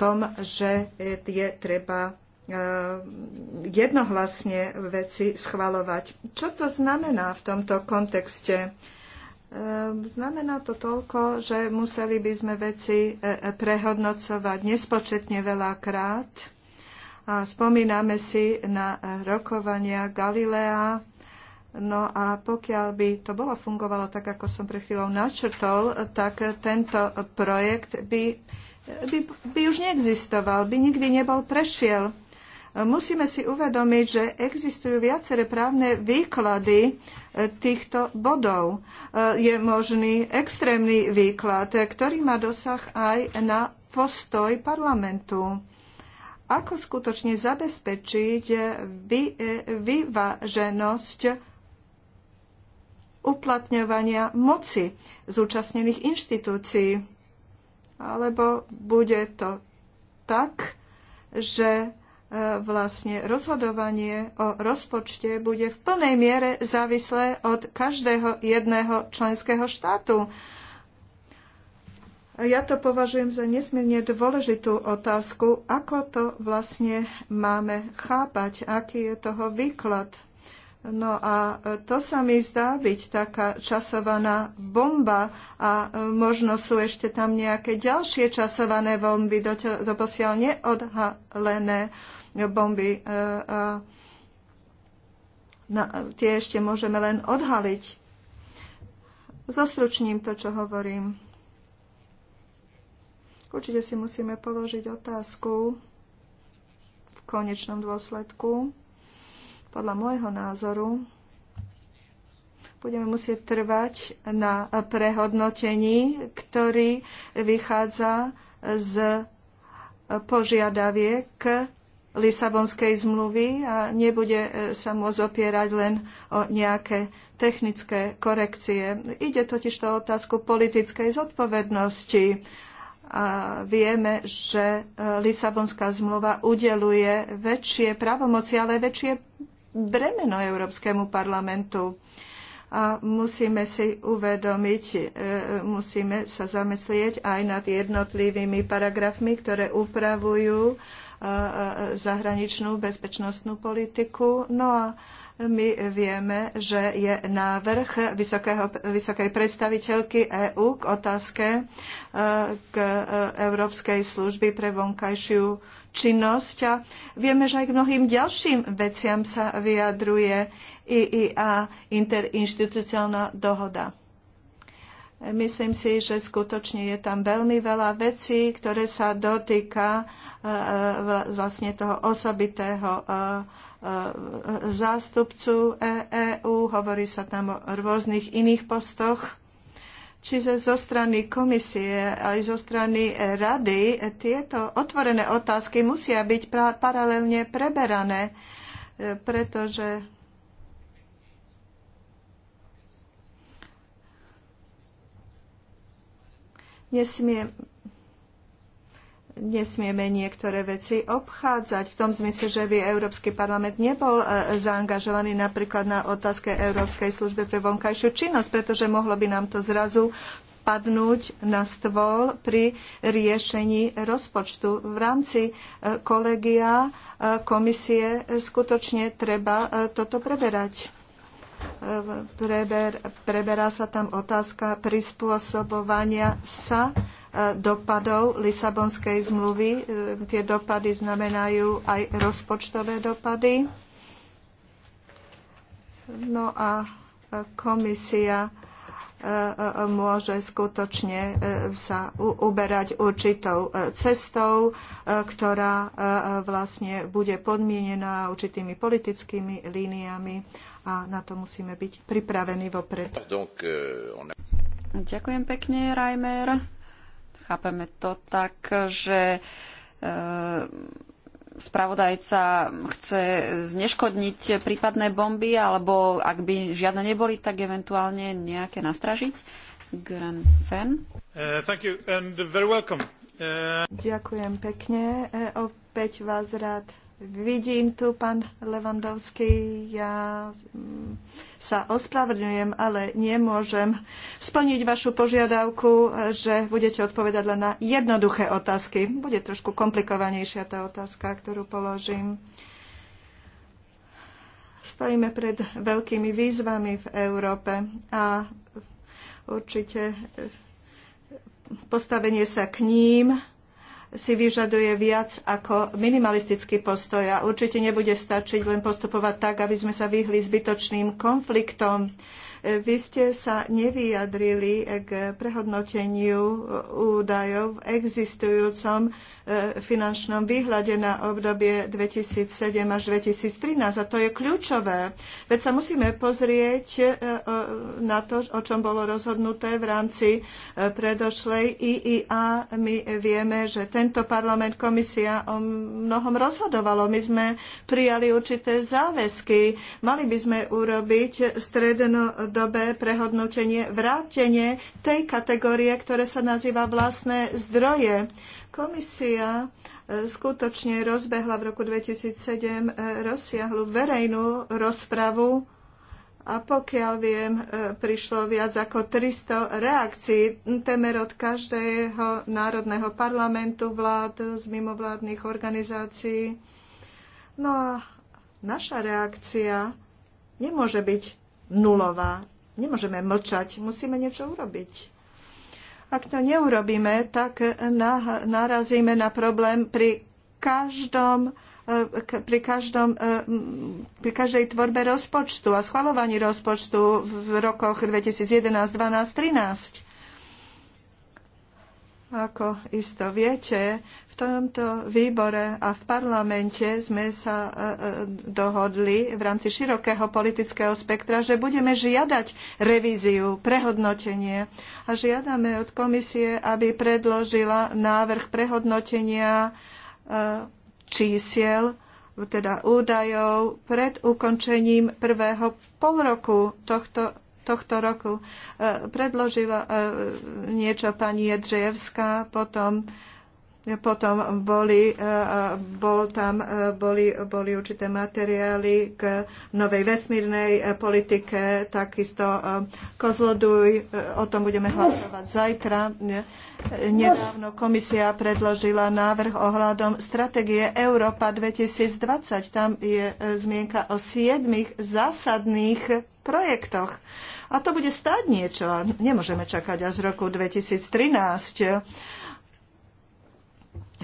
tom, že je treba E, jednohlasne veci schvalovať. Čo to znamená v tomto kontexte? E, znamená to toľko, že museli by sme veci e, prehodnocovať nespočetne veľakrát. A spomíname si na rokovania Galilea. No a pokiaľ by to bolo fungovalo tak, ako som pred chvíľou načrtol, tak tento projekt by, by, by už neexistoval, by nikdy nebol prešiel Musíme si uvedomiť, že existujú viaceré právne výklady e, týchto bodov. E, je možný extrémny výklad, e, ktorý má dosah aj na postoj parlamentu ako skutočne zabezpečiť vy, vyváženosť uplatňovania moci zúčastnených inštitúcií. Alebo bude to tak, že vlastne rozhodovanie o rozpočte bude v plnej miere závislé od každého jedného členského štátu. Ja to považujem za nesmierne dôležitú otázku, ako to vlastne máme chápať, aký je toho výklad. No a to sa mi zdá byť taká časovaná bomba a možno sú ešte tam nejaké ďalšie časované bomby doposiaľ neodhalené bomby. E, e, A tie ešte môžeme len odhaliť. Zostručním to, čo hovorím. Určite si musíme položiť otázku v konečnom dôsledku. Podľa môjho názoru budeme musieť trvať na prehodnotení, ktorý vychádza z požiadaviek Lisabonskej zmluvy a nebude e, sa môcť opierať len o nejaké technické korekcie. Ide totiž to o otázku politickej zodpovednosti. A vieme, že e, Lisabonská zmluva udeluje väčšie pravomoci, ale väčšie bremeno Európskemu parlamentu. A musíme si uvedomiť, e, musíme sa zamyslieť aj nad jednotlivými paragrafmi, ktoré upravujú zahraničnú bezpečnostnú politiku. No a my vieme, že je návrh vysokého, vysokej predstaviteľky EÚ k otázke k e, Európskej služby pre vonkajšiu činnosť. A vieme, že aj k mnohým ďalším veciam sa vyjadruje IIA, interinstitucionálna dohoda. Myslím si, že skutočne je tam veľmi veľa vecí, ktoré sa dotýka e, e, vlastne toho osobitého e, zástupcu EÚ. Hovorí sa tam o rôznych iných postoch. Čiže zo strany komisie aj zo strany rady tieto otvorené otázky musia byť paralelne preberané, pretože Nesmie, nesmieme niektoré veci obchádzať v tom zmysle, že by Európsky parlament nebol e, zaangažovaný napríklad na otázke Európskej služby pre vonkajšiu činnosť, pretože mohlo by nám to zrazu padnúť na stôl pri riešení rozpočtu. V rámci e, kolegia e, komisie skutočne treba toto preberať preber, preberá sa tam otázka prispôsobovania sa e, dopadov Lisabonskej zmluvy. E, tie dopady znamenajú aj rozpočtové dopady. No a e, komisia môže skutočne sa uberať určitou cestou, ktorá vlastne bude podmienená určitými politickými líniami a na to musíme byť pripravení vopred. Euh, Ďakujem pekne, Reimer. Chápeme to tak, že e, spravodajca chce zneškodniť prípadné bomby, alebo ak by žiadne neboli, tak eventuálne nejaké nastražiť. Gran Fen. Uh, e, thank you and very welcome. Uh... Ďakujem pekne. Opäť vás rád Vidím tu, pán Levandovský, ja mm, sa ospravedlňujem, ale nemôžem splniť vašu požiadavku, že budete odpovedať len na jednoduché otázky. Bude trošku komplikovanejšia tá otázka, ktorú položím. Stojíme pred veľkými výzvami v Európe a určite postavenie sa k ním si vyžaduje viac ako minimalistický postoj a určite nebude stačiť len postupovať tak, aby sme sa vyhli zbytočným konfliktom. Vy ste sa nevyjadrili k prehodnoteniu údajov v existujúcom finančnom výhľade na obdobie 2007 až 2013. A to je kľúčové. Veď sa musíme pozrieť e, e, na to, o čom bolo rozhodnuté v rámci e, predošlej IIA. My vieme, že tento parlament, komisia o mnohom rozhodovalo. My sme prijali určité záväzky. Mali by sme urobiť strednodobé prehodnotenie, vrátenie tej kategórie, ktoré sa nazýva vlastné zdroje. Komisia e, skutočne rozbehla v roku 2007 e, rozsiahlu verejnú rozpravu a pokiaľ viem, e, prišlo viac ako 300 reakcií, temer od každého národného parlamentu, vlád, z mimovládnych organizácií. No a naša reakcia nemôže byť nulová. Nemôžeme mlčať, musíme niečo urobiť. Ak to neurobíme, tak narazíme na problém pri každom eh, pri, každom, eh, pri každej tvorbe rozpočtu a schvalovaní rozpočtu v rokoch 2011, 2012, 2013. Ako isto viete, v tomto výbore a v parlamente sme sa e, e, dohodli v rámci širokého politického spektra, že budeme žiadať revíziu, prehodnotenie a žiadame od komisie, aby predložila návrh prehodnotenia e, čísiel, teda údajov pred ukončením prvého polroku tohto tohto roku. E, predložila e, niečo pani Jedřejevská, potom potom boli, e, bol tam, boli, boli určité materiály k novej vesmírnej politike, takisto Kozloduj, o tom budeme hlasovať zajtra. Nedávno komisia predložila návrh ohľadom stratégie Európa 2020. Tam je zmienka o siedmých zásadných projektoch a to bude stáť niečo. Nemôžeme čakať až roku 2013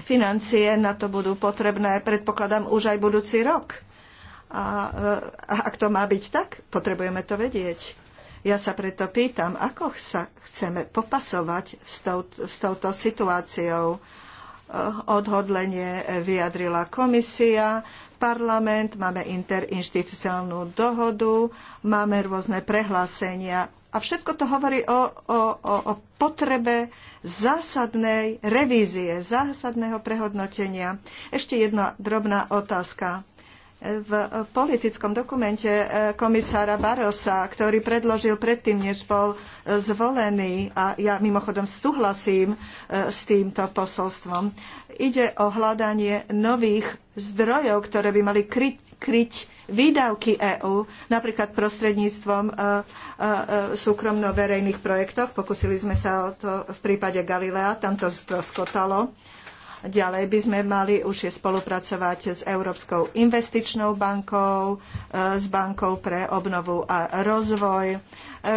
financie na to budú potrebné, predpokladám, už aj budúci rok. A, e, a ak to má byť tak, potrebujeme to vedieť. Ja sa preto pýtam, ako sa chceme popasovať s, tou, s touto situáciou odhodlenie vyjadrila komisia, parlament, máme interinštitucionálnu dohodu, máme rôzne prehlásenia a všetko to hovorí o, o, o, o potrebe zásadnej revízie, zásadného prehodnotenia. Ešte jedna drobná otázka v politickom dokumente e, komisára Barosa, ktorý predložil predtým, než bol e, zvolený, a ja mimochodom súhlasím e, s týmto posolstvom, ide o hľadanie nových zdrojov, ktoré by mali kryť, kryť výdavky EÚ, napríklad prostredníctvom súkromno-verejných projektov. Pokúsili sme sa o to v prípade Galilea, tam to stroskotalo. Ďalej by sme mali už je spolupracovať s Európskou investičnou bankou, eh, s bankou pre obnovu a rozvoj. Eh,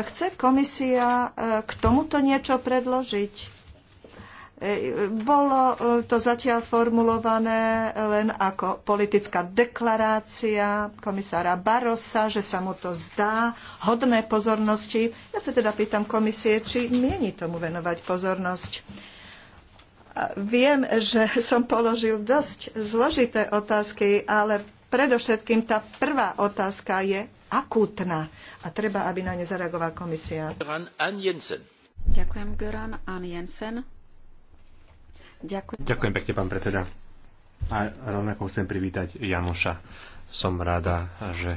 chce komisia eh, k tomuto niečo predložiť? Bolo to zatiaľ formulované len ako politická deklarácia komisára Barrosa, že sa mu to zdá hodné pozornosti. Ja sa teda pýtam komisie, či mieni tomu venovať pozornosť Viem, že som položil dosť zložité otázky, ale predovšetkým tá prvá otázka je akútna a treba, aby na ne zareagovala komisia. Ďakujem, Göran Ann Jensen. Ďakujem. Ďakujem pekne, pán predseda. A rovnako chcem privítať Janoša. Som rada, že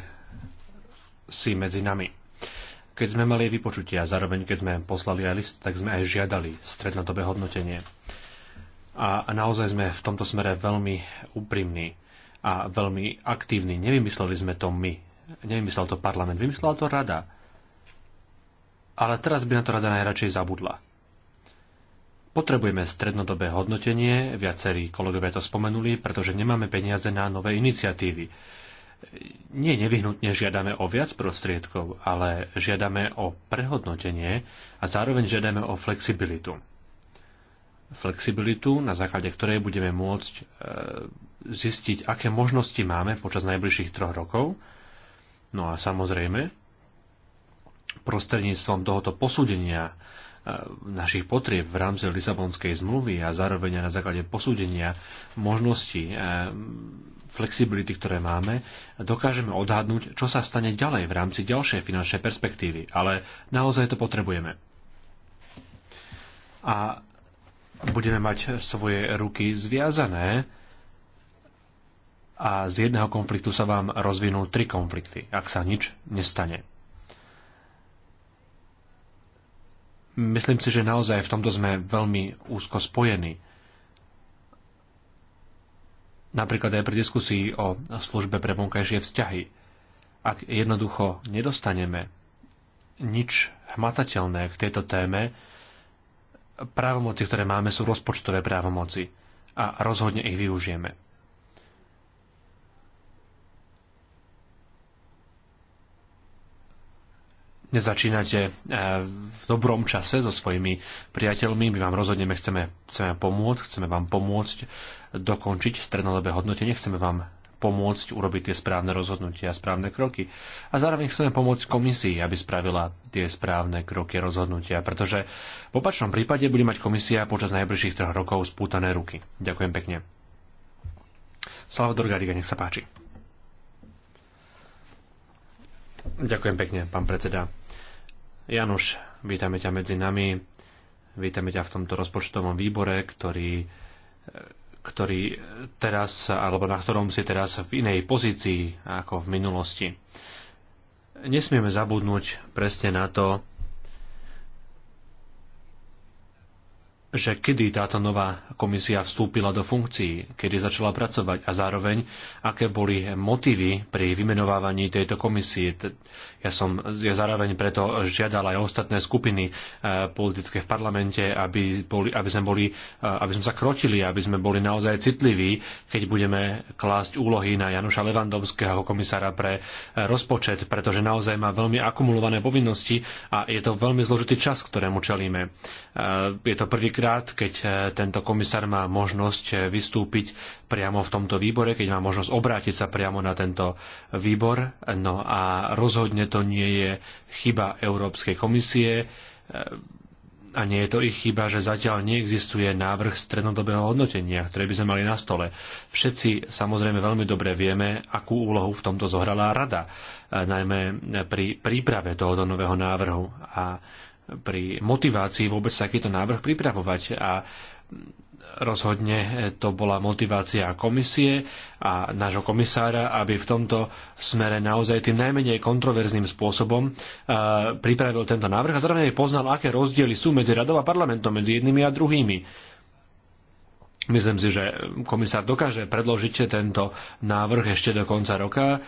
si medzi nami. Keď sme mali a zároveň keď sme poslali aj list, tak sme aj žiadali strednodobé hodnotenie. A naozaj sme v tomto smere veľmi úprimní a veľmi aktívni. Nevymysleli sme to my. Nevymyslel to parlament, vymyslela to rada. Ale teraz by na to rada najradšej zabudla. Potrebujeme strednodobé hodnotenie, viacerí kolegovia to spomenuli, pretože nemáme peniaze na nové iniciatívy. Nie nevyhnutne žiadame o viac prostriedkov, ale žiadame o prehodnotenie a zároveň žiadame o flexibilitu flexibilitu, na základe ktorej budeme môcť e, zistiť, aké možnosti máme počas najbližších troch rokov. No a samozrejme, prostredníctvom tohoto posúdenia e, našich potrieb v rámci Lisabonskej zmluvy a zároveň na základe posúdenia možností e, flexibility, ktoré máme, dokážeme odhadnúť, čo sa stane ďalej v rámci ďalšej finančnej perspektívy. Ale naozaj to potrebujeme. A budeme mať svoje ruky zviazané a z jedného konfliktu sa vám rozvinú tri konflikty, ak sa nič nestane. Myslím si, že naozaj v tomto sme veľmi úzko spojení. Napríklad aj pri diskusii o službe pre vonkajšie vzťahy. Ak jednoducho nedostaneme nič hmatateľné k tejto téme, právomoci, ktoré máme, sú rozpočtové právomoci a rozhodne ich využijeme. nezačínate eh, v dobrom čase so svojimi priateľmi. My vám rozhodneme, chceme, chceme pomôcť, chceme vám pomôcť dokončiť strednodobé hodnotenie, chceme vám pomôcť urobiť tie správne rozhodnutia, a správne kroky. A zároveň chceme pomôcť komisii, aby spravila tie správne kroky a rozhodnutia, pretože v opačnom prípade bude mať komisia počas najbližších troch rokov spútané ruky. Ďakujem pekne. Salvador Gariga, nech sa páči. Ďakujem pekne, pán predseda. Januš, vítame ťa medzi nami. Vítame ťa v tomto rozpočtovom výbore, ktorý ktorý teraz, alebo na ktorom si teraz v inej pozícii ako v minulosti. Nesmieme zabudnúť presne na to, že kedy táto nová komisia vstúpila do funkcií, kedy začala pracovať a zároveň aké boli motívy pri vymenovávaní tejto komisie. Ja som ja zároveň preto žiadal aj ostatné skupiny eh, politické v parlamente, aby, boli, aby, sme boli, eh, aby sme sa krotili, aby sme boli naozaj citliví, keď budeme klásť úlohy na Januša Levandovského, komisára pre eh, rozpočet, pretože naozaj má veľmi akumulované povinnosti a je to veľmi zložitý čas, ktorému čelíme. Je to prvýkrát, keď tento komisár má možnosť vystúpiť priamo v tomto výbore, keď má možnosť obrátiť sa priamo na tento výbor. No a rozhodne to nie je chyba Európskej komisie e, a nie je to ich chyba, že zatiaľ neexistuje návrh strednodobého hodnotenia, ktoré by sme mali na stole. Všetci samozrejme veľmi dobre vieme, akú úlohu v tomto zohrala rada, e, najmä pri príprave tohoto nového návrhu a pri motivácii vôbec takýto návrh pripravovať. A Rozhodne to bola motivácia komisie a nášho komisára, aby v tomto smere naozaj tým najmenej kontroverzným spôsobom e, pripravil tento návrh a zároveň poznal, aké rozdiely sú medzi radov a parlamentom, medzi jednými a druhými. Myslím si, že komisár dokáže predložiť tento návrh ešte do konca roka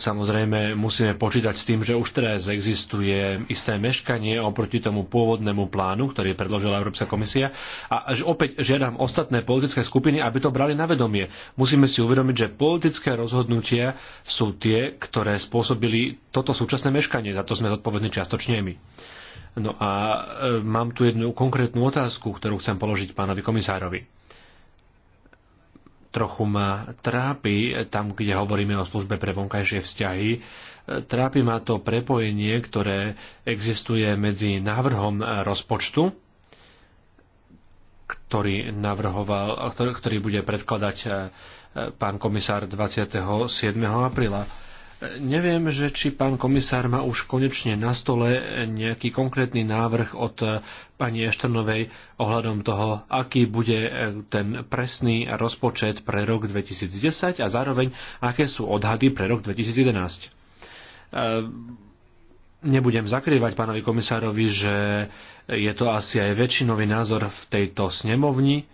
Samozrejme musíme počítať s tým, že už teraz existuje isté meškanie oproti tomu pôvodnému plánu, ktorý predložila Európska komisia. A opäť žiadam ostatné politické skupiny, aby to brali na vedomie. Musíme si uvedomiť, že politické rozhodnutia sú tie, ktoré spôsobili toto súčasné meškanie. Za to sme zodpovední čiastočne my. No a e, mám tu jednu konkrétnu otázku, ktorú chcem položiť pánovi komisárovi trochu ma trápi, tam kde hovoríme o službe pre vonkajšie vzťahy, trápi ma to prepojenie, ktoré existuje medzi návrhom rozpočtu, ktorý navrhoval, ktorý, ktorý bude predkladať eh, pán komisár 27. apríla Neviem, že či pán komisár má už konečne na stole nejaký konkrétny návrh od pani Eštrnovej ohľadom toho, aký bude eh, ten presný rozpočet pre rok 2010 a zároveň aké sú odhady pre rok 2011. Eh, nebudem zakrývať pánovi komisárovi, že je to asi aj väčšinový názor v tejto snemovni,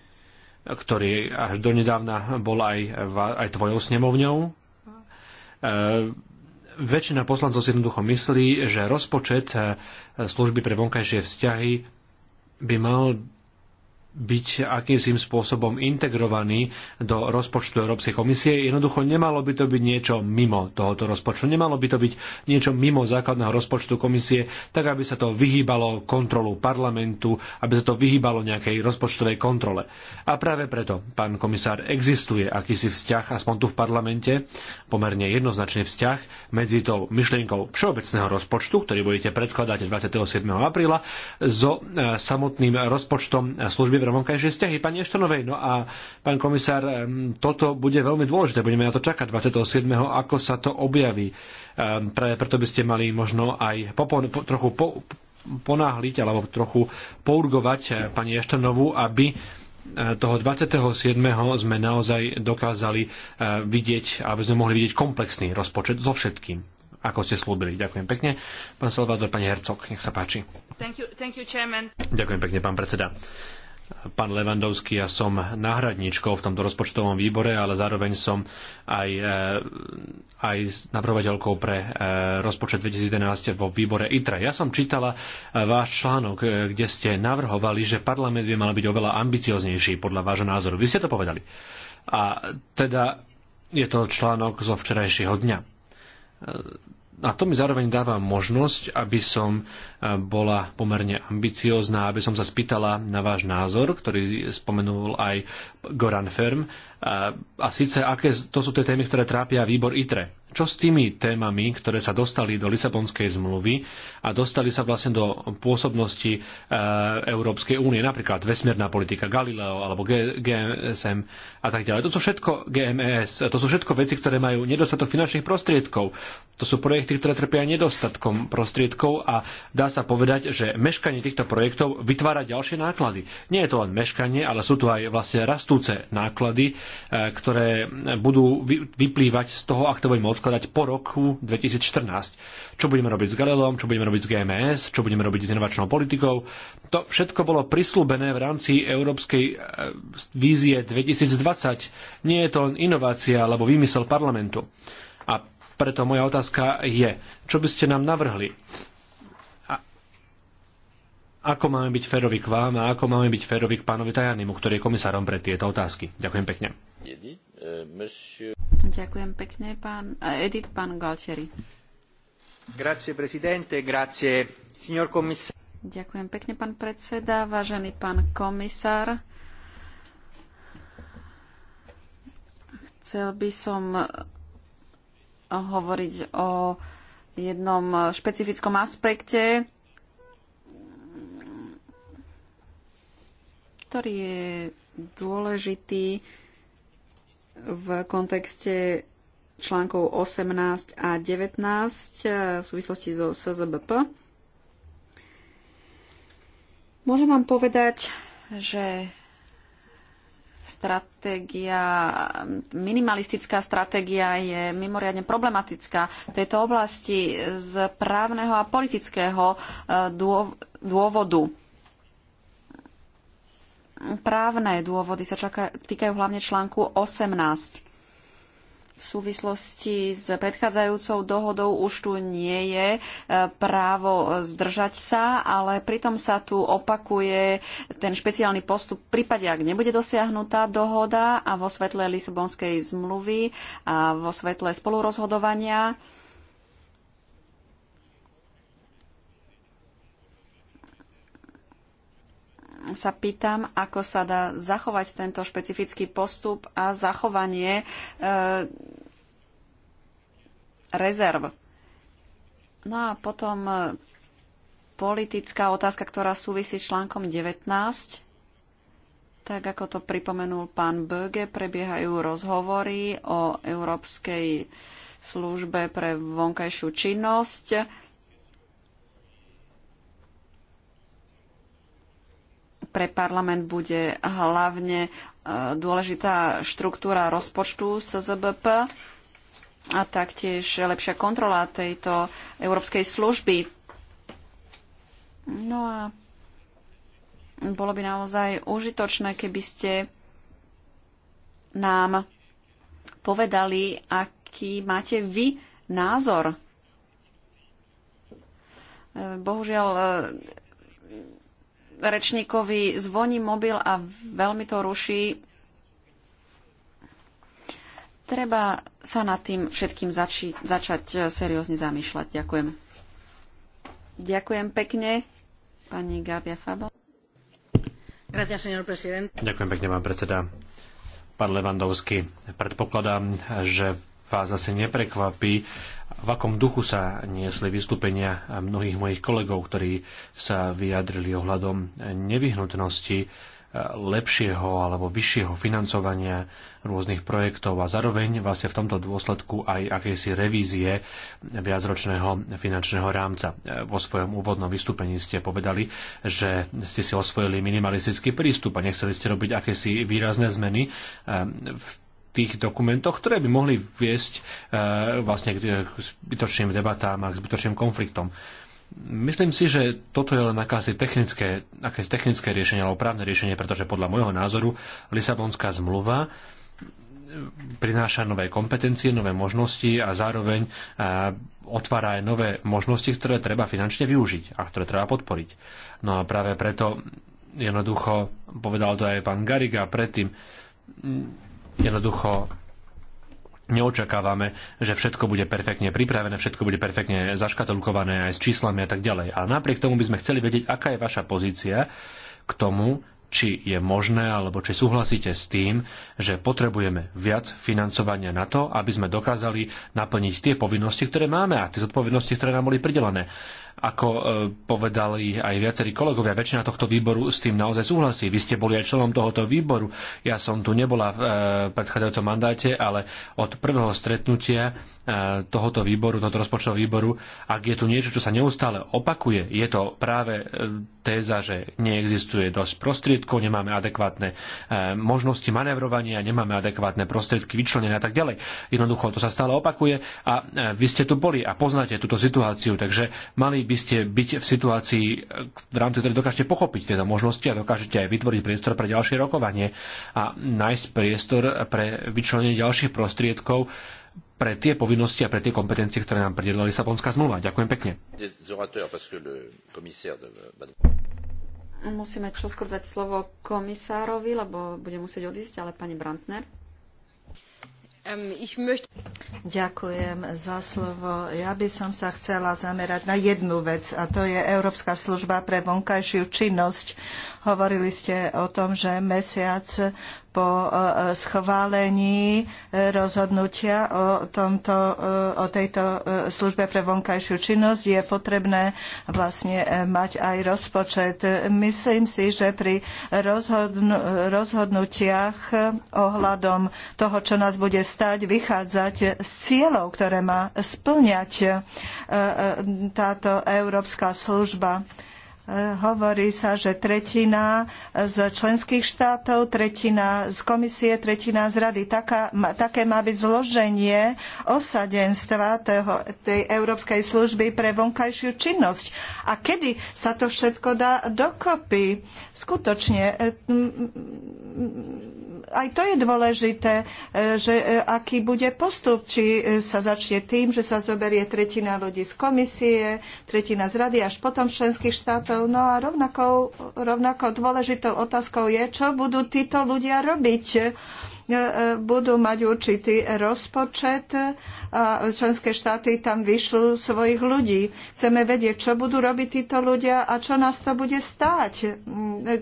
ktorý až donedávna bol aj, aj tvojou snemovňou, E, väčšina poslancov si jednoducho myslí, že rozpočet e, služby pre vonkajšie vzťahy by mal byť akýmsi spôsobom integrovaný do rozpočtu Európskej komisie. Jednoducho nemalo by to byť niečo mimo tohoto rozpočtu. Nemalo by to byť niečo mimo základného rozpočtu komisie, tak aby sa to vyhýbalo kontrolu parlamentu, aby sa to vyhýbalo nejakej rozpočtovej kontrole. A práve preto, pán komisár, existuje akýsi vzťah, aspoň tu v parlamente, pomerne jednoznačný vzťah medzi tou myšlienkou všeobecného rozpočtu, ktorý budete predkladať 27. apríla, so e, samotným rozpočtom e, služby pre vonkajšie vzťahy pani Eštonovej. No a pán komisár, toto bude veľmi dôležité, budeme na to čakať 27. ako sa to objaví. Pre, preto by ste mali možno aj popon, po, trochu po, ponáhliť alebo trochu pourgovať eh, pani Eštonovu, aby eh, toho 27. sme naozaj dokázali eh, vidieť, aby sme mohli vidieť komplexný rozpočet so všetkým, ako ste slúbili. Ďakujem pekne. Pán Salvador, pani Hercog, nech sa páči. Thank you, thank you, Ďakujem pekne, pán predseda pán Levandovský, ja som náhradničkou v tomto rozpočtovom výbore, ale zároveň som aj, eh, aj navrhovateľkou pre eh, rozpočet 2011 vo výbore Itra. Ja som čítala eh, váš článok, kde ste navrhovali, že parlament by mal byť oveľa ambicioznejší podľa vášho názoru. Vy ste to povedali. A teda je to článok zo včerajšieho dňa a to mi zároveň dáva možnosť, aby som e, bola pomerne ambiciózna, aby som sa spýtala na váš názor, ktorý spomenul aj Goran Ferm. A, e, a síce, aké to sú tie témy, ktoré trápia výbor ITRE čo s tými témami, ktoré sa dostali do Lisabonskej zmluvy a dostali sa vlastne do pôsobnosti e, Európskej únie, napríklad vesmierná politika Galileo alebo GMSM a tak ďalej. To sú všetko GMS, e to sú všetko veci, ktoré majú nedostatok finančných prostriedkov. To sú projekty, ktoré trpia nedostatkom prostriedkov a dá sa povedať, že meškanie týchto projektov vytvára ďalšie náklady. Nie je to len meškanie, ale sú tu aj vlastne rastúce náklady, e, ktoré budú vyplývať z toho, ak to budeme predkladať po roku 2014. Čo budeme robiť s Galilom, čo budeme robiť s GMS, čo budeme robiť s inovačnou politikou. To všetko bolo prislúbené v rámci Európskej e, vízie 2020. Nie je to len inovácia alebo výmysel parlamentu. A preto moja otázka je, čo by ste nám navrhli? ako máme byť férovi k vám a ako máme byť férovi k pánovi Tajanimu, ktorý je komisárom pre tieto otázky. Ďakujem pekne. Ďakujem pekne, pán Edith, pán Galtieri. Ďakujem pekne, pán predseda, vážený pán komisár. Chcel by som hovoriť o jednom špecifickom aspekte, ktorý je dôležitý v kontexte článkov 18 a 19 eh, v súvislosti so SZBP. Môžem vám povedať, že stratégia, minimalistická stratégia je mimoriadne problematická v tejto oblasti z právneho a politického eh, dôvodu Právne dôvody sa čaká, týkajú hlavne článku 18. V súvislosti s predchádzajúcou dohodou už tu nie je e, právo zdržať sa, ale pritom sa tu opakuje ten špeciálny postup v prípade, ak nebude dosiahnutá dohoda a vo svetle Lisabonskej zmluvy a vo svetle spolurozhodovania sa pýtam, ako sa dá zachovať tento špecifický postup a zachovanie e, rezerv. No a potom e, politická otázka, ktorá súvisí s článkom 19. Tak ako to pripomenul pán Böge, prebiehajú rozhovory o Európskej službe pre vonkajšiu činnosť pre parlament bude hlavne e, dôležitá štruktúra rozpočtu SZBP a taktiež lepšia kontrola tejto európskej služby. No a bolo by naozaj užitočné, keby ste nám povedali, aký máte vy názor. E, bohužiaľ, e, rečníkovi zvoní mobil a veľmi to ruší. Treba sa nad tým všetkým zači- začať eh, seriózne zamýšľať. Ďakujem. Ďakujem pekne, pani Gabia Fabo. Ďakujem pekne, pán predseda. Pán Levandovský, predpokladám, že vás asi neprekvapí, v akom duchu sa niesli vystúpenia mnohých mojich kolegov, ktorí sa vyjadrili ohľadom nevyhnutnosti eh, lepšieho alebo vyššieho financovania rôznych projektov a zároveň vlastne v tomto dôsledku aj akejsi revízie viacročného finančného rámca. Eh, vo svojom úvodnom vystúpení ste povedali, že ste si osvojili minimalistický prístup a nechceli ste robiť akési výrazné zmeny eh, v tých dokumentoch, ktoré by mohli viesť e, vlastne k zbytočným debatám a k zbytočným konfliktom. Myslím si, že toto je len akási technické, akási technické riešenie alebo právne riešenie, pretože podľa môjho názoru Lisabonská zmluva e, prináša nové kompetencie, nové možnosti a zároveň e, otvára aj nové možnosti, ktoré treba finančne využiť a ktoré treba podporiť. No a práve preto jednoducho povedal to aj pán Gariga predtým, Jednoducho neočakávame, že všetko bude perfektne pripravené, všetko bude perfektne zaškatolkované aj s číslami a tak ďalej. Ale napriek tomu by sme chceli vedieť, aká je vaša pozícia k tomu, či je možné alebo či súhlasíte s tým, že potrebujeme viac financovania na to, aby sme dokázali naplniť tie povinnosti, ktoré máme a tie zodpovednosti, ktoré nám boli pridelené. Ako e, povedali aj viacerí kolegovia, väčšina tohto výboru s tým naozaj súhlasí. Vy ste boli aj členom tohoto výboru. Ja som tu nebola v e, predchádzajúcom mandáte, ale od prvého stretnutia Eh, tohoto výboru, tohoto rozpočtového výboru, ak je tu niečo, čo sa neustále opakuje, je to práve eh, téza, že neexistuje dosť prostriedkov, nemáme adekvátne eh, možnosti manevrovania, nemáme adekvátne prostriedky vyčlenené a tak ďalej. Jednoducho to sa stále opakuje a vy ste tu boli a poznáte túto situáciu, takže mali by ste byť v situácii, v rámci ktorej dokážete pochopiť tieto možnosti a dokážete aj vytvoriť priestor pre ďalšie rokovanie a nájsť priestor pre vyčlenenie ďalších prostriedkov, pre tie povinnosti a pre tie kompetencie, ktoré nám pridelila Lisabonská zmluva. Ďakujem pekne. Musíme čoskôr dať slovo komisárovi, lebo bude musieť odísť, ale pani Brantner. Ďakujem za slovo. Ja by som sa chcela zamerať na jednu vec a to je Európska služba pre vonkajšiu činnosť. Hovorili ste o tom, že mesiac po e, schválení e, rozhodnutia o, tomto, e, o tejto službe pre vonkajšiu činnosť je potrebné vlastne mať aj rozpočet. Myslím si, že pri rozhodnutiach ohľadom toho, čo nás bude stať, vychádzať z cieľov, ktoré má splňať táto európska služba Hovorí sa, že tretina z členských štátov, tretina z komisie, tretina z rady. Taká, také má byť zloženie osadenstva toho, tej Európskej služby pre vonkajšiu činnosť. A kedy sa to všetko dá dokopy? Skutočne aj to je dôležité, e, že e, aký bude postup, či e, sa začne tým, že sa zoberie tretina ľudí z komisie, tretina z rady, až potom členských štátov. No a rovnako, rovnako dôležitou otázkou je, čo budú títo ľudia robiť E, budú mať určitý rozpočet a členské štáty tam vyšľú svojich ľudí. Chceme vedieť, čo budú robiť títo ľudia a čo nás to bude stáť. E,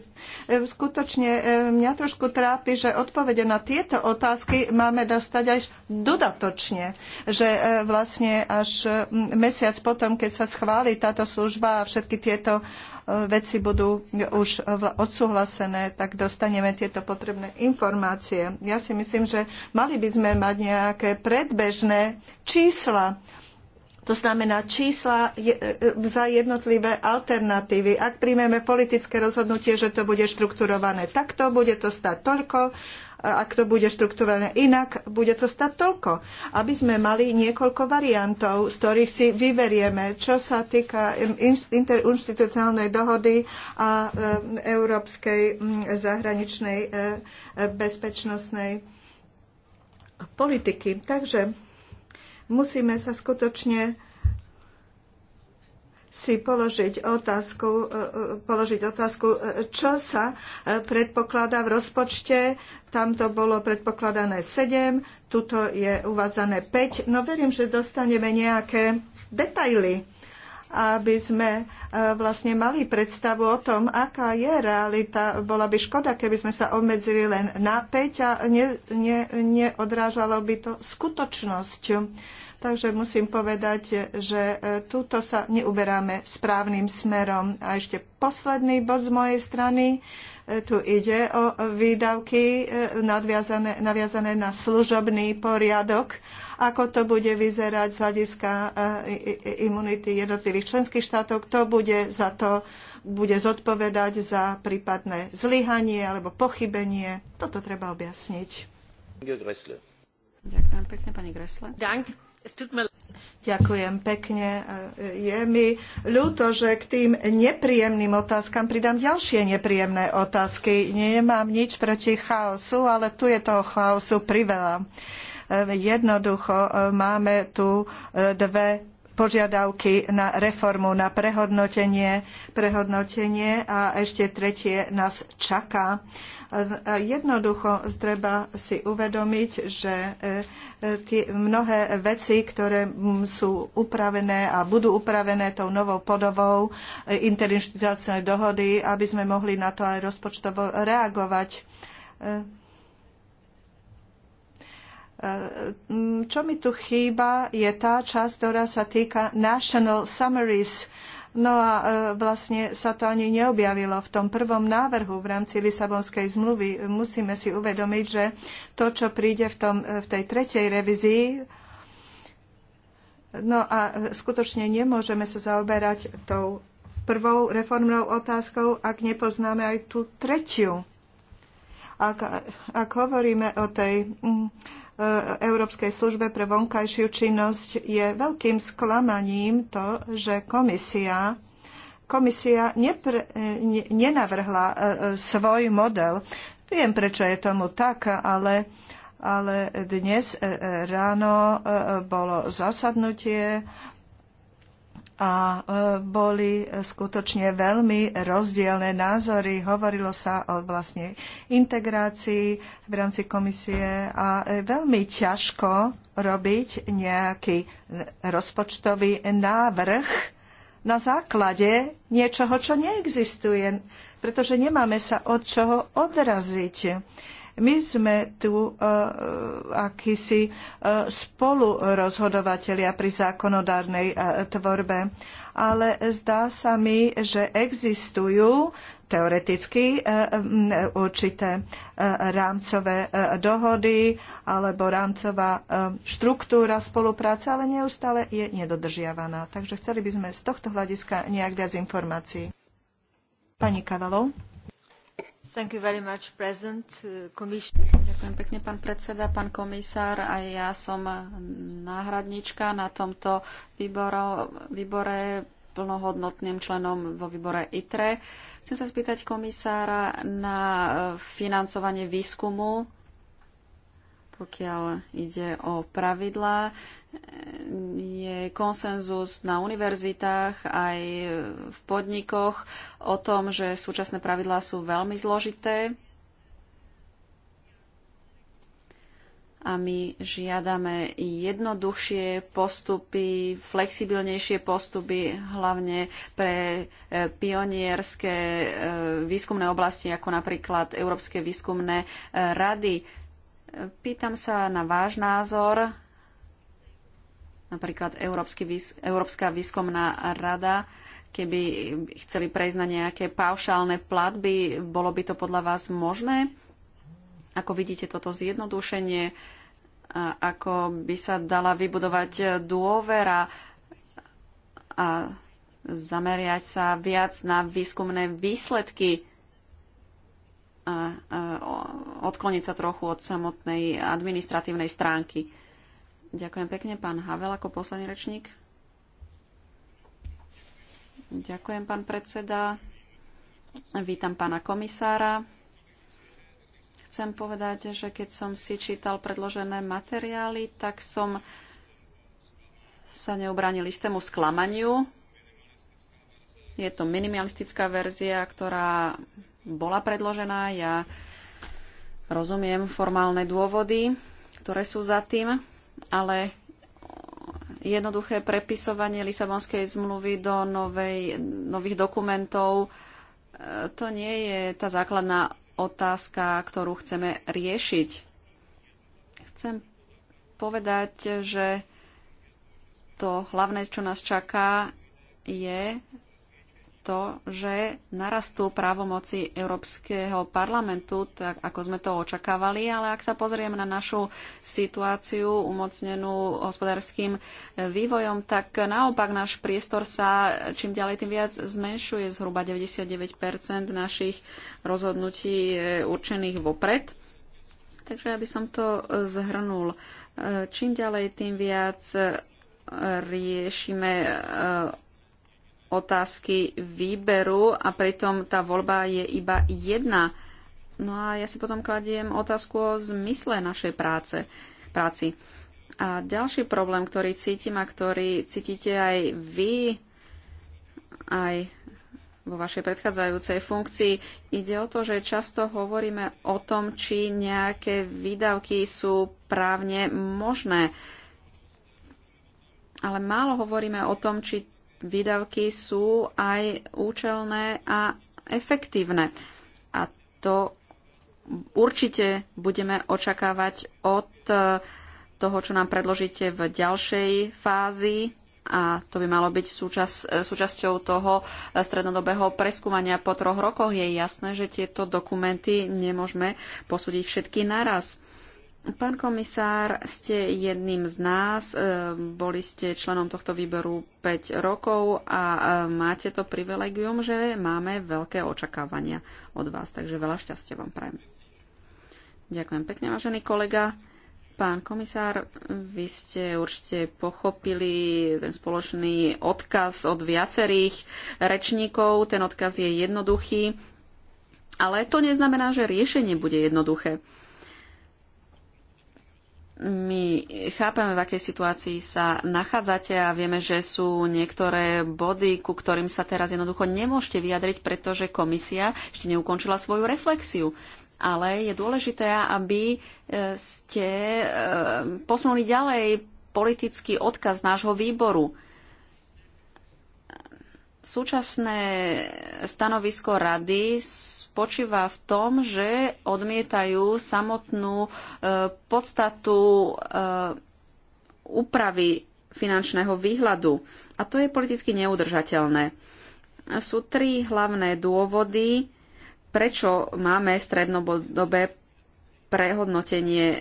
skutočne e, mňa trošku trápi, že odpovede na tieto otázky máme dostať až dodatočne, že vlastne až mesiac potom, keď sa schváli táto služba a všetky tieto veci budú už odsúhlasené, tak dostaneme tieto potrebné informácie. Ja si myslím, že mali by sme mať nejaké predbežné čísla, to znamená čísla e, e, za jednotlivé alternatívy. Ak príjmeme politické rozhodnutie, že to bude štrukturované takto, bude to stať toľko, ak to bude štruktúrované inak, bude to stať toľko. Aby sme mali niekoľko variantov, z ktorých si vyberieme, čo sa týka interinstitucionálnej dohody a e, európskej zahraničnej e, e, bezpečnostnej politiky. Takže musíme sa skutočne si položiť otázku, e, e, položiť otázku, e, čo sa predpokladá v rozpočte. Tam to bolo predpokladané 7, tuto je uvádzané 5. No verím, že dostaneme nejaké detaily aby sme vlastne mali predstavu o tom, aká je realita. Bola by škoda, keby sme sa obmedzili len na 5 a ne, ne, neodrážalo by to skutočnosť Takže musím povedať, že e, túto sa neuberáme správnym smerom. A ešte posledný bod z mojej strany. E, tu ide o výdavky e, nadviazané, naviazané na služobný poriadok. Ako to bude vyzerať z hľadiska imunity jednotlivých členských štátov, kto bude za to bude zodpovedať za prípadné zlyhanie alebo pochybenie. Toto treba objasniť. Ďakujem pekne, pani Gresle. Dank. Ďakujem pekne. Je mi ľúto, že k tým nepríjemným otázkam pridám ďalšie nepríjemné otázky. Nemám nič proti chaosu, ale tu je toho chaosu priveľa. Jednoducho máme tu dve požiadavky na reformu, na prehodnotenie, prehodnotenie a ešte tretie nás čaká. Jednoducho treba si uvedomiť, že e, tie mnohé veci, ktoré sú upravené a budú upravené tou novou podobou e, interinstitucionálnej dohody, aby sme mohli na to aj rozpočtovo reagovať e, čo mi tu chýba, je tá časť, ktorá sa týka National Summaries No a e, vlastne sa to ani neobjavilo v tom prvom návrhu v rámci Lisabonskej zmluvy. Musíme si uvedomiť, že to, čo príde v, tom, e, v tej tretej revizii, no a e, skutočne nemôžeme sa zaoberať tou prvou reformnou otázkou, ak nepoznáme aj tú tretiu. Ak, ak hovoríme o tej... Mm, E, Európskej službe pre vonkajšiu činnosť je veľkým sklamaním to, že komisia komisia nepre, ne, nenavrhla e, e, svoj model. Viem, prečo je tomu tak, ale, ale dnes ráno bolo zasadnutie a e, boli skutočne veľmi rozdielne názory. Hovorilo sa o vlastne integrácii v rámci komisie a e, veľmi ťažko robiť nejaký rozpočtový návrh na základe niečoho, čo neexistuje, pretože nemáme sa od čoho odraziť my sme tu uh, akýsi uh, spolurozhodovatelia pri zákonodárnej uh, tvorbe, ale zdá sa mi, že existujú teoreticky určité rámcové dohody alebo rámcová štruktúra spolupráce, ale neustále je nedodržiavaná. Takže chceli by sme z tohto hľadiska nejak viac informácií. Pani Kavalov. Uh, Ďakujem pekne, pán predseda, pán komisár. Aj ja som náhradnička na tomto výboro, výbore plnohodnotným členom vo výbore ITRE. Chcem sa spýtať komisára na uh, financovanie výskumu, pokiaľ ide o pravidlá je konsenzus na univerzitách aj v podnikoch o tom, že súčasné pravidlá sú veľmi zložité a my žiadame jednoduchšie postupy, flexibilnejšie postupy, hlavne pre e, pionierské e, výskumné oblasti, ako napríklad Európske výskumné e, rady. Pýtam sa na váš názor Napríklad Európsky, Európska výskumná rada, keby chceli prejsť na nejaké paušálne platby, bolo by to podľa vás možné? Ako vidíte toto zjednodušenie? A ako by sa dala vybudovať dôvera a zameriať sa viac na výskumné výsledky a, a odkloniť sa trochu od samotnej administratívnej stránky. Ďakujem pekne. Pán Havel ako posledný rečník. Ďakujem, pán predseda. Vítam pána komisára. Chcem povedať, že keď som si čítal predložené materiály, tak som sa neubránil istému sklamaniu. Je to minimalistická verzia, ktorá bola predložená. Ja rozumiem formálne dôvody, ktoré sú za tým ale jednoduché prepisovanie Lisabonskej zmluvy do novej, nových dokumentov, e, to nie je tá základná otázka, ktorú chceme riešiť. Chcem povedať, že to hlavné, čo nás čaká, je to, že narastú právomoci Európskeho parlamentu, tak ako sme to očakávali, ale ak sa pozrieme na našu situáciu umocnenú hospodárským vývojom, tak naopak náš priestor sa čím ďalej tým viac zmenšuje. Zhruba 99 našich rozhodnutí je určených vopred. Takže aby som to zhrnul, čím ďalej tým viac riešime otázky výberu a pritom tá voľba je iba jedna. No a ja si potom kladiem otázku o zmysle našej práce, práci. A ďalší problém, ktorý cítim a ktorý cítite aj vy, aj vo vašej predchádzajúcej funkcii, ide o to, že často hovoríme o tom, či nejaké výdavky sú právne možné. Ale málo hovoríme o tom, či výdavky sú aj účelné a efektívne. A to určite budeme očakávať od e, toho, čo nám predložíte v ďalšej fázi a to by malo byť súčas, e, súčasťou toho e, strednodobého preskúmania po troch rokoch. Je jasné, že tieto dokumenty nemôžeme posúdiť všetky naraz. Pán komisár, ste jedným z nás, e, boli ste členom tohto výboru 5 rokov a e, máte to privilegium, že máme veľké očakávania od vás, takže veľa šťastia vám prajem. Ďakujem pekne, vážený kolega. Pán komisár, vy ste určite pochopili ten spoločný odkaz od viacerých rečníkov. Ten odkaz je jednoduchý, ale to neznamená, že riešenie bude jednoduché. My chápeme, v akej situácii sa nachádzate a vieme, že sú niektoré body, ku ktorým sa teraz jednoducho nemôžete vyjadriť, pretože komisia ešte neukončila svoju reflexiu. Ale je dôležité, aby e, ste e, posunuli ďalej politický odkaz nášho výboru Súčasné stanovisko rady spočíva v tom, že odmietajú samotnú e, podstatu e, úpravy finančného výhľadu. A to je politicky neudržateľné. Sú tri hlavné dôvody, prečo máme strednobodobé prehodnotenie e,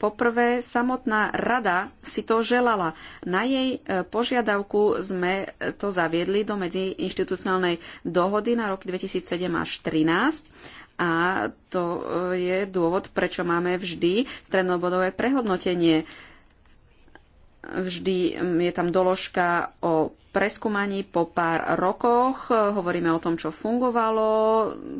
Poprvé, samotná rada si to želala. Na jej e, požiadavku sme to zaviedli do medziinstitucionálnej dohody na roky 2007 až 2013 a to e, je dôvod, prečo máme vždy strednobodové prehodnotenie. Vždy je tam doložka o preskúmaní po pár rokoch. Hovoríme o tom, čo fungovalo,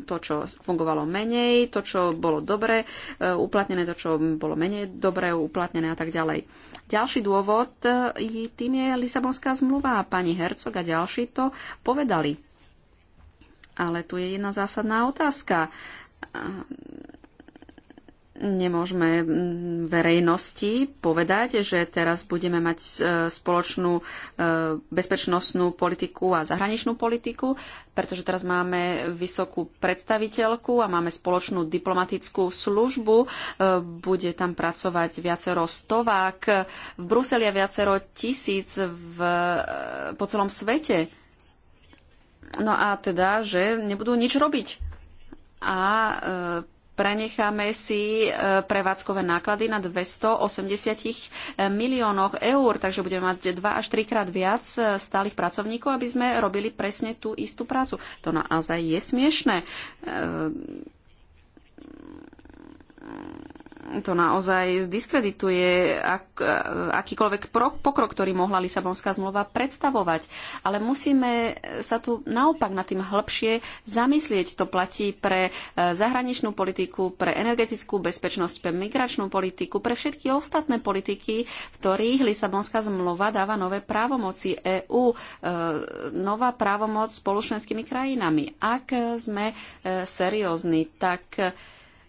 to, čo fungovalo menej, to, čo bolo dobre e, uplatnené, to, čo bolo menej dobre uplatnené a tak ďalej. Ďalší dôvod e, tým je Lisabonská zmluva. Pani Hercog a ďalší to povedali. Ale tu je jedna zásadná otázka nemôžeme mm, verejnosti povedať, že teraz budeme mať e, spoločnú e, bezpečnostnú politiku a zahraničnú politiku, pretože teraz máme vysokú predstaviteľku a máme spoločnú diplomatickú službu. E, bude tam pracovať viacero stovák, v Bruseli je viacero tisíc v, po celom svete. No a teda, že nebudú nič robiť. A prenecháme si e, prevádzkové náklady na 280 miliónoch eur, takže budeme mať 2 až 3 krát viac e, stálych pracovníkov, aby sme robili presne tú istú prácu. To naozaj je smiešné e, to naozaj zdiskredituje ak, akýkoľvek pokrok, ktorý mohla Lisabonská zmluva predstavovať. Ale musíme sa tu naopak na tým hĺbšie zamyslieť. To platí pre e, zahraničnú politiku, pre energetickú bezpečnosť, pre migračnú politiku, pre všetky ostatné politiky, v ktorých Lisabonská zmluva dáva nové právomoci EÚ, e, nová právomoc spoločenskými krajinami. Ak sme e, seriózni, tak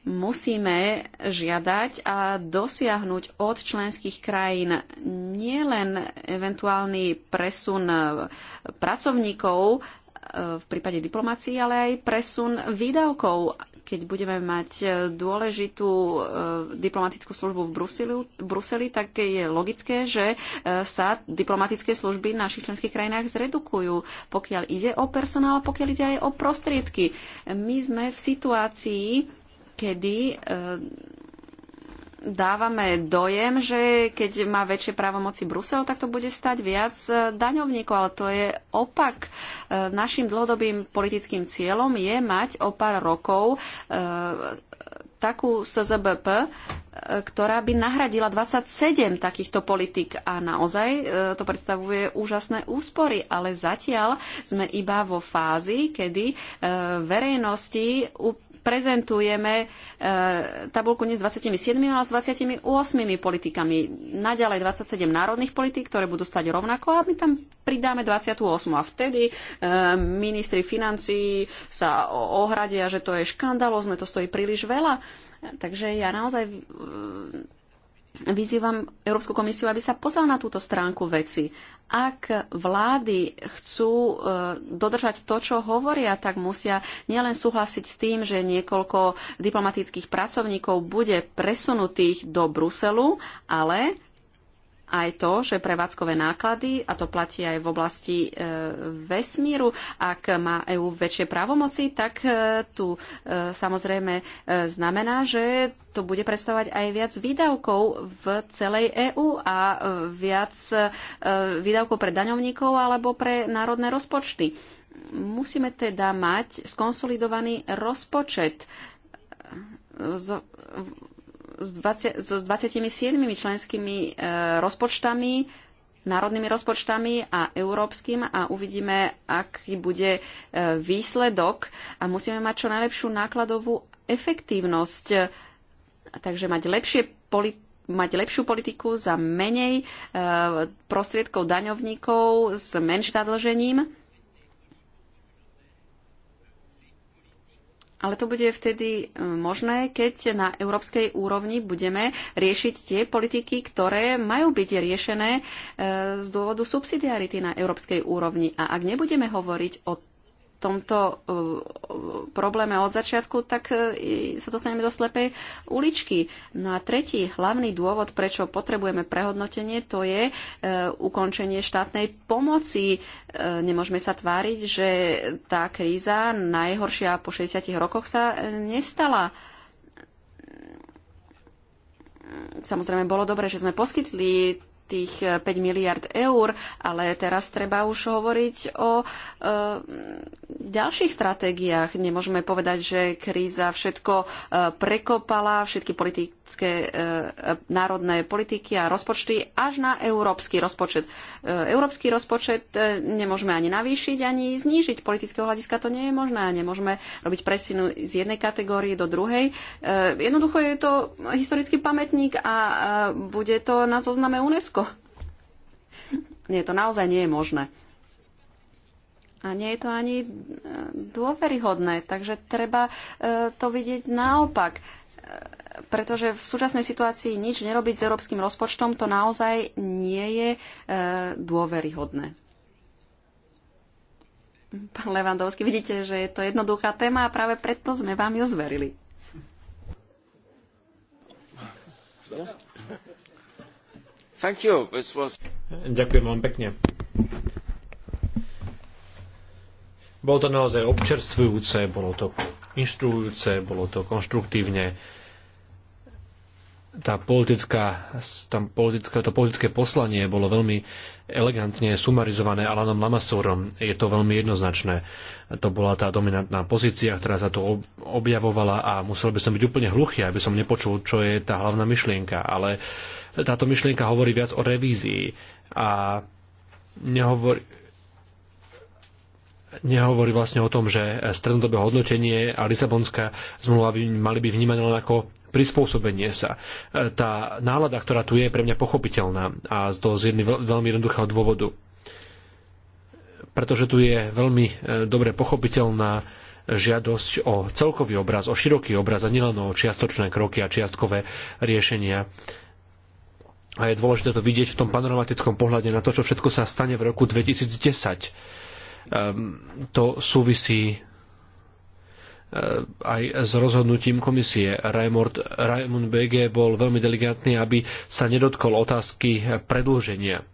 musíme žiadať a dosiahnuť od členských krajín nielen eventuálny presun pracovníkov eh, v prípade diplomácií, ale aj presun výdavkov. Keď budeme mať eh, dôležitú eh, diplomatickú službu v Bruseli, Bruseli, tak je logické, že sa diplomatické služby v našich členských krajinách zredukujú, pokiaľ ide o personál, a pokiaľ ide aj o prostriedky. My sme v situácii, niekedy eh, dávame dojem, že keď má väčšie právomoci Brusel, tak to bude stať viac eh, daňovníkov, ale to je opak. Eh, našim dlhodobým politickým cieľom je mať o pár rokov takú SZBP, ktorá by nahradila 27 takýchto politik a naozaj to predstavuje úžasné úspory, ale zatiaľ sme iba vo fázi, kedy verejnosti prezentujeme e, tabulku nie s 27, ale s 28 politikami. Naďalej 27 národných politik, ktoré budú stať rovnako a my tam pridáme 28. A vtedy e, ministri financí sa ohradia, že to je škandalozne, to stojí príliš veľa. E, takže ja naozaj vyzývam Európsku komisiu, aby sa pozrela na túto stránku veci. Ak vlády chcú e, dodržať to, čo hovoria, tak musia nielen súhlasiť s tým, že niekoľko diplomatických pracovníkov bude presunutých do Bruselu, ale aj to, že prevádzkové náklady, a to platí aj v oblasti e, vesmíru, ak má EÚ väčšie právomoci, tak e, tu e, samozrejme znamená, že to bude predstavovať aj viac výdavkov v celej EÚ a viac výdavkov pre daňovníkov alebo pre národné rozpočty. Musíme teda mať skonsolidovaný rozpočet s, so 27 členskými e, rozpočtami, národnými rozpočtami a európskym a uvidíme, aký bude e, výsledok a musíme mať čo najlepšiu nákladovú efektívnosť. Takže mať, lepšie mať lepšiu politiku za menej e, prostriedkov daňovníkov s menším zadlžením Ale to bude vtedy e, možné, keď na európskej úrovni budeme riešiť tie politiky, ktoré majú byť riešené e, z dôvodu subsidiarity na európskej úrovni. A ak nebudeme hovoriť o tomto e, probléme od začiatku, tak e, sa dostaneme do slepej uličky. No a tretí hlavný dôvod, prečo potrebujeme prehodnotenie, to je e, ukončenie štátnej pomoci. Nemôžeme sa tváriť, že tá kríza najhoršia po 60 rokoch sa nestala samozrejme bolo dobre, že sme poskytli tých 5 e, miliard eur, ale teraz treba už hovoriť o e, ďalších stratégiách. Nemôžeme povedať, že kríza všetko e, prekopala, všetky politické, e, e, národné politiky a rozpočty až na európsky rozpočet. E, európsky rozpočet e, nemôžeme ani navýšiť, ani znížiť. Politického hľadiska to nie je možné. Nemôžeme robiť presinu z jednej kategórie do druhej. E, jednoducho je to historický pamätník a, a bude to na zozname UNESCO nie, to naozaj nie je možné. A nie je to ani e, dôveryhodné, takže treba e, to vidieť naopak. E, pretože v súčasnej situácii nič nerobiť s európskym rozpočtom, to naozaj nie je dôveryhodné. Pán Levandovský, vidíte, že je to jednoduchá téma a práve preto sme vám ju zverili. Was... Ďakujem vám pekne. Bolo to naozaj občerstvujúce, bolo to inštruujúce, bolo to konštruktívne. Tá politická, tam politická, to politické poslanie bolo veľmi elegantne sumarizované Alanom Lamasúrom. Je to veľmi jednoznačné. To bola tá dominantná pozícia, ktorá sa tu objavovala a musel by som byť úplne hluchý, aby som nepočul, čo je tá hlavná myšlienka. Ale uh, táto myšlienka hovorí viac o revízii a nehovorí, nehovorí vlastne o tom, že strednodobé hodnotenie a Lisabonská zmluva by mali byť vnímané len ako prispôsobenie sa. Tá nálada, ktorá tu je, je pre mňa pochopiteľná a to z jedného veľmi jednoduchého dôvodu. Pretože tu je veľmi e, dobre pochopiteľná žiadosť o celkový obraz, o široký obraz a nielen o čiastočné kroky a čiastkové riešenia a je dôležité to vidieť v tom panoramatickom pohľade na to, čo všetko sa stane v roku 2010. Um, ehm, to súvisí ehm, aj s rozhodnutím komisie. Raymond, Raymond BG bol veľmi delikátny, aby sa nedotkol otázky predlženia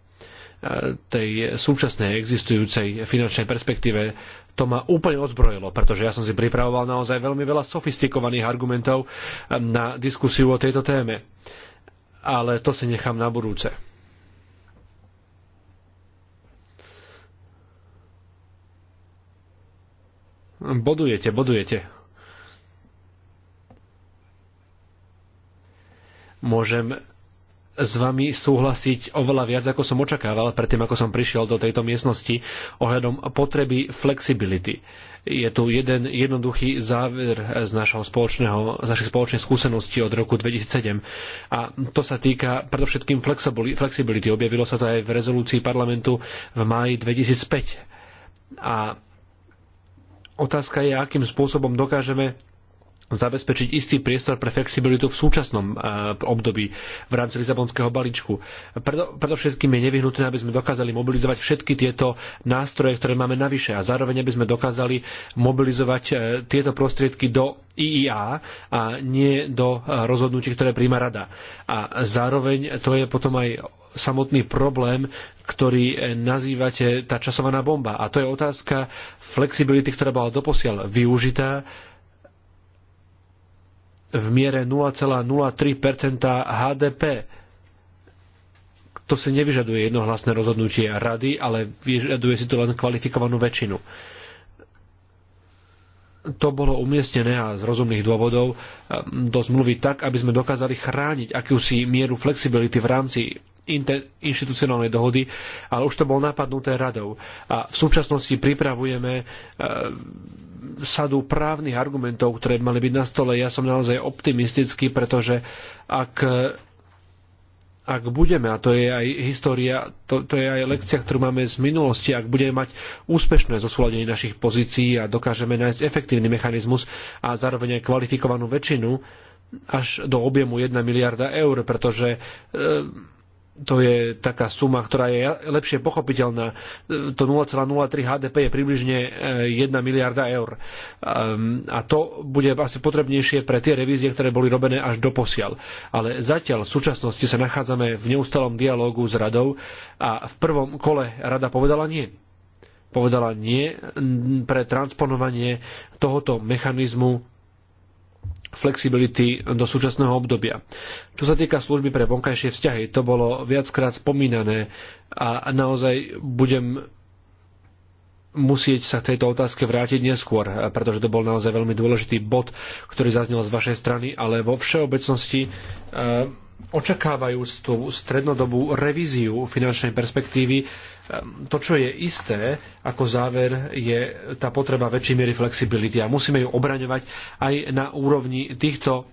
ehm, tej súčasnej existujúcej finančnej perspektíve to ma úplne odzbrojilo, pretože ja som si pripravoval naozaj veľmi veľa sofistikovaných argumentov na diskusiu o tejto téme ale to si nechám na budúce. Bodujete, bodujete. Môžem s vami súhlasiť oveľa viac, ako som očakával predtým, ako som prišiel do tejto miestnosti ohľadom potreby flexibility. Uh, je tu jeden jednoduchý záver z, našho spoločného, z našej spoločnej skúsenosti od roku 2007. A to sa týka predovšetkým flexibility. Objavilo sa to aj v rezolúcii parlamentu v máji 2005. A otázka je, akým spôsobom dokážeme zabezpečiť istý priestor pre flexibilitu v súčasnom eh, období v rámci Lisabonského balíčku. Predo, predovšetkým je nevyhnutné, aby sme dokázali mobilizovať všetky tieto nástroje, ktoré máme navyše a zároveň aby sme dokázali mobilizovať eh, tieto prostriedky do IIA a nie do eh, rozhodnutí, ktoré príjma rada. A zároveň to je potom aj samotný problém, ktorý nazývate tá časovaná bomba. A to je otázka flexibility, ktorá bola doposiaľ využitá v miere 0,03 HDP. To si nevyžaduje jednohlasné rozhodnutie rady, ale vyžaduje si to len kvalifikovanú väčšinu to bolo umiestnené a z rozumných dôvodov ehm, do zmluvy tak, aby sme dokázali chrániť akúsi mieru flexibility v rámci interinstitucionálnej dohody, ale už to bolo napadnuté radou. A v súčasnosti pripravujeme e, sadu právnych argumentov, ktoré mali byť na stole. Ja som naozaj optimistický, pretože ak ak budeme, a to je aj história, to, to je aj lekcia, ktorú máme z minulosti, ak budeme mať úspešné zosúladenie našich pozícií a dokážeme nájsť efektívny mechanizmus a zároveň aj kvalifikovanú väčšinu až do objemu 1 miliarda eur, pretože e, to je taká suma, ktorá je lepšie pochopiteľná. To 0,03 HDP je približne 1 e, miliarda eur. Ehm, a to bude asi potrebnejšie pre tie revízie, ktoré boli robené až do posiaľ. Ale zatiaľ v súčasnosti sa nachádzame v neustalom dialógu s radou a v prvom kole rada povedala nie. Povedala nie pre transponovanie tohoto mechanizmu flexibility do súčasného obdobia. Čo sa týka služby pre vonkajšie vzťahy, to bolo viackrát spomínané a naozaj budem musieť sa k tejto otázke vrátiť neskôr, pretože to bol naozaj veľmi dôležitý bod, ktorý zaznel z vašej strany, ale vo všeobecnosti uh, očakávajú tú strednodobú revíziu finančnej perspektívy. To, čo je isté ako záver, je tá potreba väčšej miery flexibility a musíme ju obraňovať aj na úrovni týchto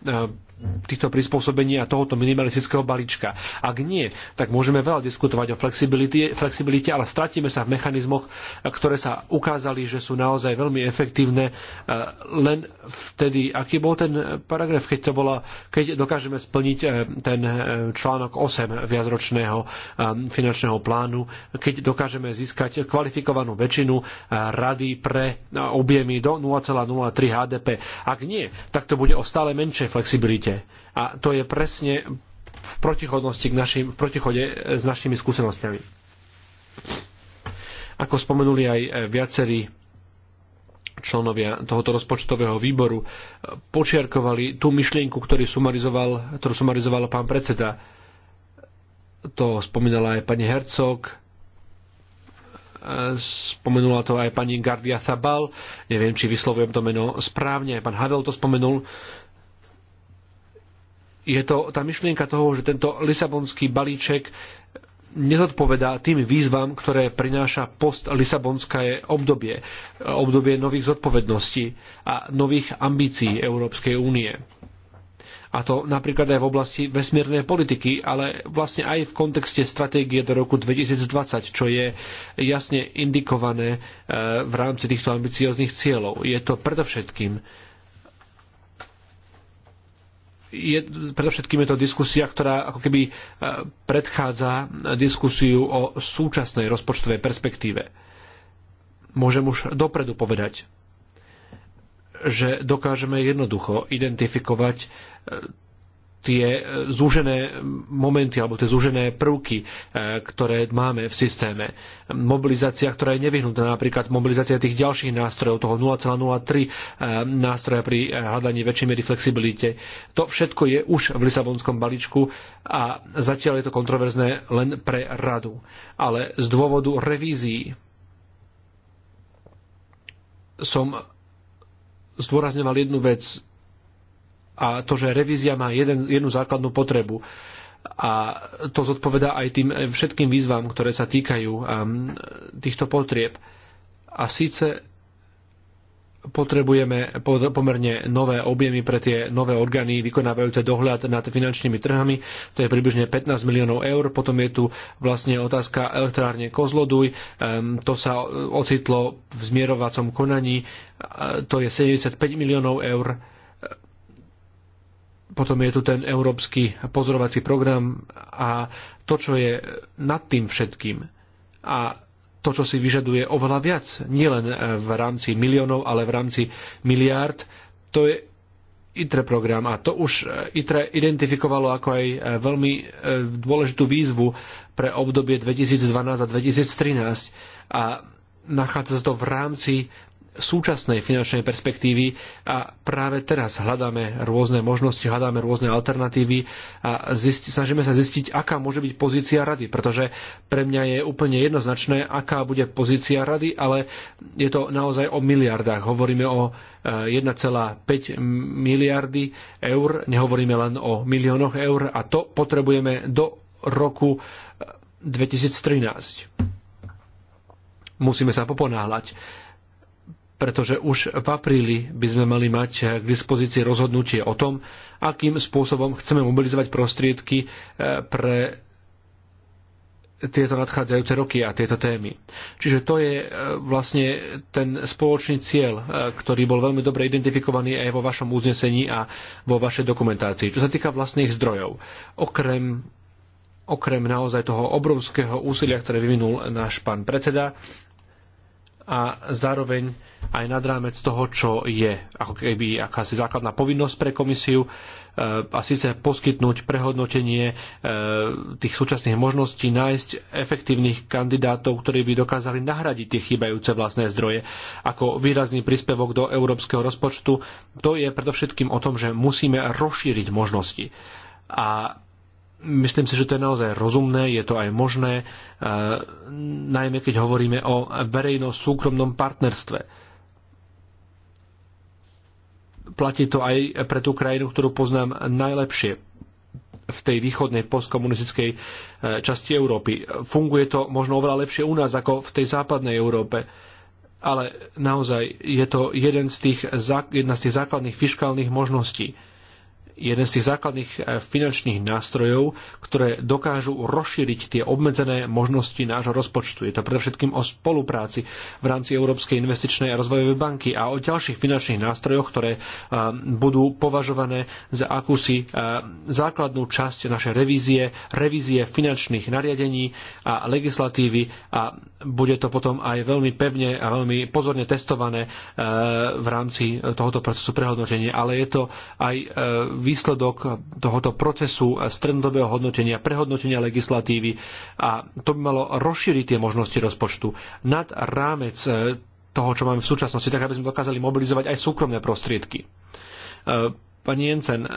týchto prispôsobení a tohoto minimalistického balíčka. Ak nie, tak môžeme veľa diskutovať o flexibilite, ale stratíme sa v mechanizmoch, eh, ktoré sa ukázali, že sú naozaj veľmi efektívne eh, len vtedy, aký bol ten eh, paragraf, keď, to bolo, keď dokážeme splniť ten článok 8 viacročného finančného plánu, keď dokážeme získať kvalifikovanú väčšinu rady pre objemy do 0,03 HDP. Ak nie, tak to bude o stále menšej flexibilite svete. A to je presne v protichodnosti k našim, v protichode s našimi skúsenostiami. Ako spomenuli aj e, viacerí členovia tohoto rozpočtového výboru, e, počiarkovali tú myšlienku, ktorý sumarizoval, ktorú sumarizoval pán predseda. To spomínala aj pani Hercog, e, spomenula to aj pani Gardia Thabal, neviem, či vyslovujem to meno správne, aj pán Havel to spomenul, je to tá myšlienka toho, že tento Lisabonský balíček nezodpovedá tým výzvam, ktoré prináša post-Lisabonské obdobie, obdobie nových zodpovedností a nových ambícií Európskej únie. A to napríklad aj v oblasti vesmírnej politiky, ale vlastne aj v kontexte stratégie do roku 2020, čo je jasne indikované eh, v rámci týchto ambicióznych cieľov. Je to predovšetkým je, predovšetkým je to diskusia, ktorá ako keby e, predchádza diskusiu o súčasnej rozpočtovej perspektíve. Môžem už dopredu povedať, že dokážeme jednoducho identifikovať e, tie e, zúžené momenty alebo tie zúžené prvky, e, ktoré máme v systéme. Mobilizácia, ktorá je nevyhnutná, napríklad mobilizácia tých ďalších nástrojov, toho 0,03 e, nástroja pri hľadaní väčšej miery flexibilite. To všetko je už v Lisabonskom balíčku a zatiaľ je to kontroverzné len pre radu. Ale z dôvodu revízií som zdôrazňoval jednu vec, a to, že revízia má jeden, jednu základnú potrebu a to zodpoveda aj tým všetkým výzvam, ktoré sa týkajú um, týchto potrieb. A síce potrebujeme pomerne nové objemy pre tie nové orgány vykonávajúce dohľad nad finančnými trhami. To je približne 15 miliónov eur. Potom je tu vlastne otázka elektrárne Kozloduj. Um, to sa ocitlo v zmierovacom konaní. To je 75 miliónov eur potom je tu ten európsky pozorovací program a to, čo je nad tým všetkým a to, čo si vyžaduje oveľa viac, nielen e, v rámci miliónov, ale v rámci miliárd, to je ITRE program a to už e, ITRE identifikovalo ako aj e, veľmi dôležitú výzvu pre obdobie 2012 a 2013 a nachádza sa to v rámci súčasnej finančnej perspektívy a práve teraz hľadáme rôzne možnosti, hľadáme rôzne alternatívy a zisti, snažíme sa zistiť, aká môže byť pozícia rady, pretože pre mňa je úplne jednoznačné, aká bude pozícia rady, ale je to naozaj o miliardách. Hovoríme o 1,5 e, miliardy eur, nehovoríme len o miliónoch eur a to potrebujeme do roku 2013. E, Musíme sa poponáhľať pretože už v apríli by sme mali mať k dispozícii rozhodnutie o tom, akým spôsobom chceme mobilizovať prostriedky eh, pre tieto nadchádzajúce roky a tieto témy. Čiže to je eh, vlastne ten spoločný cieľ, eh, ktorý bol veľmi dobre identifikovaný aj vo vašom uznesení a vo vašej dokumentácii. Čo sa týka vlastných zdrojov, okrem, okrem naozaj toho obrovského úsilia, ktoré vyvinul náš pán predseda a zároveň aj nad rámec toho, čo je ako keby akási základná povinnosť pre komisiu e, a síce poskytnúť prehodnotenie e, tých súčasných možností nájsť efektívnych kandidátov, ktorí by dokázali nahradiť tie chýbajúce vlastné zdroje. Ako výrazný príspevok do európskeho rozpočtu, to je predovšetkým o tom, že musíme rozšíriť možnosti. A Myslím si, že to je naozaj rozumné, je to aj možné, e, najmä keď hovoríme o verejno-súkromnom partnerstve platí to aj pre tú krajinu, ktorú poznám najlepšie v tej východnej postkomunistickej e, časti Európy. Funguje to možno oveľa lepšie u nás ako v tej západnej Európe ale naozaj je to jeden z tých, jedna z tých základných fiskálnych možností jeden z tých základných e, finančných nástrojov, ktoré dokážu rozšíriť tie obmedzené možnosti nášho rozpočtu. Je to predovšetkým o spolupráci v rámci Európskej investičnej a rozvojovej banky a o ďalších finančných nástrojoch, ktoré e, budú považované za akúsi e, základnú časť našej revízie, revízie finančných nariadení a legislatívy a bude to potom aj veľmi pevne a veľmi pozorne testované v rámci tohoto procesu prehodnotenia. Ale je to aj výsledok tohoto procesu strednodobého hodnotenia, prehodnotenia legislatívy a to by malo rozšíriť tie možnosti rozpočtu nad rámec e, toho, čo máme v súčasnosti, tak aby sme dokázali mobilizovať aj súkromné prostriedky. E, pani Jensen, e,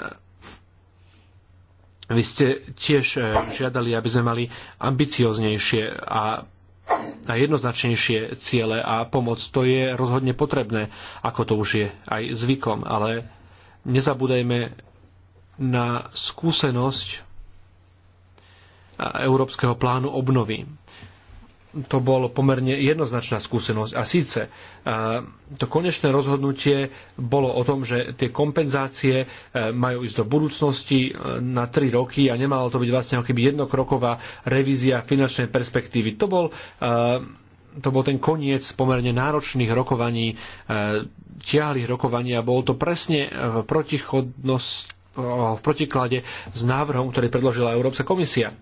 vy ste tiež žiadali, aby sme mali ambicioznejšie a a jednoznačnejšie ciele a pomoc. To je rozhodne potrebné, ako to už je aj zvykom, ale nezabúdajme, na skúsenosť Európskeho plánu obnovy. To bol pomerne jednoznačná skúsenosť. A síce to konečné rozhodnutie bolo o tom, že tie kompenzácie e, majú ísť do budúcnosti e, na 3 roky a nemalo to byť vlastne ako keby jednokroková revízia finančnej perspektívy. To bol e, to bol ten koniec pomerne náročných rokovaní, tiahlých rokovaní a bolo to presne v protichodnosti v protiklade s návrhom, ktorý predložila Európska komisia.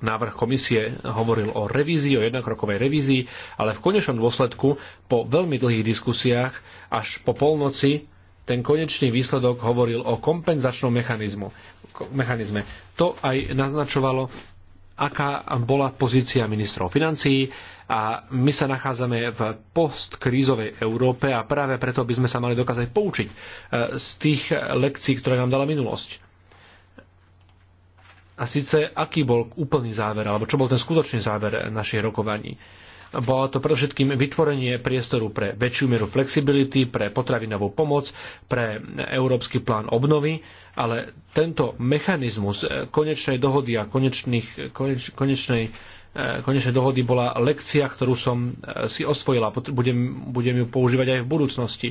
Návrh komisie hovoril o revízii, o jednokrokovej revízii, ale v konečnom dôsledku po veľmi dlhých diskusiách až po polnoci ten konečný výsledok hovoril o kompenzačnom mechanizmu, mechanizme. To aj naznačovalo, aká bola pozícia ministrov financií a my sa nachádzame v postkrízovej Európe a práve preto by sme sa mali dokázať poučiť e, z tých lekcií, ktoré nám dala minulosť. A síce, aký bol úplný záver, alebo čo bol ten skutočný záver našich rokovaní. Bolo to predovšetkým vytvorenie priestoru pre väčšiu mieru flexibility, pre potravinovú pomoc, pre Európsky plán obnovy, ale tento mechanizmus e, konečnej dohody a konečných, koneč, konečnej e, konečnej dohody bola lekcia, ktorú som e, si osvojila. Budem, budem ju používať aj v budúcnosti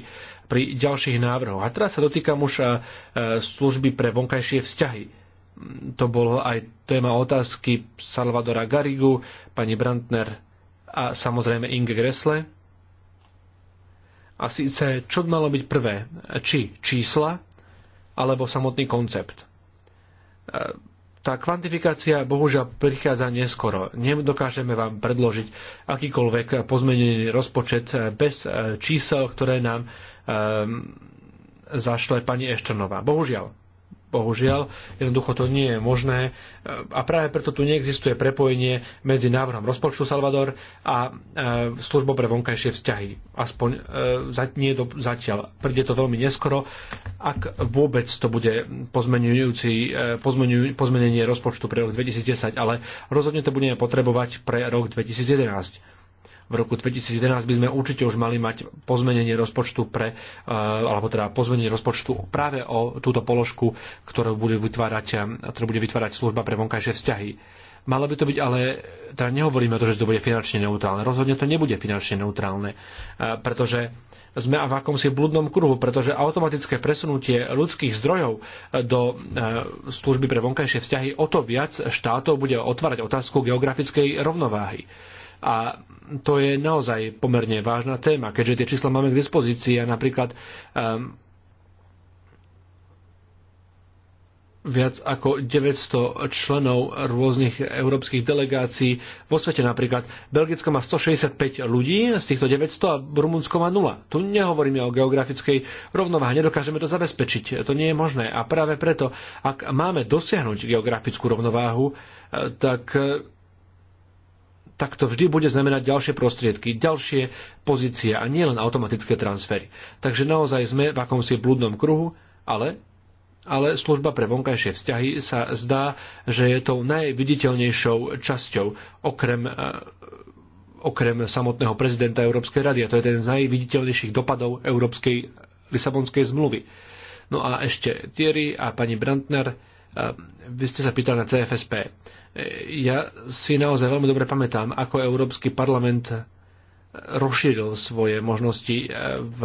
pri ďalších návrhoch. A teraz sa dotýkam už služby pre vonkajšie vzťahy. To bol aj téma otázky Salvadora Garigu. Pani Brandner a samozrejme Inge Gressle. A síce, čo by malo byť prvé? Či čísla, alebo samotný koncept. E, tá kvantifikácia bohužiaľ prichádza neskoro. Nedokážeme vám predložiť akýkoľvek pozmenený rozpočet e, bez e, čísel, ktoré nám zašle pani Eštrnová. Bohužiaľ. Bohužiaľ, jednoducho to nie je možné e, a práve preto tu neexistuje prepojenie medzi návrhom rozpočtu Salvador a e, službou pre vonkajšie vzťahy. Aspoň e, nie do, zatiaľ. Príde to veľmi neskoro, ak vôbec to bude pozmenujúci, pozmenenie rozpočtu pre rok 2010, ale rozhodne to budeme potrebovať pre rok 2011 v roku 2011 by sme určite už mali mať pozmenenie rozpočtu pre, e, alebo teda pozmenenie rozpočtu práve o túto položku, ktorú bude vytvárať, e, ktorú bude vytvárať služba pre vonkajšie vzťahy. Malo by to byť ale, teda nehovoríme o to, že to bude finančne neutrálne. Rozhodne to nebude finančne neutrálne, e, pretože sme a v akomsi blúdnom kruhu, pretože automatické presunutie ľudských zdrojov do služby pre vonkajšie vzťahy o to viac štátov bude otvárať otázku geografickej rovnováhy. A to je naozaj pomerne vážna téma, keďže tie čísla máme k dispozícii a napríklad um, viac ako 900 členov rôznych európskych delegácií vo svete napríklad. Belgicko má 165 ľudí, z týchto 900 a Rumunsko má 0. Tu nehovoríme o geografickej rovnováhe, nedokážeme to zabezpečiť, to nie je možné. A práve preto, ak máme dosiahnuť geografickú rovnováhu, eh, tak eh, tak to vždy bude znamenať ďalšie prostriedky, ďalšie pozície a nielen automatické transfery. Takže naozaj sme v akomsi blúdnom kruhu, ale ale služba pre vonkajšie vzťahy sa zdá, že je tou najviditeľnejšou časťou, okrem, e, okrem samotného prezidenta Európskej rady. A to je ten z najviditeľnejších dopadov Európskej Lisabonskej zmluvy. No a ešte Thierry a pani Brandner, e, vy ste sa pýtali na CFSP. E, ja si naozaj veľmi dobre pamätám, ako Európsky parlament rozšíril svoje možnosti e, v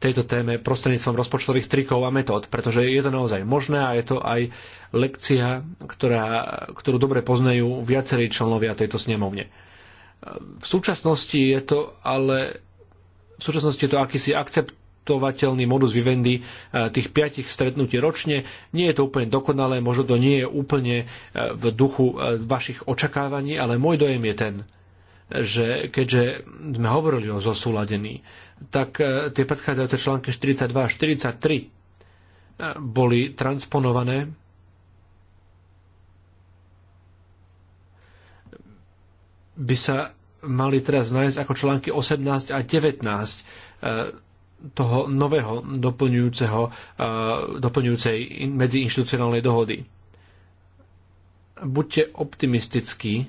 tejto téme prostredníctvom rozpočtových trikov a metód, pretože je to naozaj možné a je to aj lekcia, ktorá, ktorú dobre poznajú viacerí členovia tejto snemovne. E, v súčasnosti je to ale v súčasnosti je to akýsi akcept, akceptovateľný modus vivendi e, tých piatich stretnutí ročne. Nie je to úplne dokonalé, možno to nie je úplne e, v duchu e, vašich očakávaní, ale môj dojem je ten, že keďže sme hovorili o zosúladení, tak tie predchádzajúce články 42 a 43 boli transponované by sa mali teraz nájsť ako články 18 a 19 toho nového doplňujúceho, doplňujúcej medziinštitucionálnej dohody. Buďte optimistickí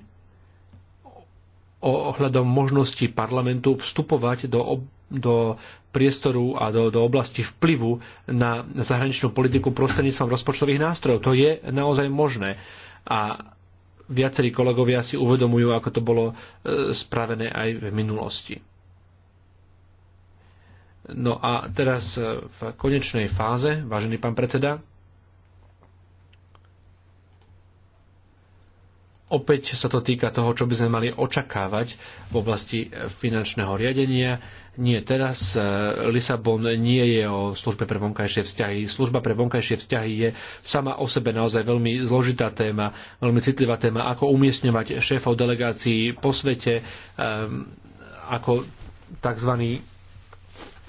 ohľadom možnosti parlamentu vstupovať do, do priestoru a do, do oblasti vplyvu na zahraničnú politiku prostredníctvom rozpočtových nástrojov. To je naozaj možné. A viacerí kolegovia si uvedomujú, ako to bolo e, spravené aj v minulosti. No a teraz eh, v konečnej fáze, vážený pán predseda, Opäť sa to týka toho, čo by sme mali očakávať v oblasti eh, finančného riadenia. Nie teraz. Eh, Lisabon nie je o službe pre vonkajšie vzťahy. Služba pre vonkajšie vzťahy je sama o sebe naozaj veľmi zložitá téma, veľmi citlivá téma, ako umiestňovať šéfov delegácií po svete, ehm, ako tzv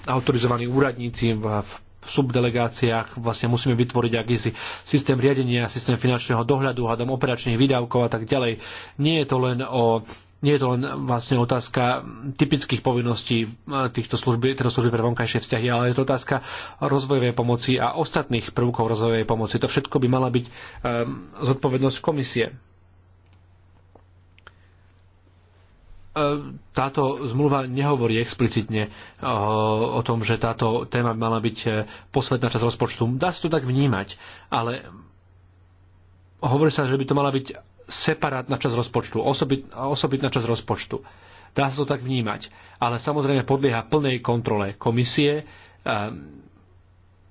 autorizovaní úradníci v v subdelegáciách vlastne musíme vytvoriť akýsi systém riadenia, systém finančného dohľadu, hľadom operačných výdavkov a tak ďalej. Nie je to len o nie je to len vlastne otázka typických povinností e, týchto služby, teda služby pre vonkajšie vzťahy, ale je to otázka rozvojovej pomoci a ostatných prvkov rozvojovej pomoci. To všetko by mala byť um, zodpovednosť komisie. E, táto zmluva nehovorí explicitne e, o tom, že táto téma mala byť e, posvetná časť rozpočtu. Dá sa to tak vnímať, ale hovorí sa, že by to mala byť separátna časť rozpočtu, osobit, osobitná časť rozpočtu. Dá sa to tak vnímať, ale samozrejme podlieha plnej kontrole komisie,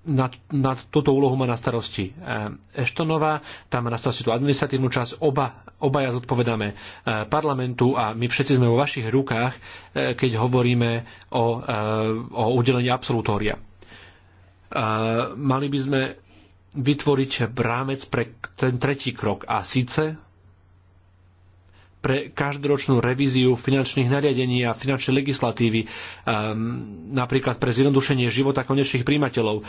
na, na túto úlohu má na starosti eh, Eštonová, tam má na starosti tú administratívnu časť, oba, obaja zodpovedáme eh, parlamentu a my všetci sme vo vašich rukách, eh, keď hovoríme o, o udelení absolutória. Mali by sme vytvoriť rámec pre ten tretí krok a síce pre každoročnú revíziu finančných nariadení a finančnej legislatívy, um, napríklad pre zjednodušenie života konečných príjmateľov, um,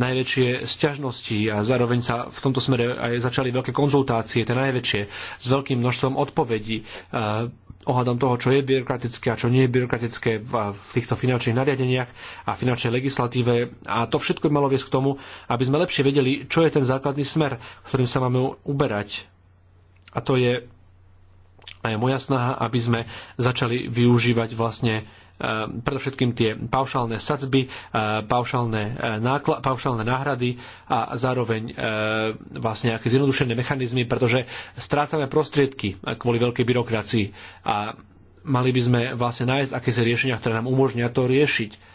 najväčšie sťažnosti a zároveň sa v tomto smere aj začali veľké konzultácie, tie najväčšie, s veľkým množstvom odpovedí uh, ohľadom toho, čo je byrokratické a čo nie je byrokratické v týchto finančných nariadeniach a finančnej legislatíve. A to všetko malo viesť k tomu, aby sme lepšie vedeli, čo je ten základný smer, ktorým sa máme uberať. A to je a je moja snaha, aby sme začali využívať vlastne e, predovšetkým tie paušálne sadzby, e, paušálne, e, nákl- paušálne náhrady a zároveň vlastne nejaké zjednodušené mechanizmy, pretože strácame prostriedky kvôli veľkej byrokracii a mali by sme vlastne nájsť akési riešenia, ktoré nám umožnia to riešiť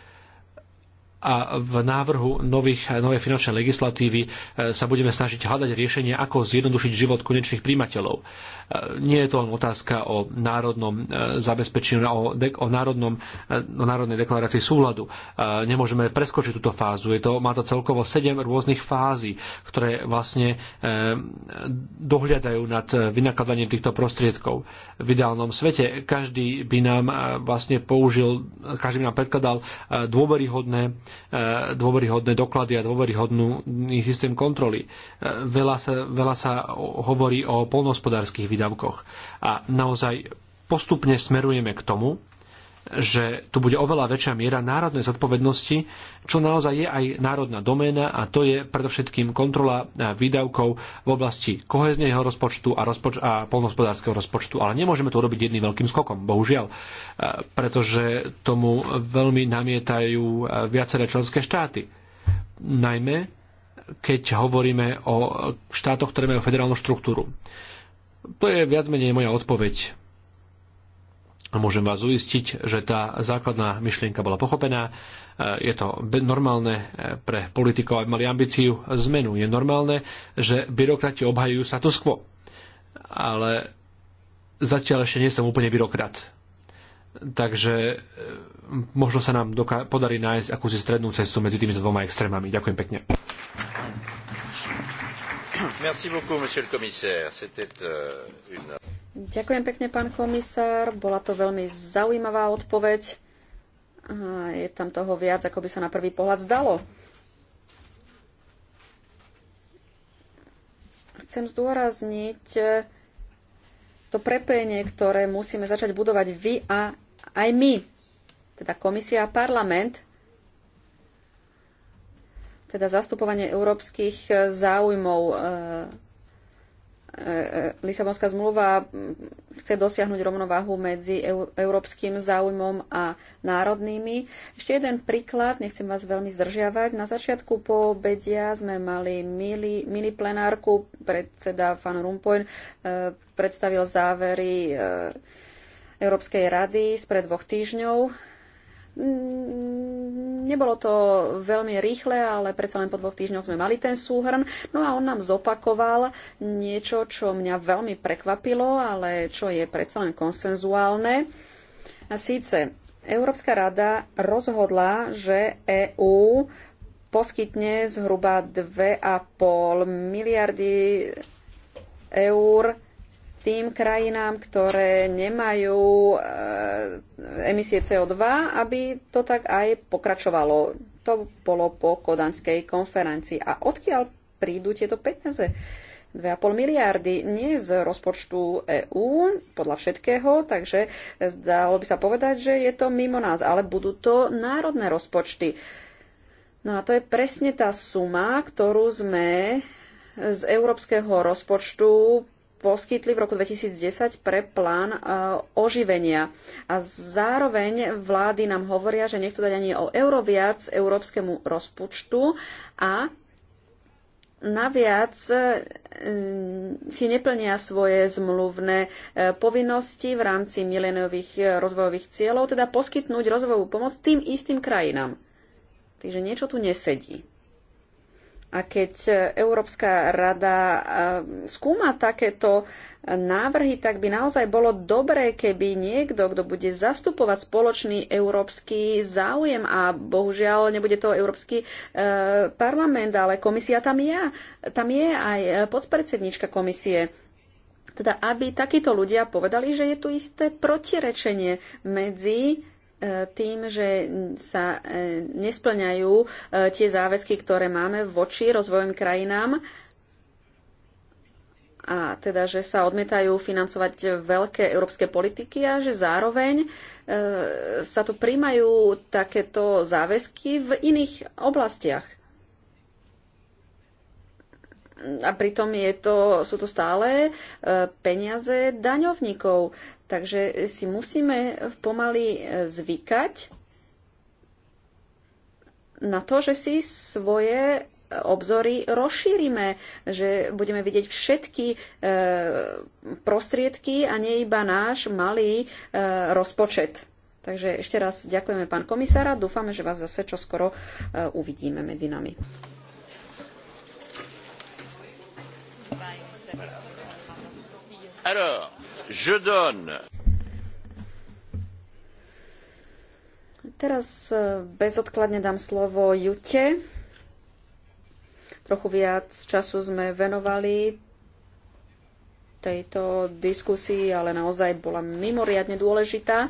a v návrhu nových, novej finančnej legislatívy e, sa budeme snažiť hľadať riešenie, ako zjednodušiť život konečných príjmateľov. E, nie je to len otázka o národnom e, zabezpečení, o, de- o, národnom, o národnej deklarácii súladu. Nemôžeme preskočiť túto fázu. Je to, má to celkovo sedem rôznych fází, ktoré vlastne dohľadajú nad vynakladaním týchto prostriedkov. V ideálnom svete každý by nám vlastne použil, každý by nám predkladal dôveryhodné E, dôveryhodné doklady a dôveryhodný systém kontroly. E, veľa sa, veľa sa hovorí o polnohospodárských výdavkoch a naozaj postupne smerujeme k tomu, že tu bude oveľa väčšia miera národnej zodpovednosti, čo naozaj je aj národná doména a to je predovšetkým kontrola eh, výdavkov v oblasti kohezného rozpočtu a, rozpoč- a polnospodárskeho rozpočtu. Ale nemôžeme to urobiť jedným veľkým skokom, bohužiaľ, eh, pretože tomu veľmi namietajú eh, viaceré členské štáty. Najmä keď hovoríme o štátoch, ktoré majú federálnu štruktúru. To je viac menej moja odpoveď a môžem vás uistiť, že tá základná myšlienka bola pochopená. E, je to normálne e, pre politikov, aby mali ambíciu zmenu. Je normálne, že byrokrati obhajujú sa to skvo. Ale zatiaľ ešte nie som úplne byrokrat. Takže e, možno sa nám podarí nájsť akúsi strednú cestu medzi týmito dvoma extrémami. Ďakujem pekne. Merci beaucoup, monsieur le commissaire. C'était euh, une... Ďakujem pekne, pán komisár. Bola to veľmi zaujímavá odpoveď. Je tam toho viac, ako by sa na prvý pohľad zdalo. Chcem zdôrazniť eh, to prepojenie, ktoré musíme začať budovať vy a aj my, teda komisia a parlament, teda zastupovanie európskych e, záujmov. E, e, Lisabonská zmluva chce dosiahnuť rovnováhu medzi európskym záujmom a národnými. Ešte jeden príklad, nechcem vás veľmi zdržiavať. Na začiatku po obedia sme mali mini, mini plenárku, predseda Van Rumpoyn predstavil závery Európskej rady spred dvoch týždňov Mm, nebolo to veľmi rýchle, ale predsa len po dvoch týždňoch sme mali ten súhrn. No a on nám zopakoval niečo, čo mňa veľmi prekvapilo, ale čo je predsa len konsenzuálne. A síce Európska rada rozhodla, že EÚ poskytne zhruba 2,5 miliardy eur tým krajinám, ktoré nemajú eh, emisie CO2, aby to tak aj pokračovalo. To bolo po kodanskej konferencii. A odkiaľ prídu tieto peniaze? 2,5 miliardy nie z rozpočtu EÚ, podľa všetkého, takže zdalo by sa povedať, že je to mimo nás, ale budú to národné rozpočty. No a to je presne tá suma, ktorú sme z európskeho rozpočtu poskytli v roku 2010 pre plán e, oživenia. A zároveň vlády nám hovoria, že nechcú dať ani o euro viac európskemu rozpočtu a naviac e, si neplnia svoje zmluvné e, povinnosti v rámci mileniových rozvojových cieľov, teda poskytnúť rozvojovú pomoc tým istým krajinám. Takže niečo tu nesedí. A keď Európska rada skúma takéto návrhy, tak by naozaj bolo dobré, keby niekto, kto bude zastupovať spoločný európsky záujem a bohužiaľ nebude to Európsky e, parlament, ale komisia tam je. Tam je aj podpredsednička komisie. Teda aby takíto ľudia povedali, že je tu isté protirečenie medzi tým, že sa e, nesplňajú e, tie záväzky, ktoré máme voči rozvojovým krajinám a teda, že sa odmietajú financovať veľké európske politiky a že zároveň e, sa tu príjmajú takéto záväzky v iných oblastiach. A pritom je to, sú to stále peniaze daňovníkov. Takže si musíme pomaly e, zvykať na to, že si svoje e, obzory rozšírime, že budeme vidieť všetky e, prostriedky a nie iba náš malý e, rozpočet. Takže ešte raz ďakujeme pán komisára, dúfame, že vás zase čoskoro e, uvidíme medzi nami. Alors, je donne. Teraz e, bezodkladne dám slovo Jute. Trochu viac času sme venovali tejto diskusii, ale naozaj bola mimoriadne dôležitá. E,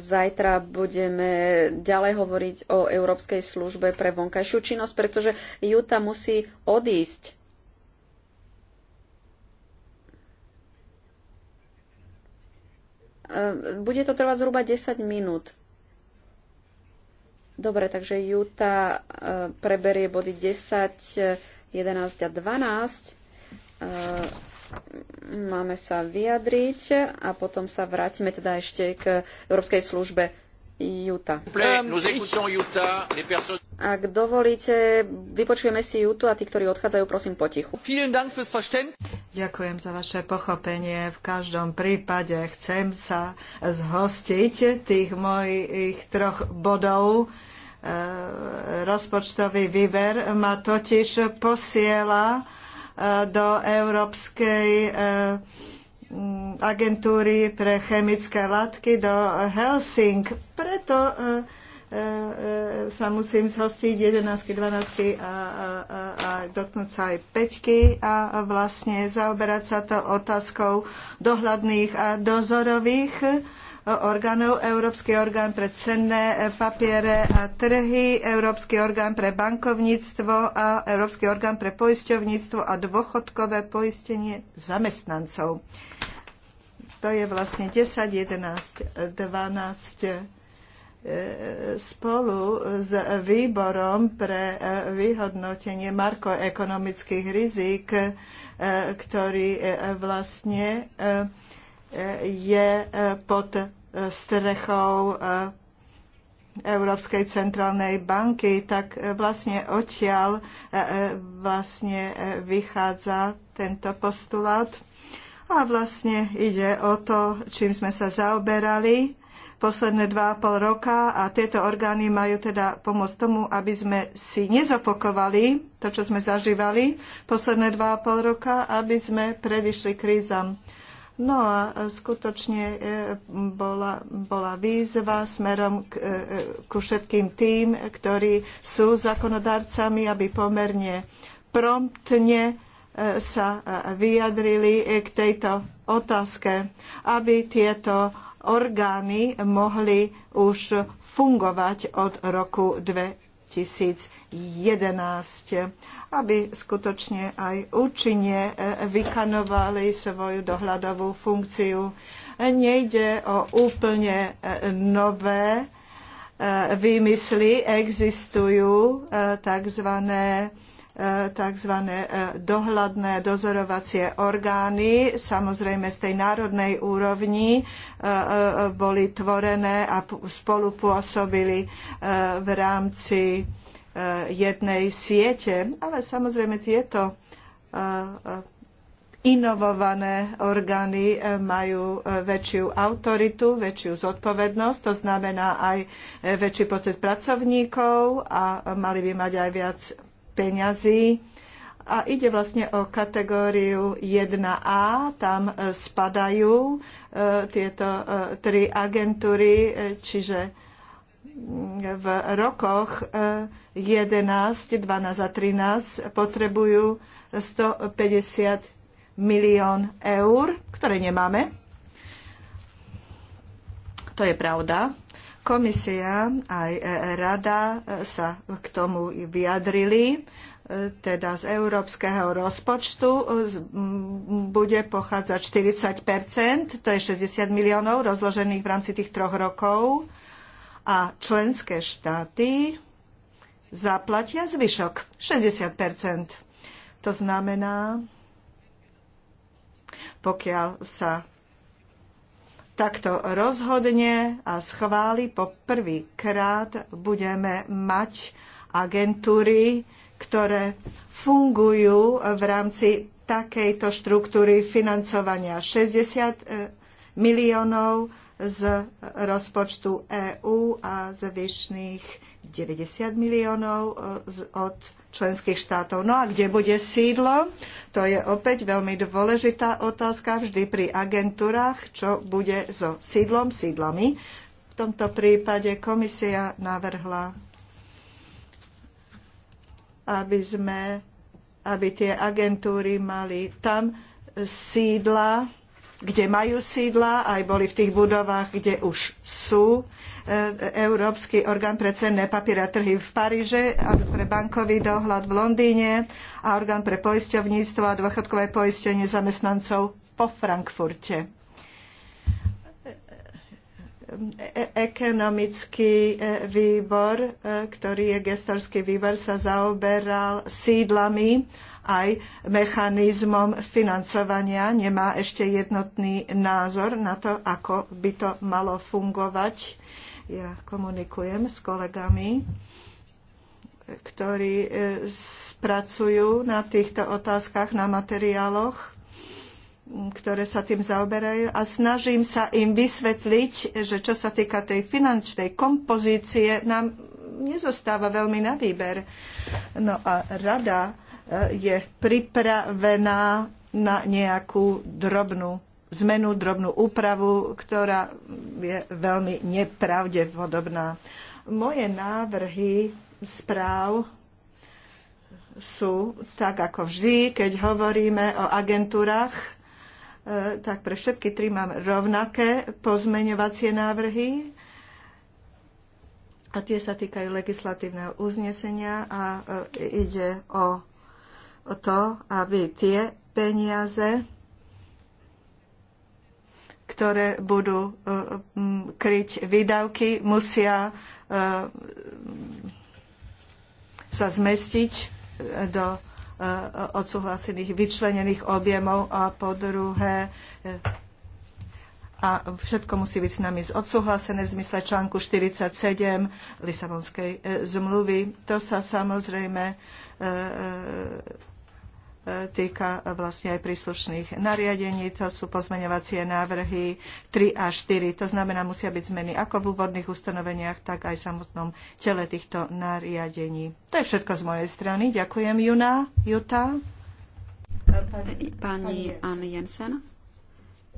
zajtra budeme ďalej hovoriť o Európskej službe pre vonkajšiu činnosť, pretože Juta musí odísť. Ehm, bude to trvať zhruba 10 minút. Dobre, takže Juta ehm, preberie body 10, 11 a 12 ehm, máme sa vyjadriť a potom sa vrátime teda ešte k Európskej službe Juta. Ak dovolíte, vypočujeme si Jutu a tí, ktorí odchádzajú, prosím potichu. Ďakujem za vaše pochopenie. V každom prípade chcem sa zhostiť tých mojich troch bodov. Rozpočtový výber ma totiž posiela do Európskej agentúry pre chemické látky do Helsing. Preto e, e, e, sa musím zhostiť 11, 12 a, a, a, a dotknúť sa aj peťky a vlastne zaoberať sa to otázkou dohľadných a dozorových orgánov, Európsky orgán pre cenné e, papiere a trhy, Európsky orgán pre bankovníctvo a Európsky orgán pre poisťovníctvo a dôchodkové poistenie zamestnancov. To je vlastne 10, 11, 12 spolu s výborom pre e, vyhodnotenie markoekonomických rizík, e, ktorý vlastne je e, pod e, strechou e, Európskej centrálnej banky, tak vlastne odtiaľ vlastne vychádza tento postulát. A vlastne ide o to, čím sme sa zaoberali posledné dva a pol roka a tieto orgány majú teda pomôcť tomu, aby sme si nezopokovali to, čo sme zažívali posledné dva a pol roka, aby sme predišli krízam. No a skutočne e, bola, bola výzva smerom k, e, e, ku všetkým tým, ktorí sú zakonodarcami, aby pomerne promptne sa vyjadrili k tejto otázke, aby tieto orgány mohli už fungovať od roku 2000. 11, aby skutočne aj účinne e, vykanovali svoju dohľadovú funkciu. Nejde o úplne e, nové e, výmysly, existujú tzv tzv. dohľadné dozorovacie orgány, samozrejme z tej národnej úrovni, boli tvorené a spolupôsobili v rámci Eh, jednej siete. Ale samozrejme tieto eh, inovované orgány eh, majú väčšiu autoritu, väčšiu zodpovednosť, to znamená aj väčší pocit pracovníkov a mali by mať aj viac peňazí. A ide vlastne o kategóriu 1A, tam spadajú tieto tri agentúry, čiže mm, v rokoch 11, 12 a 13 potrebujú 150 milión eur, ktoré nemáme. To je pravda. Komisia aj e, rada e, sa k tomu vyjadrili e, teda z európskeho rozpočtu bude pochádzať 40 to je 60 miliónov rozložených v rámci tých troch rokov a členské štáty zaplatia zvyšok 60 To znamená, pokiaľ sa takto rozhodne a schváli, po prvýkrát budeme mať agentúry, ktoré fungujú v rámci takejto štruktúry financovania 60 e, miliónov z rozpočtu EÚ a z vyšných 90 miliónov e, od členských štátov. No a kde bude sídlo? To je opäť veľmi dôležitá otázka vždy pri agentúrach, čo bude so sídlom, sídlami. V tomto prípade komisia navrhla, aby, sme, aby tie agentúry mali tam sídla kde majú sídla, aj boli v tých budovách, kde už sú. E, Európsky orgán pre cenné papiere a trhy v Paríže, a pre bankový dohľad v Londýne a orgán pre poisťovníctvo a dôchodkové poistenie zamestnancov po Frankfurte. E, e, ekonomický výbor, ktorý je gestorský výbor, sa zaoberal sídlami aj mechanizmom financovania nemá ešte jednotný názor na to, ako by to malo fungovať. Ja komunikujem s kolegami, ktorí spracujú e, na týchto otázkach, na materiáloch ktoré sa tým zaoberajú a snažím sa im vysvetliť, že čo sa týka tej finančnej kompozície, nám nezostáva veľmi na výber. No a rada je pripravená na nejakú drobnú zmenu, drobnú úpravu, ktorá je veľmi nepravdepodobná. Moje návrhy správ sú, tak ako vždy, keď hovoríme o agentúrach, eh, tak pre všetky tri mám rovnaké pozmeňovacie návrhy a tie sa týkajú legislatívneho uznesenia a eh, ide o to, aby tie peniaze, ktoré budú e, kryť výdavky, musia e, sa zmestiť e, do odsúhlasených vyčlenených objemov a po druhé a všetko musí byť s nami odsúhlasené v zmysle článku 47 Lisabonskej zmluvy. To sa samozrejme týka vlastne aj príslušných nariadení. To sú pozmeňovacie návrhy 3 a 4. To znamená, musia byť zmeny ako v úvodných ustanoveniach, tak aj v samotnom tele týchto nariadení. To je všetko z mojej strany. Ďakujem, Juna. Juta. Pani, pani Ann Jensen.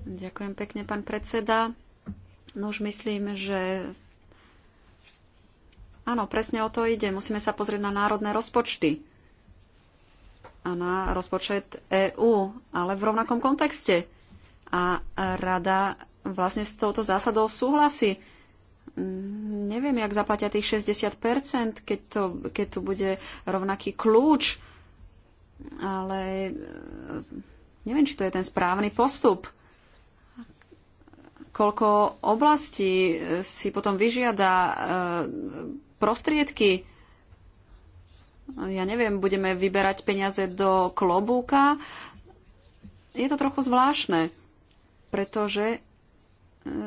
Ďakujem pekne, pán predseda. No už myslím, že Áno, presne o to ide. Musíme sa pozrieť na národné rozpočty a na rozpočet EÚ, ale v rovnakom kontexte. A rada vlastne s touto zásadou súhlasí. Neviem, jak zaplatia tých 60%, keď, to, keď tu bude rovnaký kľúč, ale eh, neviem, či to je ten správny postup koľko oblastí eh, si potom vyžiada eh, prostriedky ja neviem, budeme vyberať peniaze do klobúka. Je to trochu zvláštne, pretože e,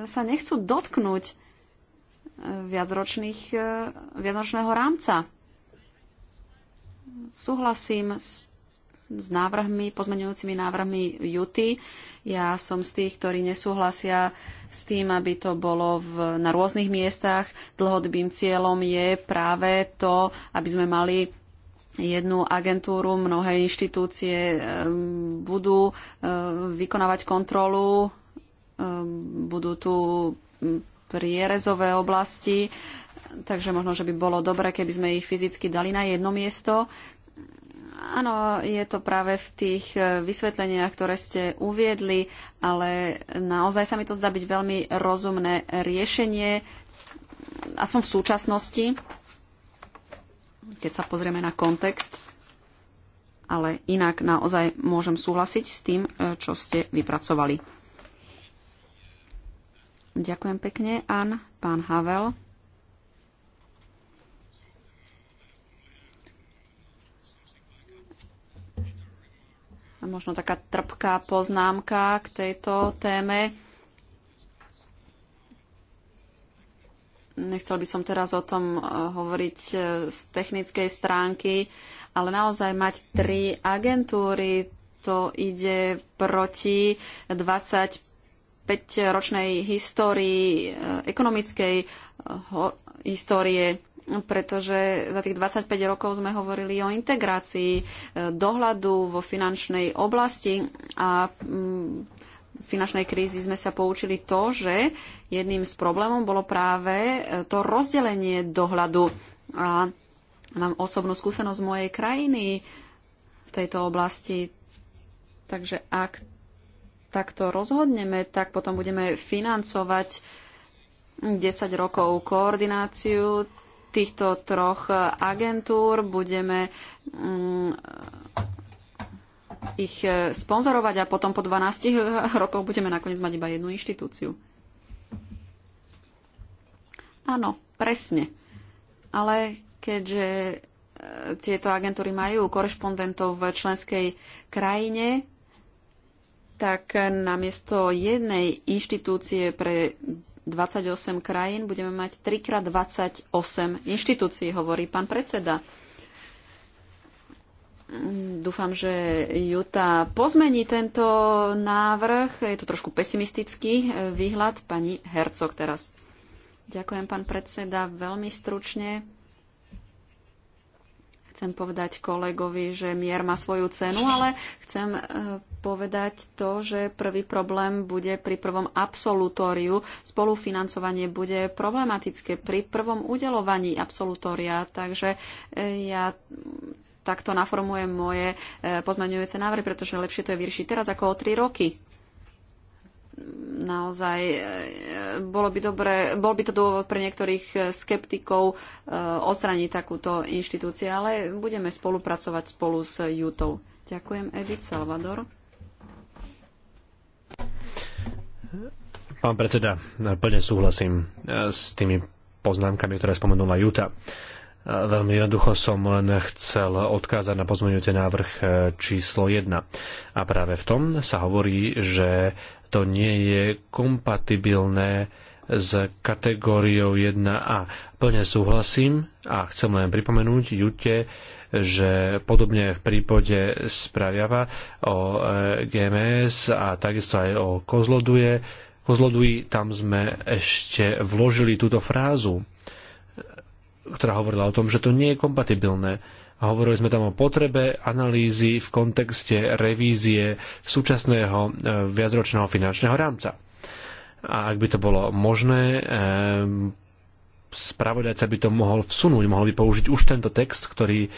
sa nechcú dotknúť e, viacročných, e, viacročného rámca. Súhlasím s, s návrhmi, pozmeňujúcimi návrhmi Juty. Ja som z tých, ktorí nesúhlasia s tým, aby to bolo v, na rôznych miestach. Dlhodobým cieľom je práve to, aby sme mali jednu agentúru, mnohé inštitúcie eh, budú eh, vykonávať kontrolu, eh, budú tu hm, prierezové oblasti, takže možno, že by bolo dobre, keby sme ich fyzicky dali na jedno miesto. Áno, je to práve v tých vysvetleniach, ktoré ste uviedli, ale naozaj sa mi to zdá byť veľmi rozumné riešenie, aspoň v súčasnosti keď sa pozrieme na kontext, ale inak naozaj môžem súhlasiť s tým, e, čo ste vypracovali. Ďakujem pekne, Ann, pán Havel. A možno taká trpká poznámka k tejto téme Nechcel by som teraz o tom e, hovoriť e, z technickej stránky, ale naozaj mať tri agentúry, to ide proti 25-ročnej histórii, e, ekonomickej histórie pretože za tých 25 rokov sme hovorili o integrácii dohľadu vo finančnej oblasti a z finančnej krízy sme sa poučili to, že jedným z problémov bolo práve e, to rozdelenie dohľadu. A mám osobnú skúsenosť z mojej krajiny v tejto oblasti. Takže ak takto rozhodneme, tak potom budeme financovať 10 rokov koordináciu týchto troch agentúr, budeme mm, ich e, sponzorovať a potom po 12 rokoch budeme nakoniec mať iba jednu inštitúciu. Áno, presne. Ale keďže e, tieto agentúry majú korešpondentov v členskej krajine, tak namiesto jednej inštitúcie pre 28 krajín budeme mať 3x28 inštitúcií, hovorí pán predseda. Dúfam, že Juta pozmení tento návrh. Je to trošku pesimistický eh, výhľad. Pani Hercog teraz. Ďakujem, pán predseda, veľmi stručne. Chcem povedať kolegovi, že mier má svoju cenu, ale chcem eh, povedať to, že prvý problém bude pri prvom absolutóriu. Spolufinancovanie bude problematické pri prvom udelovaní absolutória, takže eh, ja takto naformujem moje e, pozmeňujúce návrhy, pretože lepšie to je vyriešiť teraz ako o 3 roky. Naozaj e, bolo by dobre, bol by to dôvod pre niektorých e, skeptikov ostraniť takúto inštitúciu, ale budeme spolupracovať spolu s Jutou. Ďakujem, Edith Salvador. Pán predseda, plne súhlasím s tými poznámkami, ktoré spomenula Juta. Veľmi jednoducho som len chcel odkázať na pozmeňujúce návrh e, číslo 1. A práve v tom sa hovorí, že to nie je kompatibilné s kategóriou 1A. Plne súhlasím a chcem len pripomenúť Jute, že podobne v prípade spraviava o e, GMS a takisto aj o Kozloduje, Kozloduji tam sme ešte vložili túto frázu ktorá hovorila o tom, že to nie je kompatibilné. A hovorili sme tam o potrebe analýzy v kontexte revízie súčasného e, viacročného finančného rámca. A ak by to bolo možné, e, spravodajca by to mohol vsunúť, mohol by použiť už tento text, ktorý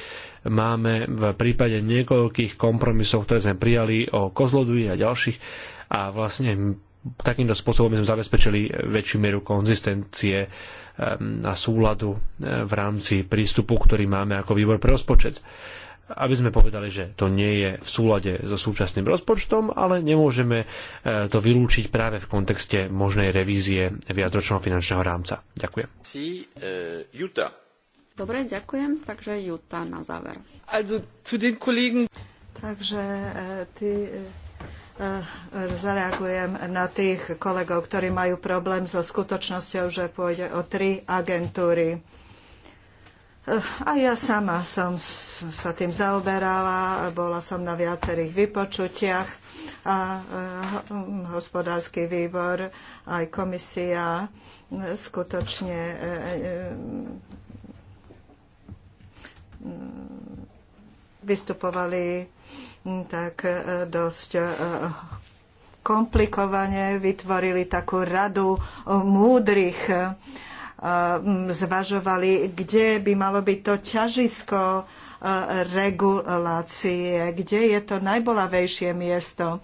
máme v prípade niekoľkých kompromisov, ktoré sme prijali o Kozlodu a ďalších a vlastne takýmto spôsobom by sme zabezpečili väčšiu mieru konzistencie a súladu v rámci prístupu, ktorý máme ako výbor pre rozpočet aby sme povedali, že to nie je v súlade so súčasným rozpočtom, ale nemôžeme to vylúčiť práve v kontexte možnej revízie viacročného finančného rámca. Ďakujem. Si, uh, eh, Juta. Dobre, ďakujem. Takže Juta na záver. Also, zu den Kollegen. Takže eh, ty eh, Eh, zareagujem na tých kolegov, ktorí majú problém so skutočnosťou, že pôjde o tri agentúry. Eh, a ja sama som sa tým zaoberala, bola som na viacerých vypočutiach a eh, hospodársky výbor aj komisia skutočne mm, vystupovali tak e, dosť e, komplikovane vytvorili takú radu e, múdrych zvažovali, kde by malo byť to ťažisko regulácie, kde je to najbolavejšie miesto.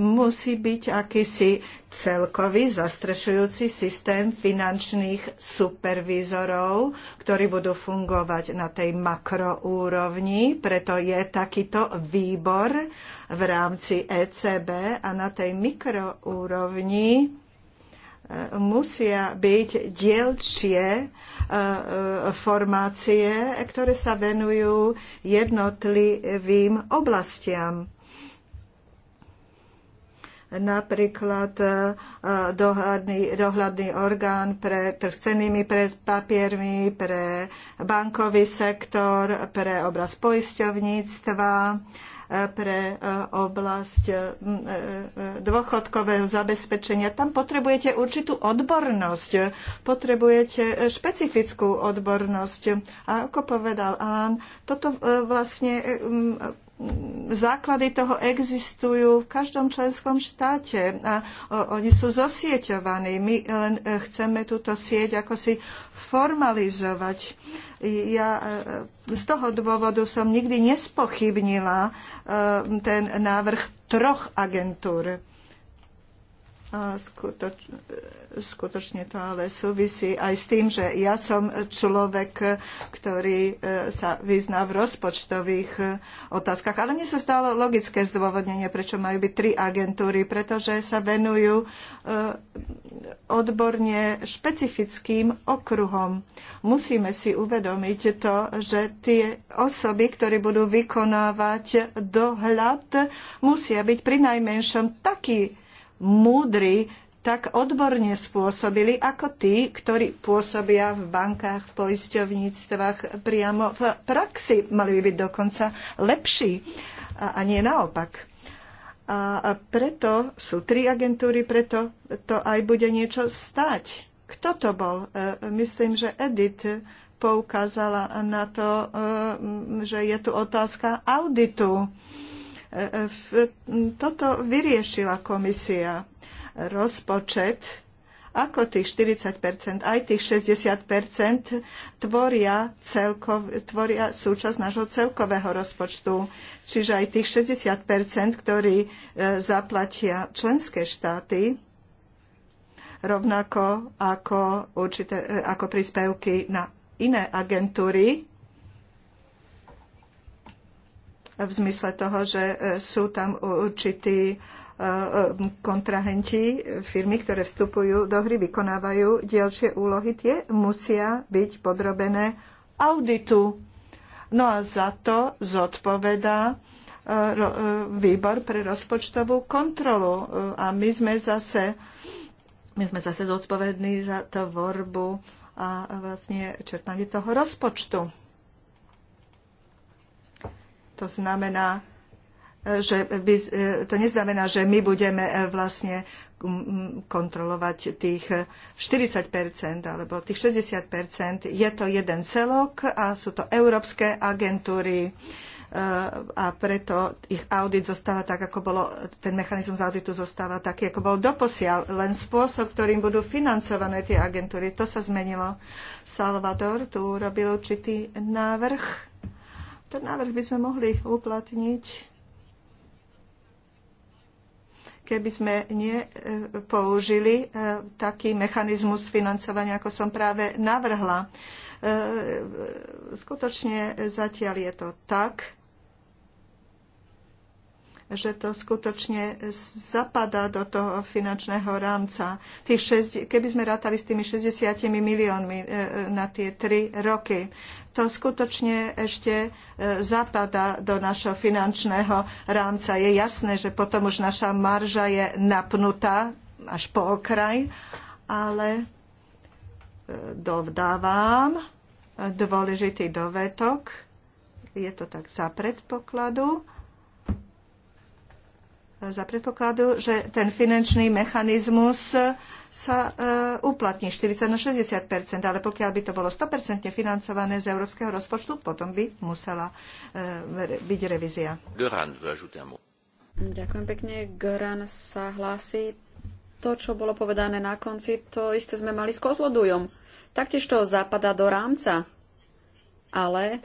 Musí byť akýsi celkový zastrešujúci systém finančných supervízorov, ktorí budú fungovať na tej makroúrovni, preto je takýto výbor v rámci ECB a na tej mikroúrovni musia byť dielčie e, e, formácie, ktoré sa venujú jednotlivým oblastiam. Napríklad e, dohľadný, dohľadný orgán pre trh cenými pre papiermi, pre bankový sektor, pre obraz poisťovníctva, pre e, oblasť e, e, dôchodkového zabezpečenia. Tam potrebujete určitú odbornosť, potrebujete špecifickú odbornosť. A ako povedal Alan, toto vlastne základy toho existujú v každom členskom štáte a oni sú zosieťovaní. My len chceme túto sieť ako si formalizovať. Ja e, z toho dôvodu som nikdy nespochybnila e, ten návrh troch agentúr skutočne to ale súvisí aj s tým, že ja som človek, ktorý e, sa vyzná v rozpočtových e, otázkach. Ale mne sa stalo logické zdôvodnenie, prečo majú byť tri agentúry, pretože sa venujú e, odborne špecifickým okruhom. Musíme si uvedomiť to, že tie osoby, ktoré budú vykonávať dohľad, musia byť pri najmenšom takí múdri, tak odborne spôsobili ako tí, ktorí pôsobia v bankách, v poisťovníctvách priamo v praxi. Mali by byť dokonca lepší a, a nie naopak. A, a preto sú tri agentúry, preto to aj bude niečo stať. Kto to bol? E, myslím, že Edith poukázala na to, e, že je tu otázka auditu. E, toto vyriešila komisia rozpočet, ako tých 40 aj tých 60 tvoria, celkov, tvoria súčasť nášho celkového rozpočtu. Čiže aj tých 60 ktorí e, zaplatia členské štáty, rovnako ako, určité, e, ako príspevky na iné agentúry, v zmysle toho, že e, sú tam určití E, e, kontrahenti, e, firmy, ktoré vstupujú do hry, vykonávajú dielčie úlohy, tie musia byť podrobené auditu. No a za to zodpovedá výbor pre rozpočtovú kontrolu. A my sme zase, my sme zase zodpovední za tvorbu a vlastne čerpanie toho rozpočtu. To znamená, že by, to neznamená, že my budeme e, vlastne kontrolovať tých 40 e, alebo tých 60 Je to jeden celok a sú to európske agentúry e, a preto ich audit zostáva tak, ako bolo, ten mechanizmus auditu zostáva taký, ako bol doposiaľ. Len spôsob, ktorým budú financované tie agentúry, to sa zmenilo. Salvador tu urobil určitý návrh. Ten návrh by sme mohli uplatniť keby sme nepoužili e, taký mechanizmus financovania, ako som práve navrhla. E, skutočne zatiaľ je to tak, že to skutočne zapadá do toho finančného rámca. Tých keby sme rátali s tými 60 miliónmi e, na tie tri roky, to skutočne ešte e, zapadá do našho finančného rámca. Je jasné, že potom už naša marža je napnutá až po okraj, ale e, dovdávam e, dôležitý dovetok. Je to tak za predpokladu, za predpokladu, že ten finančný mechanizmus sa e, uplatní 40 na 60 ale pokiaľ by to bolo 100 financované z európskeho rozpočtu, potom by musela e, byť revízia. Ďakujem pekne. Goran sa hlási. To, čo bolo povedané na konci, to isté sme mali s Kozlodujom. Taktiež to zapadá do rámca. Ale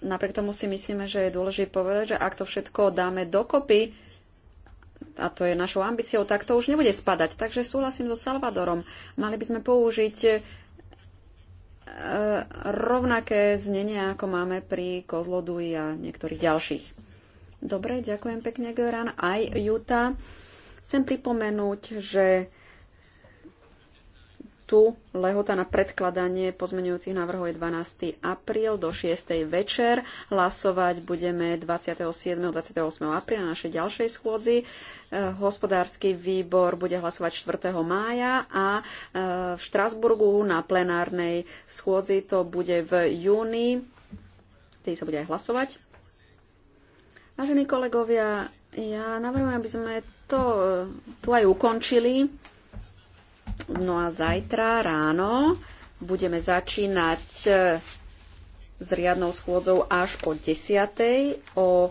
napriek tomu si myslíme, že je dôležité povedať, že ak to všetko dáme dokopy, a to je našou ambíciou, tak to už nebude spadať. Takže súhlasím so Salvadorom. Mali by sme použiť e, rovnaké znenia, ako máme pri Kozloduji a niektorých ďalších. Dobre, ďakujem pekne, Göran. Aj Juta. Chcem pripomenúť, že tu lehota na predkladanie pozmenujúcich návrhov je 12. apríl do 6. večer. Hlasovať budeme 27. 28. apríla na našej ďalšej schôdzi. E, hospodársky výbor bude hlasovať 4. mája a e, v Štrasburgu na plenárnej schôdzi to bude v júni. Tedy sa bude aj hlasovať. Vážení kolegovia, ja navrhujem, aby sme to e, tu aj ukončili. No a zajtra ráno budeme začínať e, s riadnou schôdzou až o 10. o e,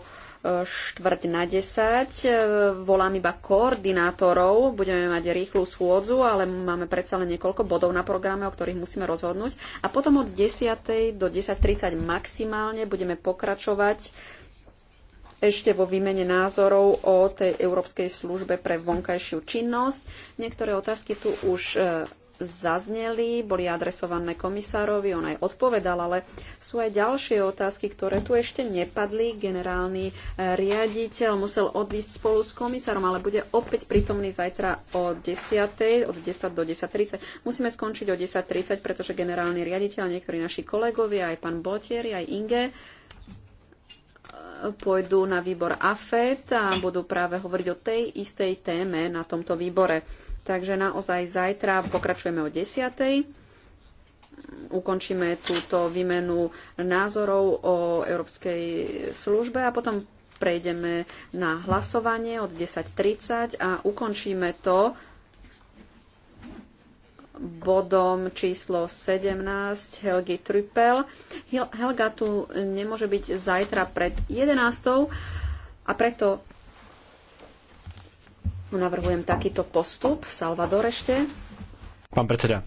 štvrť na 10. E, volám iba koordinátorov, budeme mať rýchlu schôdzu, ale máme predsa len niekoľko bodov na programe, o ktorých musíme rozhodnúť. A potom od 10. do 10.30 maximálne budeme pokračovať ešte vo výmene názorov o tej Európskej službe pre vonkajšiu činnosť. Niektoré otázky tu už e, zazneli, boli adresované komisárovi, on aj odpovedal, ale sú aj ďalšie otázky, ktoré tu ešte nepadli. Generálny e, riaditeľ musel odísť spolu s komisárom, ale bude opäť prítomný zajtra o 10. od 10 do 10.30. Musíme skončiť o 10.30, pretože generálny riaditeľ, niektorí naši kolegovia, aj pán Botieri, aj Inge, pôjdu na výbor AFET a budú práve hovoriť o tej istej téme na tomto výbore. Takže naozaj zajtra pokračujeme o 10. Ukončíme túto výmenu názorov o Európskej službe a potom prejdeme na hlasovanie od 10.30 a ukončíme to bodom číslo 17 Helgi Trüppel. Helga tu nemôže byť zajtra pred 11. a preto navrhujem takýto postup. Salvador ešte. Pán predseda, e,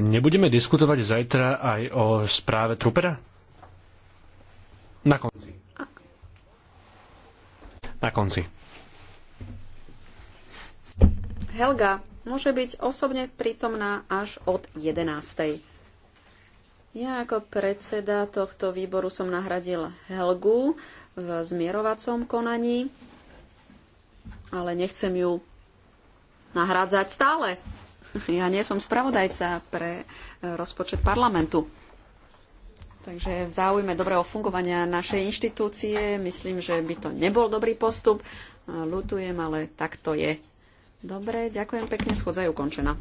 nebudeme diskutovať zajtra aj o správe Trupera? Na konci. Na konci. Helga, môže byť osobne prítomná až od 11. Ja ako predseda tohto výboru som nahradil Helgu v zmierovacom konaní, ale nechcem ju nahrádzať stále. Ja nie som spravodajca pre e, rozpočet parlamentu. Takže v záujme dobrého fungovania našej inštitúcie myslím, že by to nebol dobrý postup. Lutujem, ale tak to je. Dobre, ďakujem pekne, schodza je ukončená.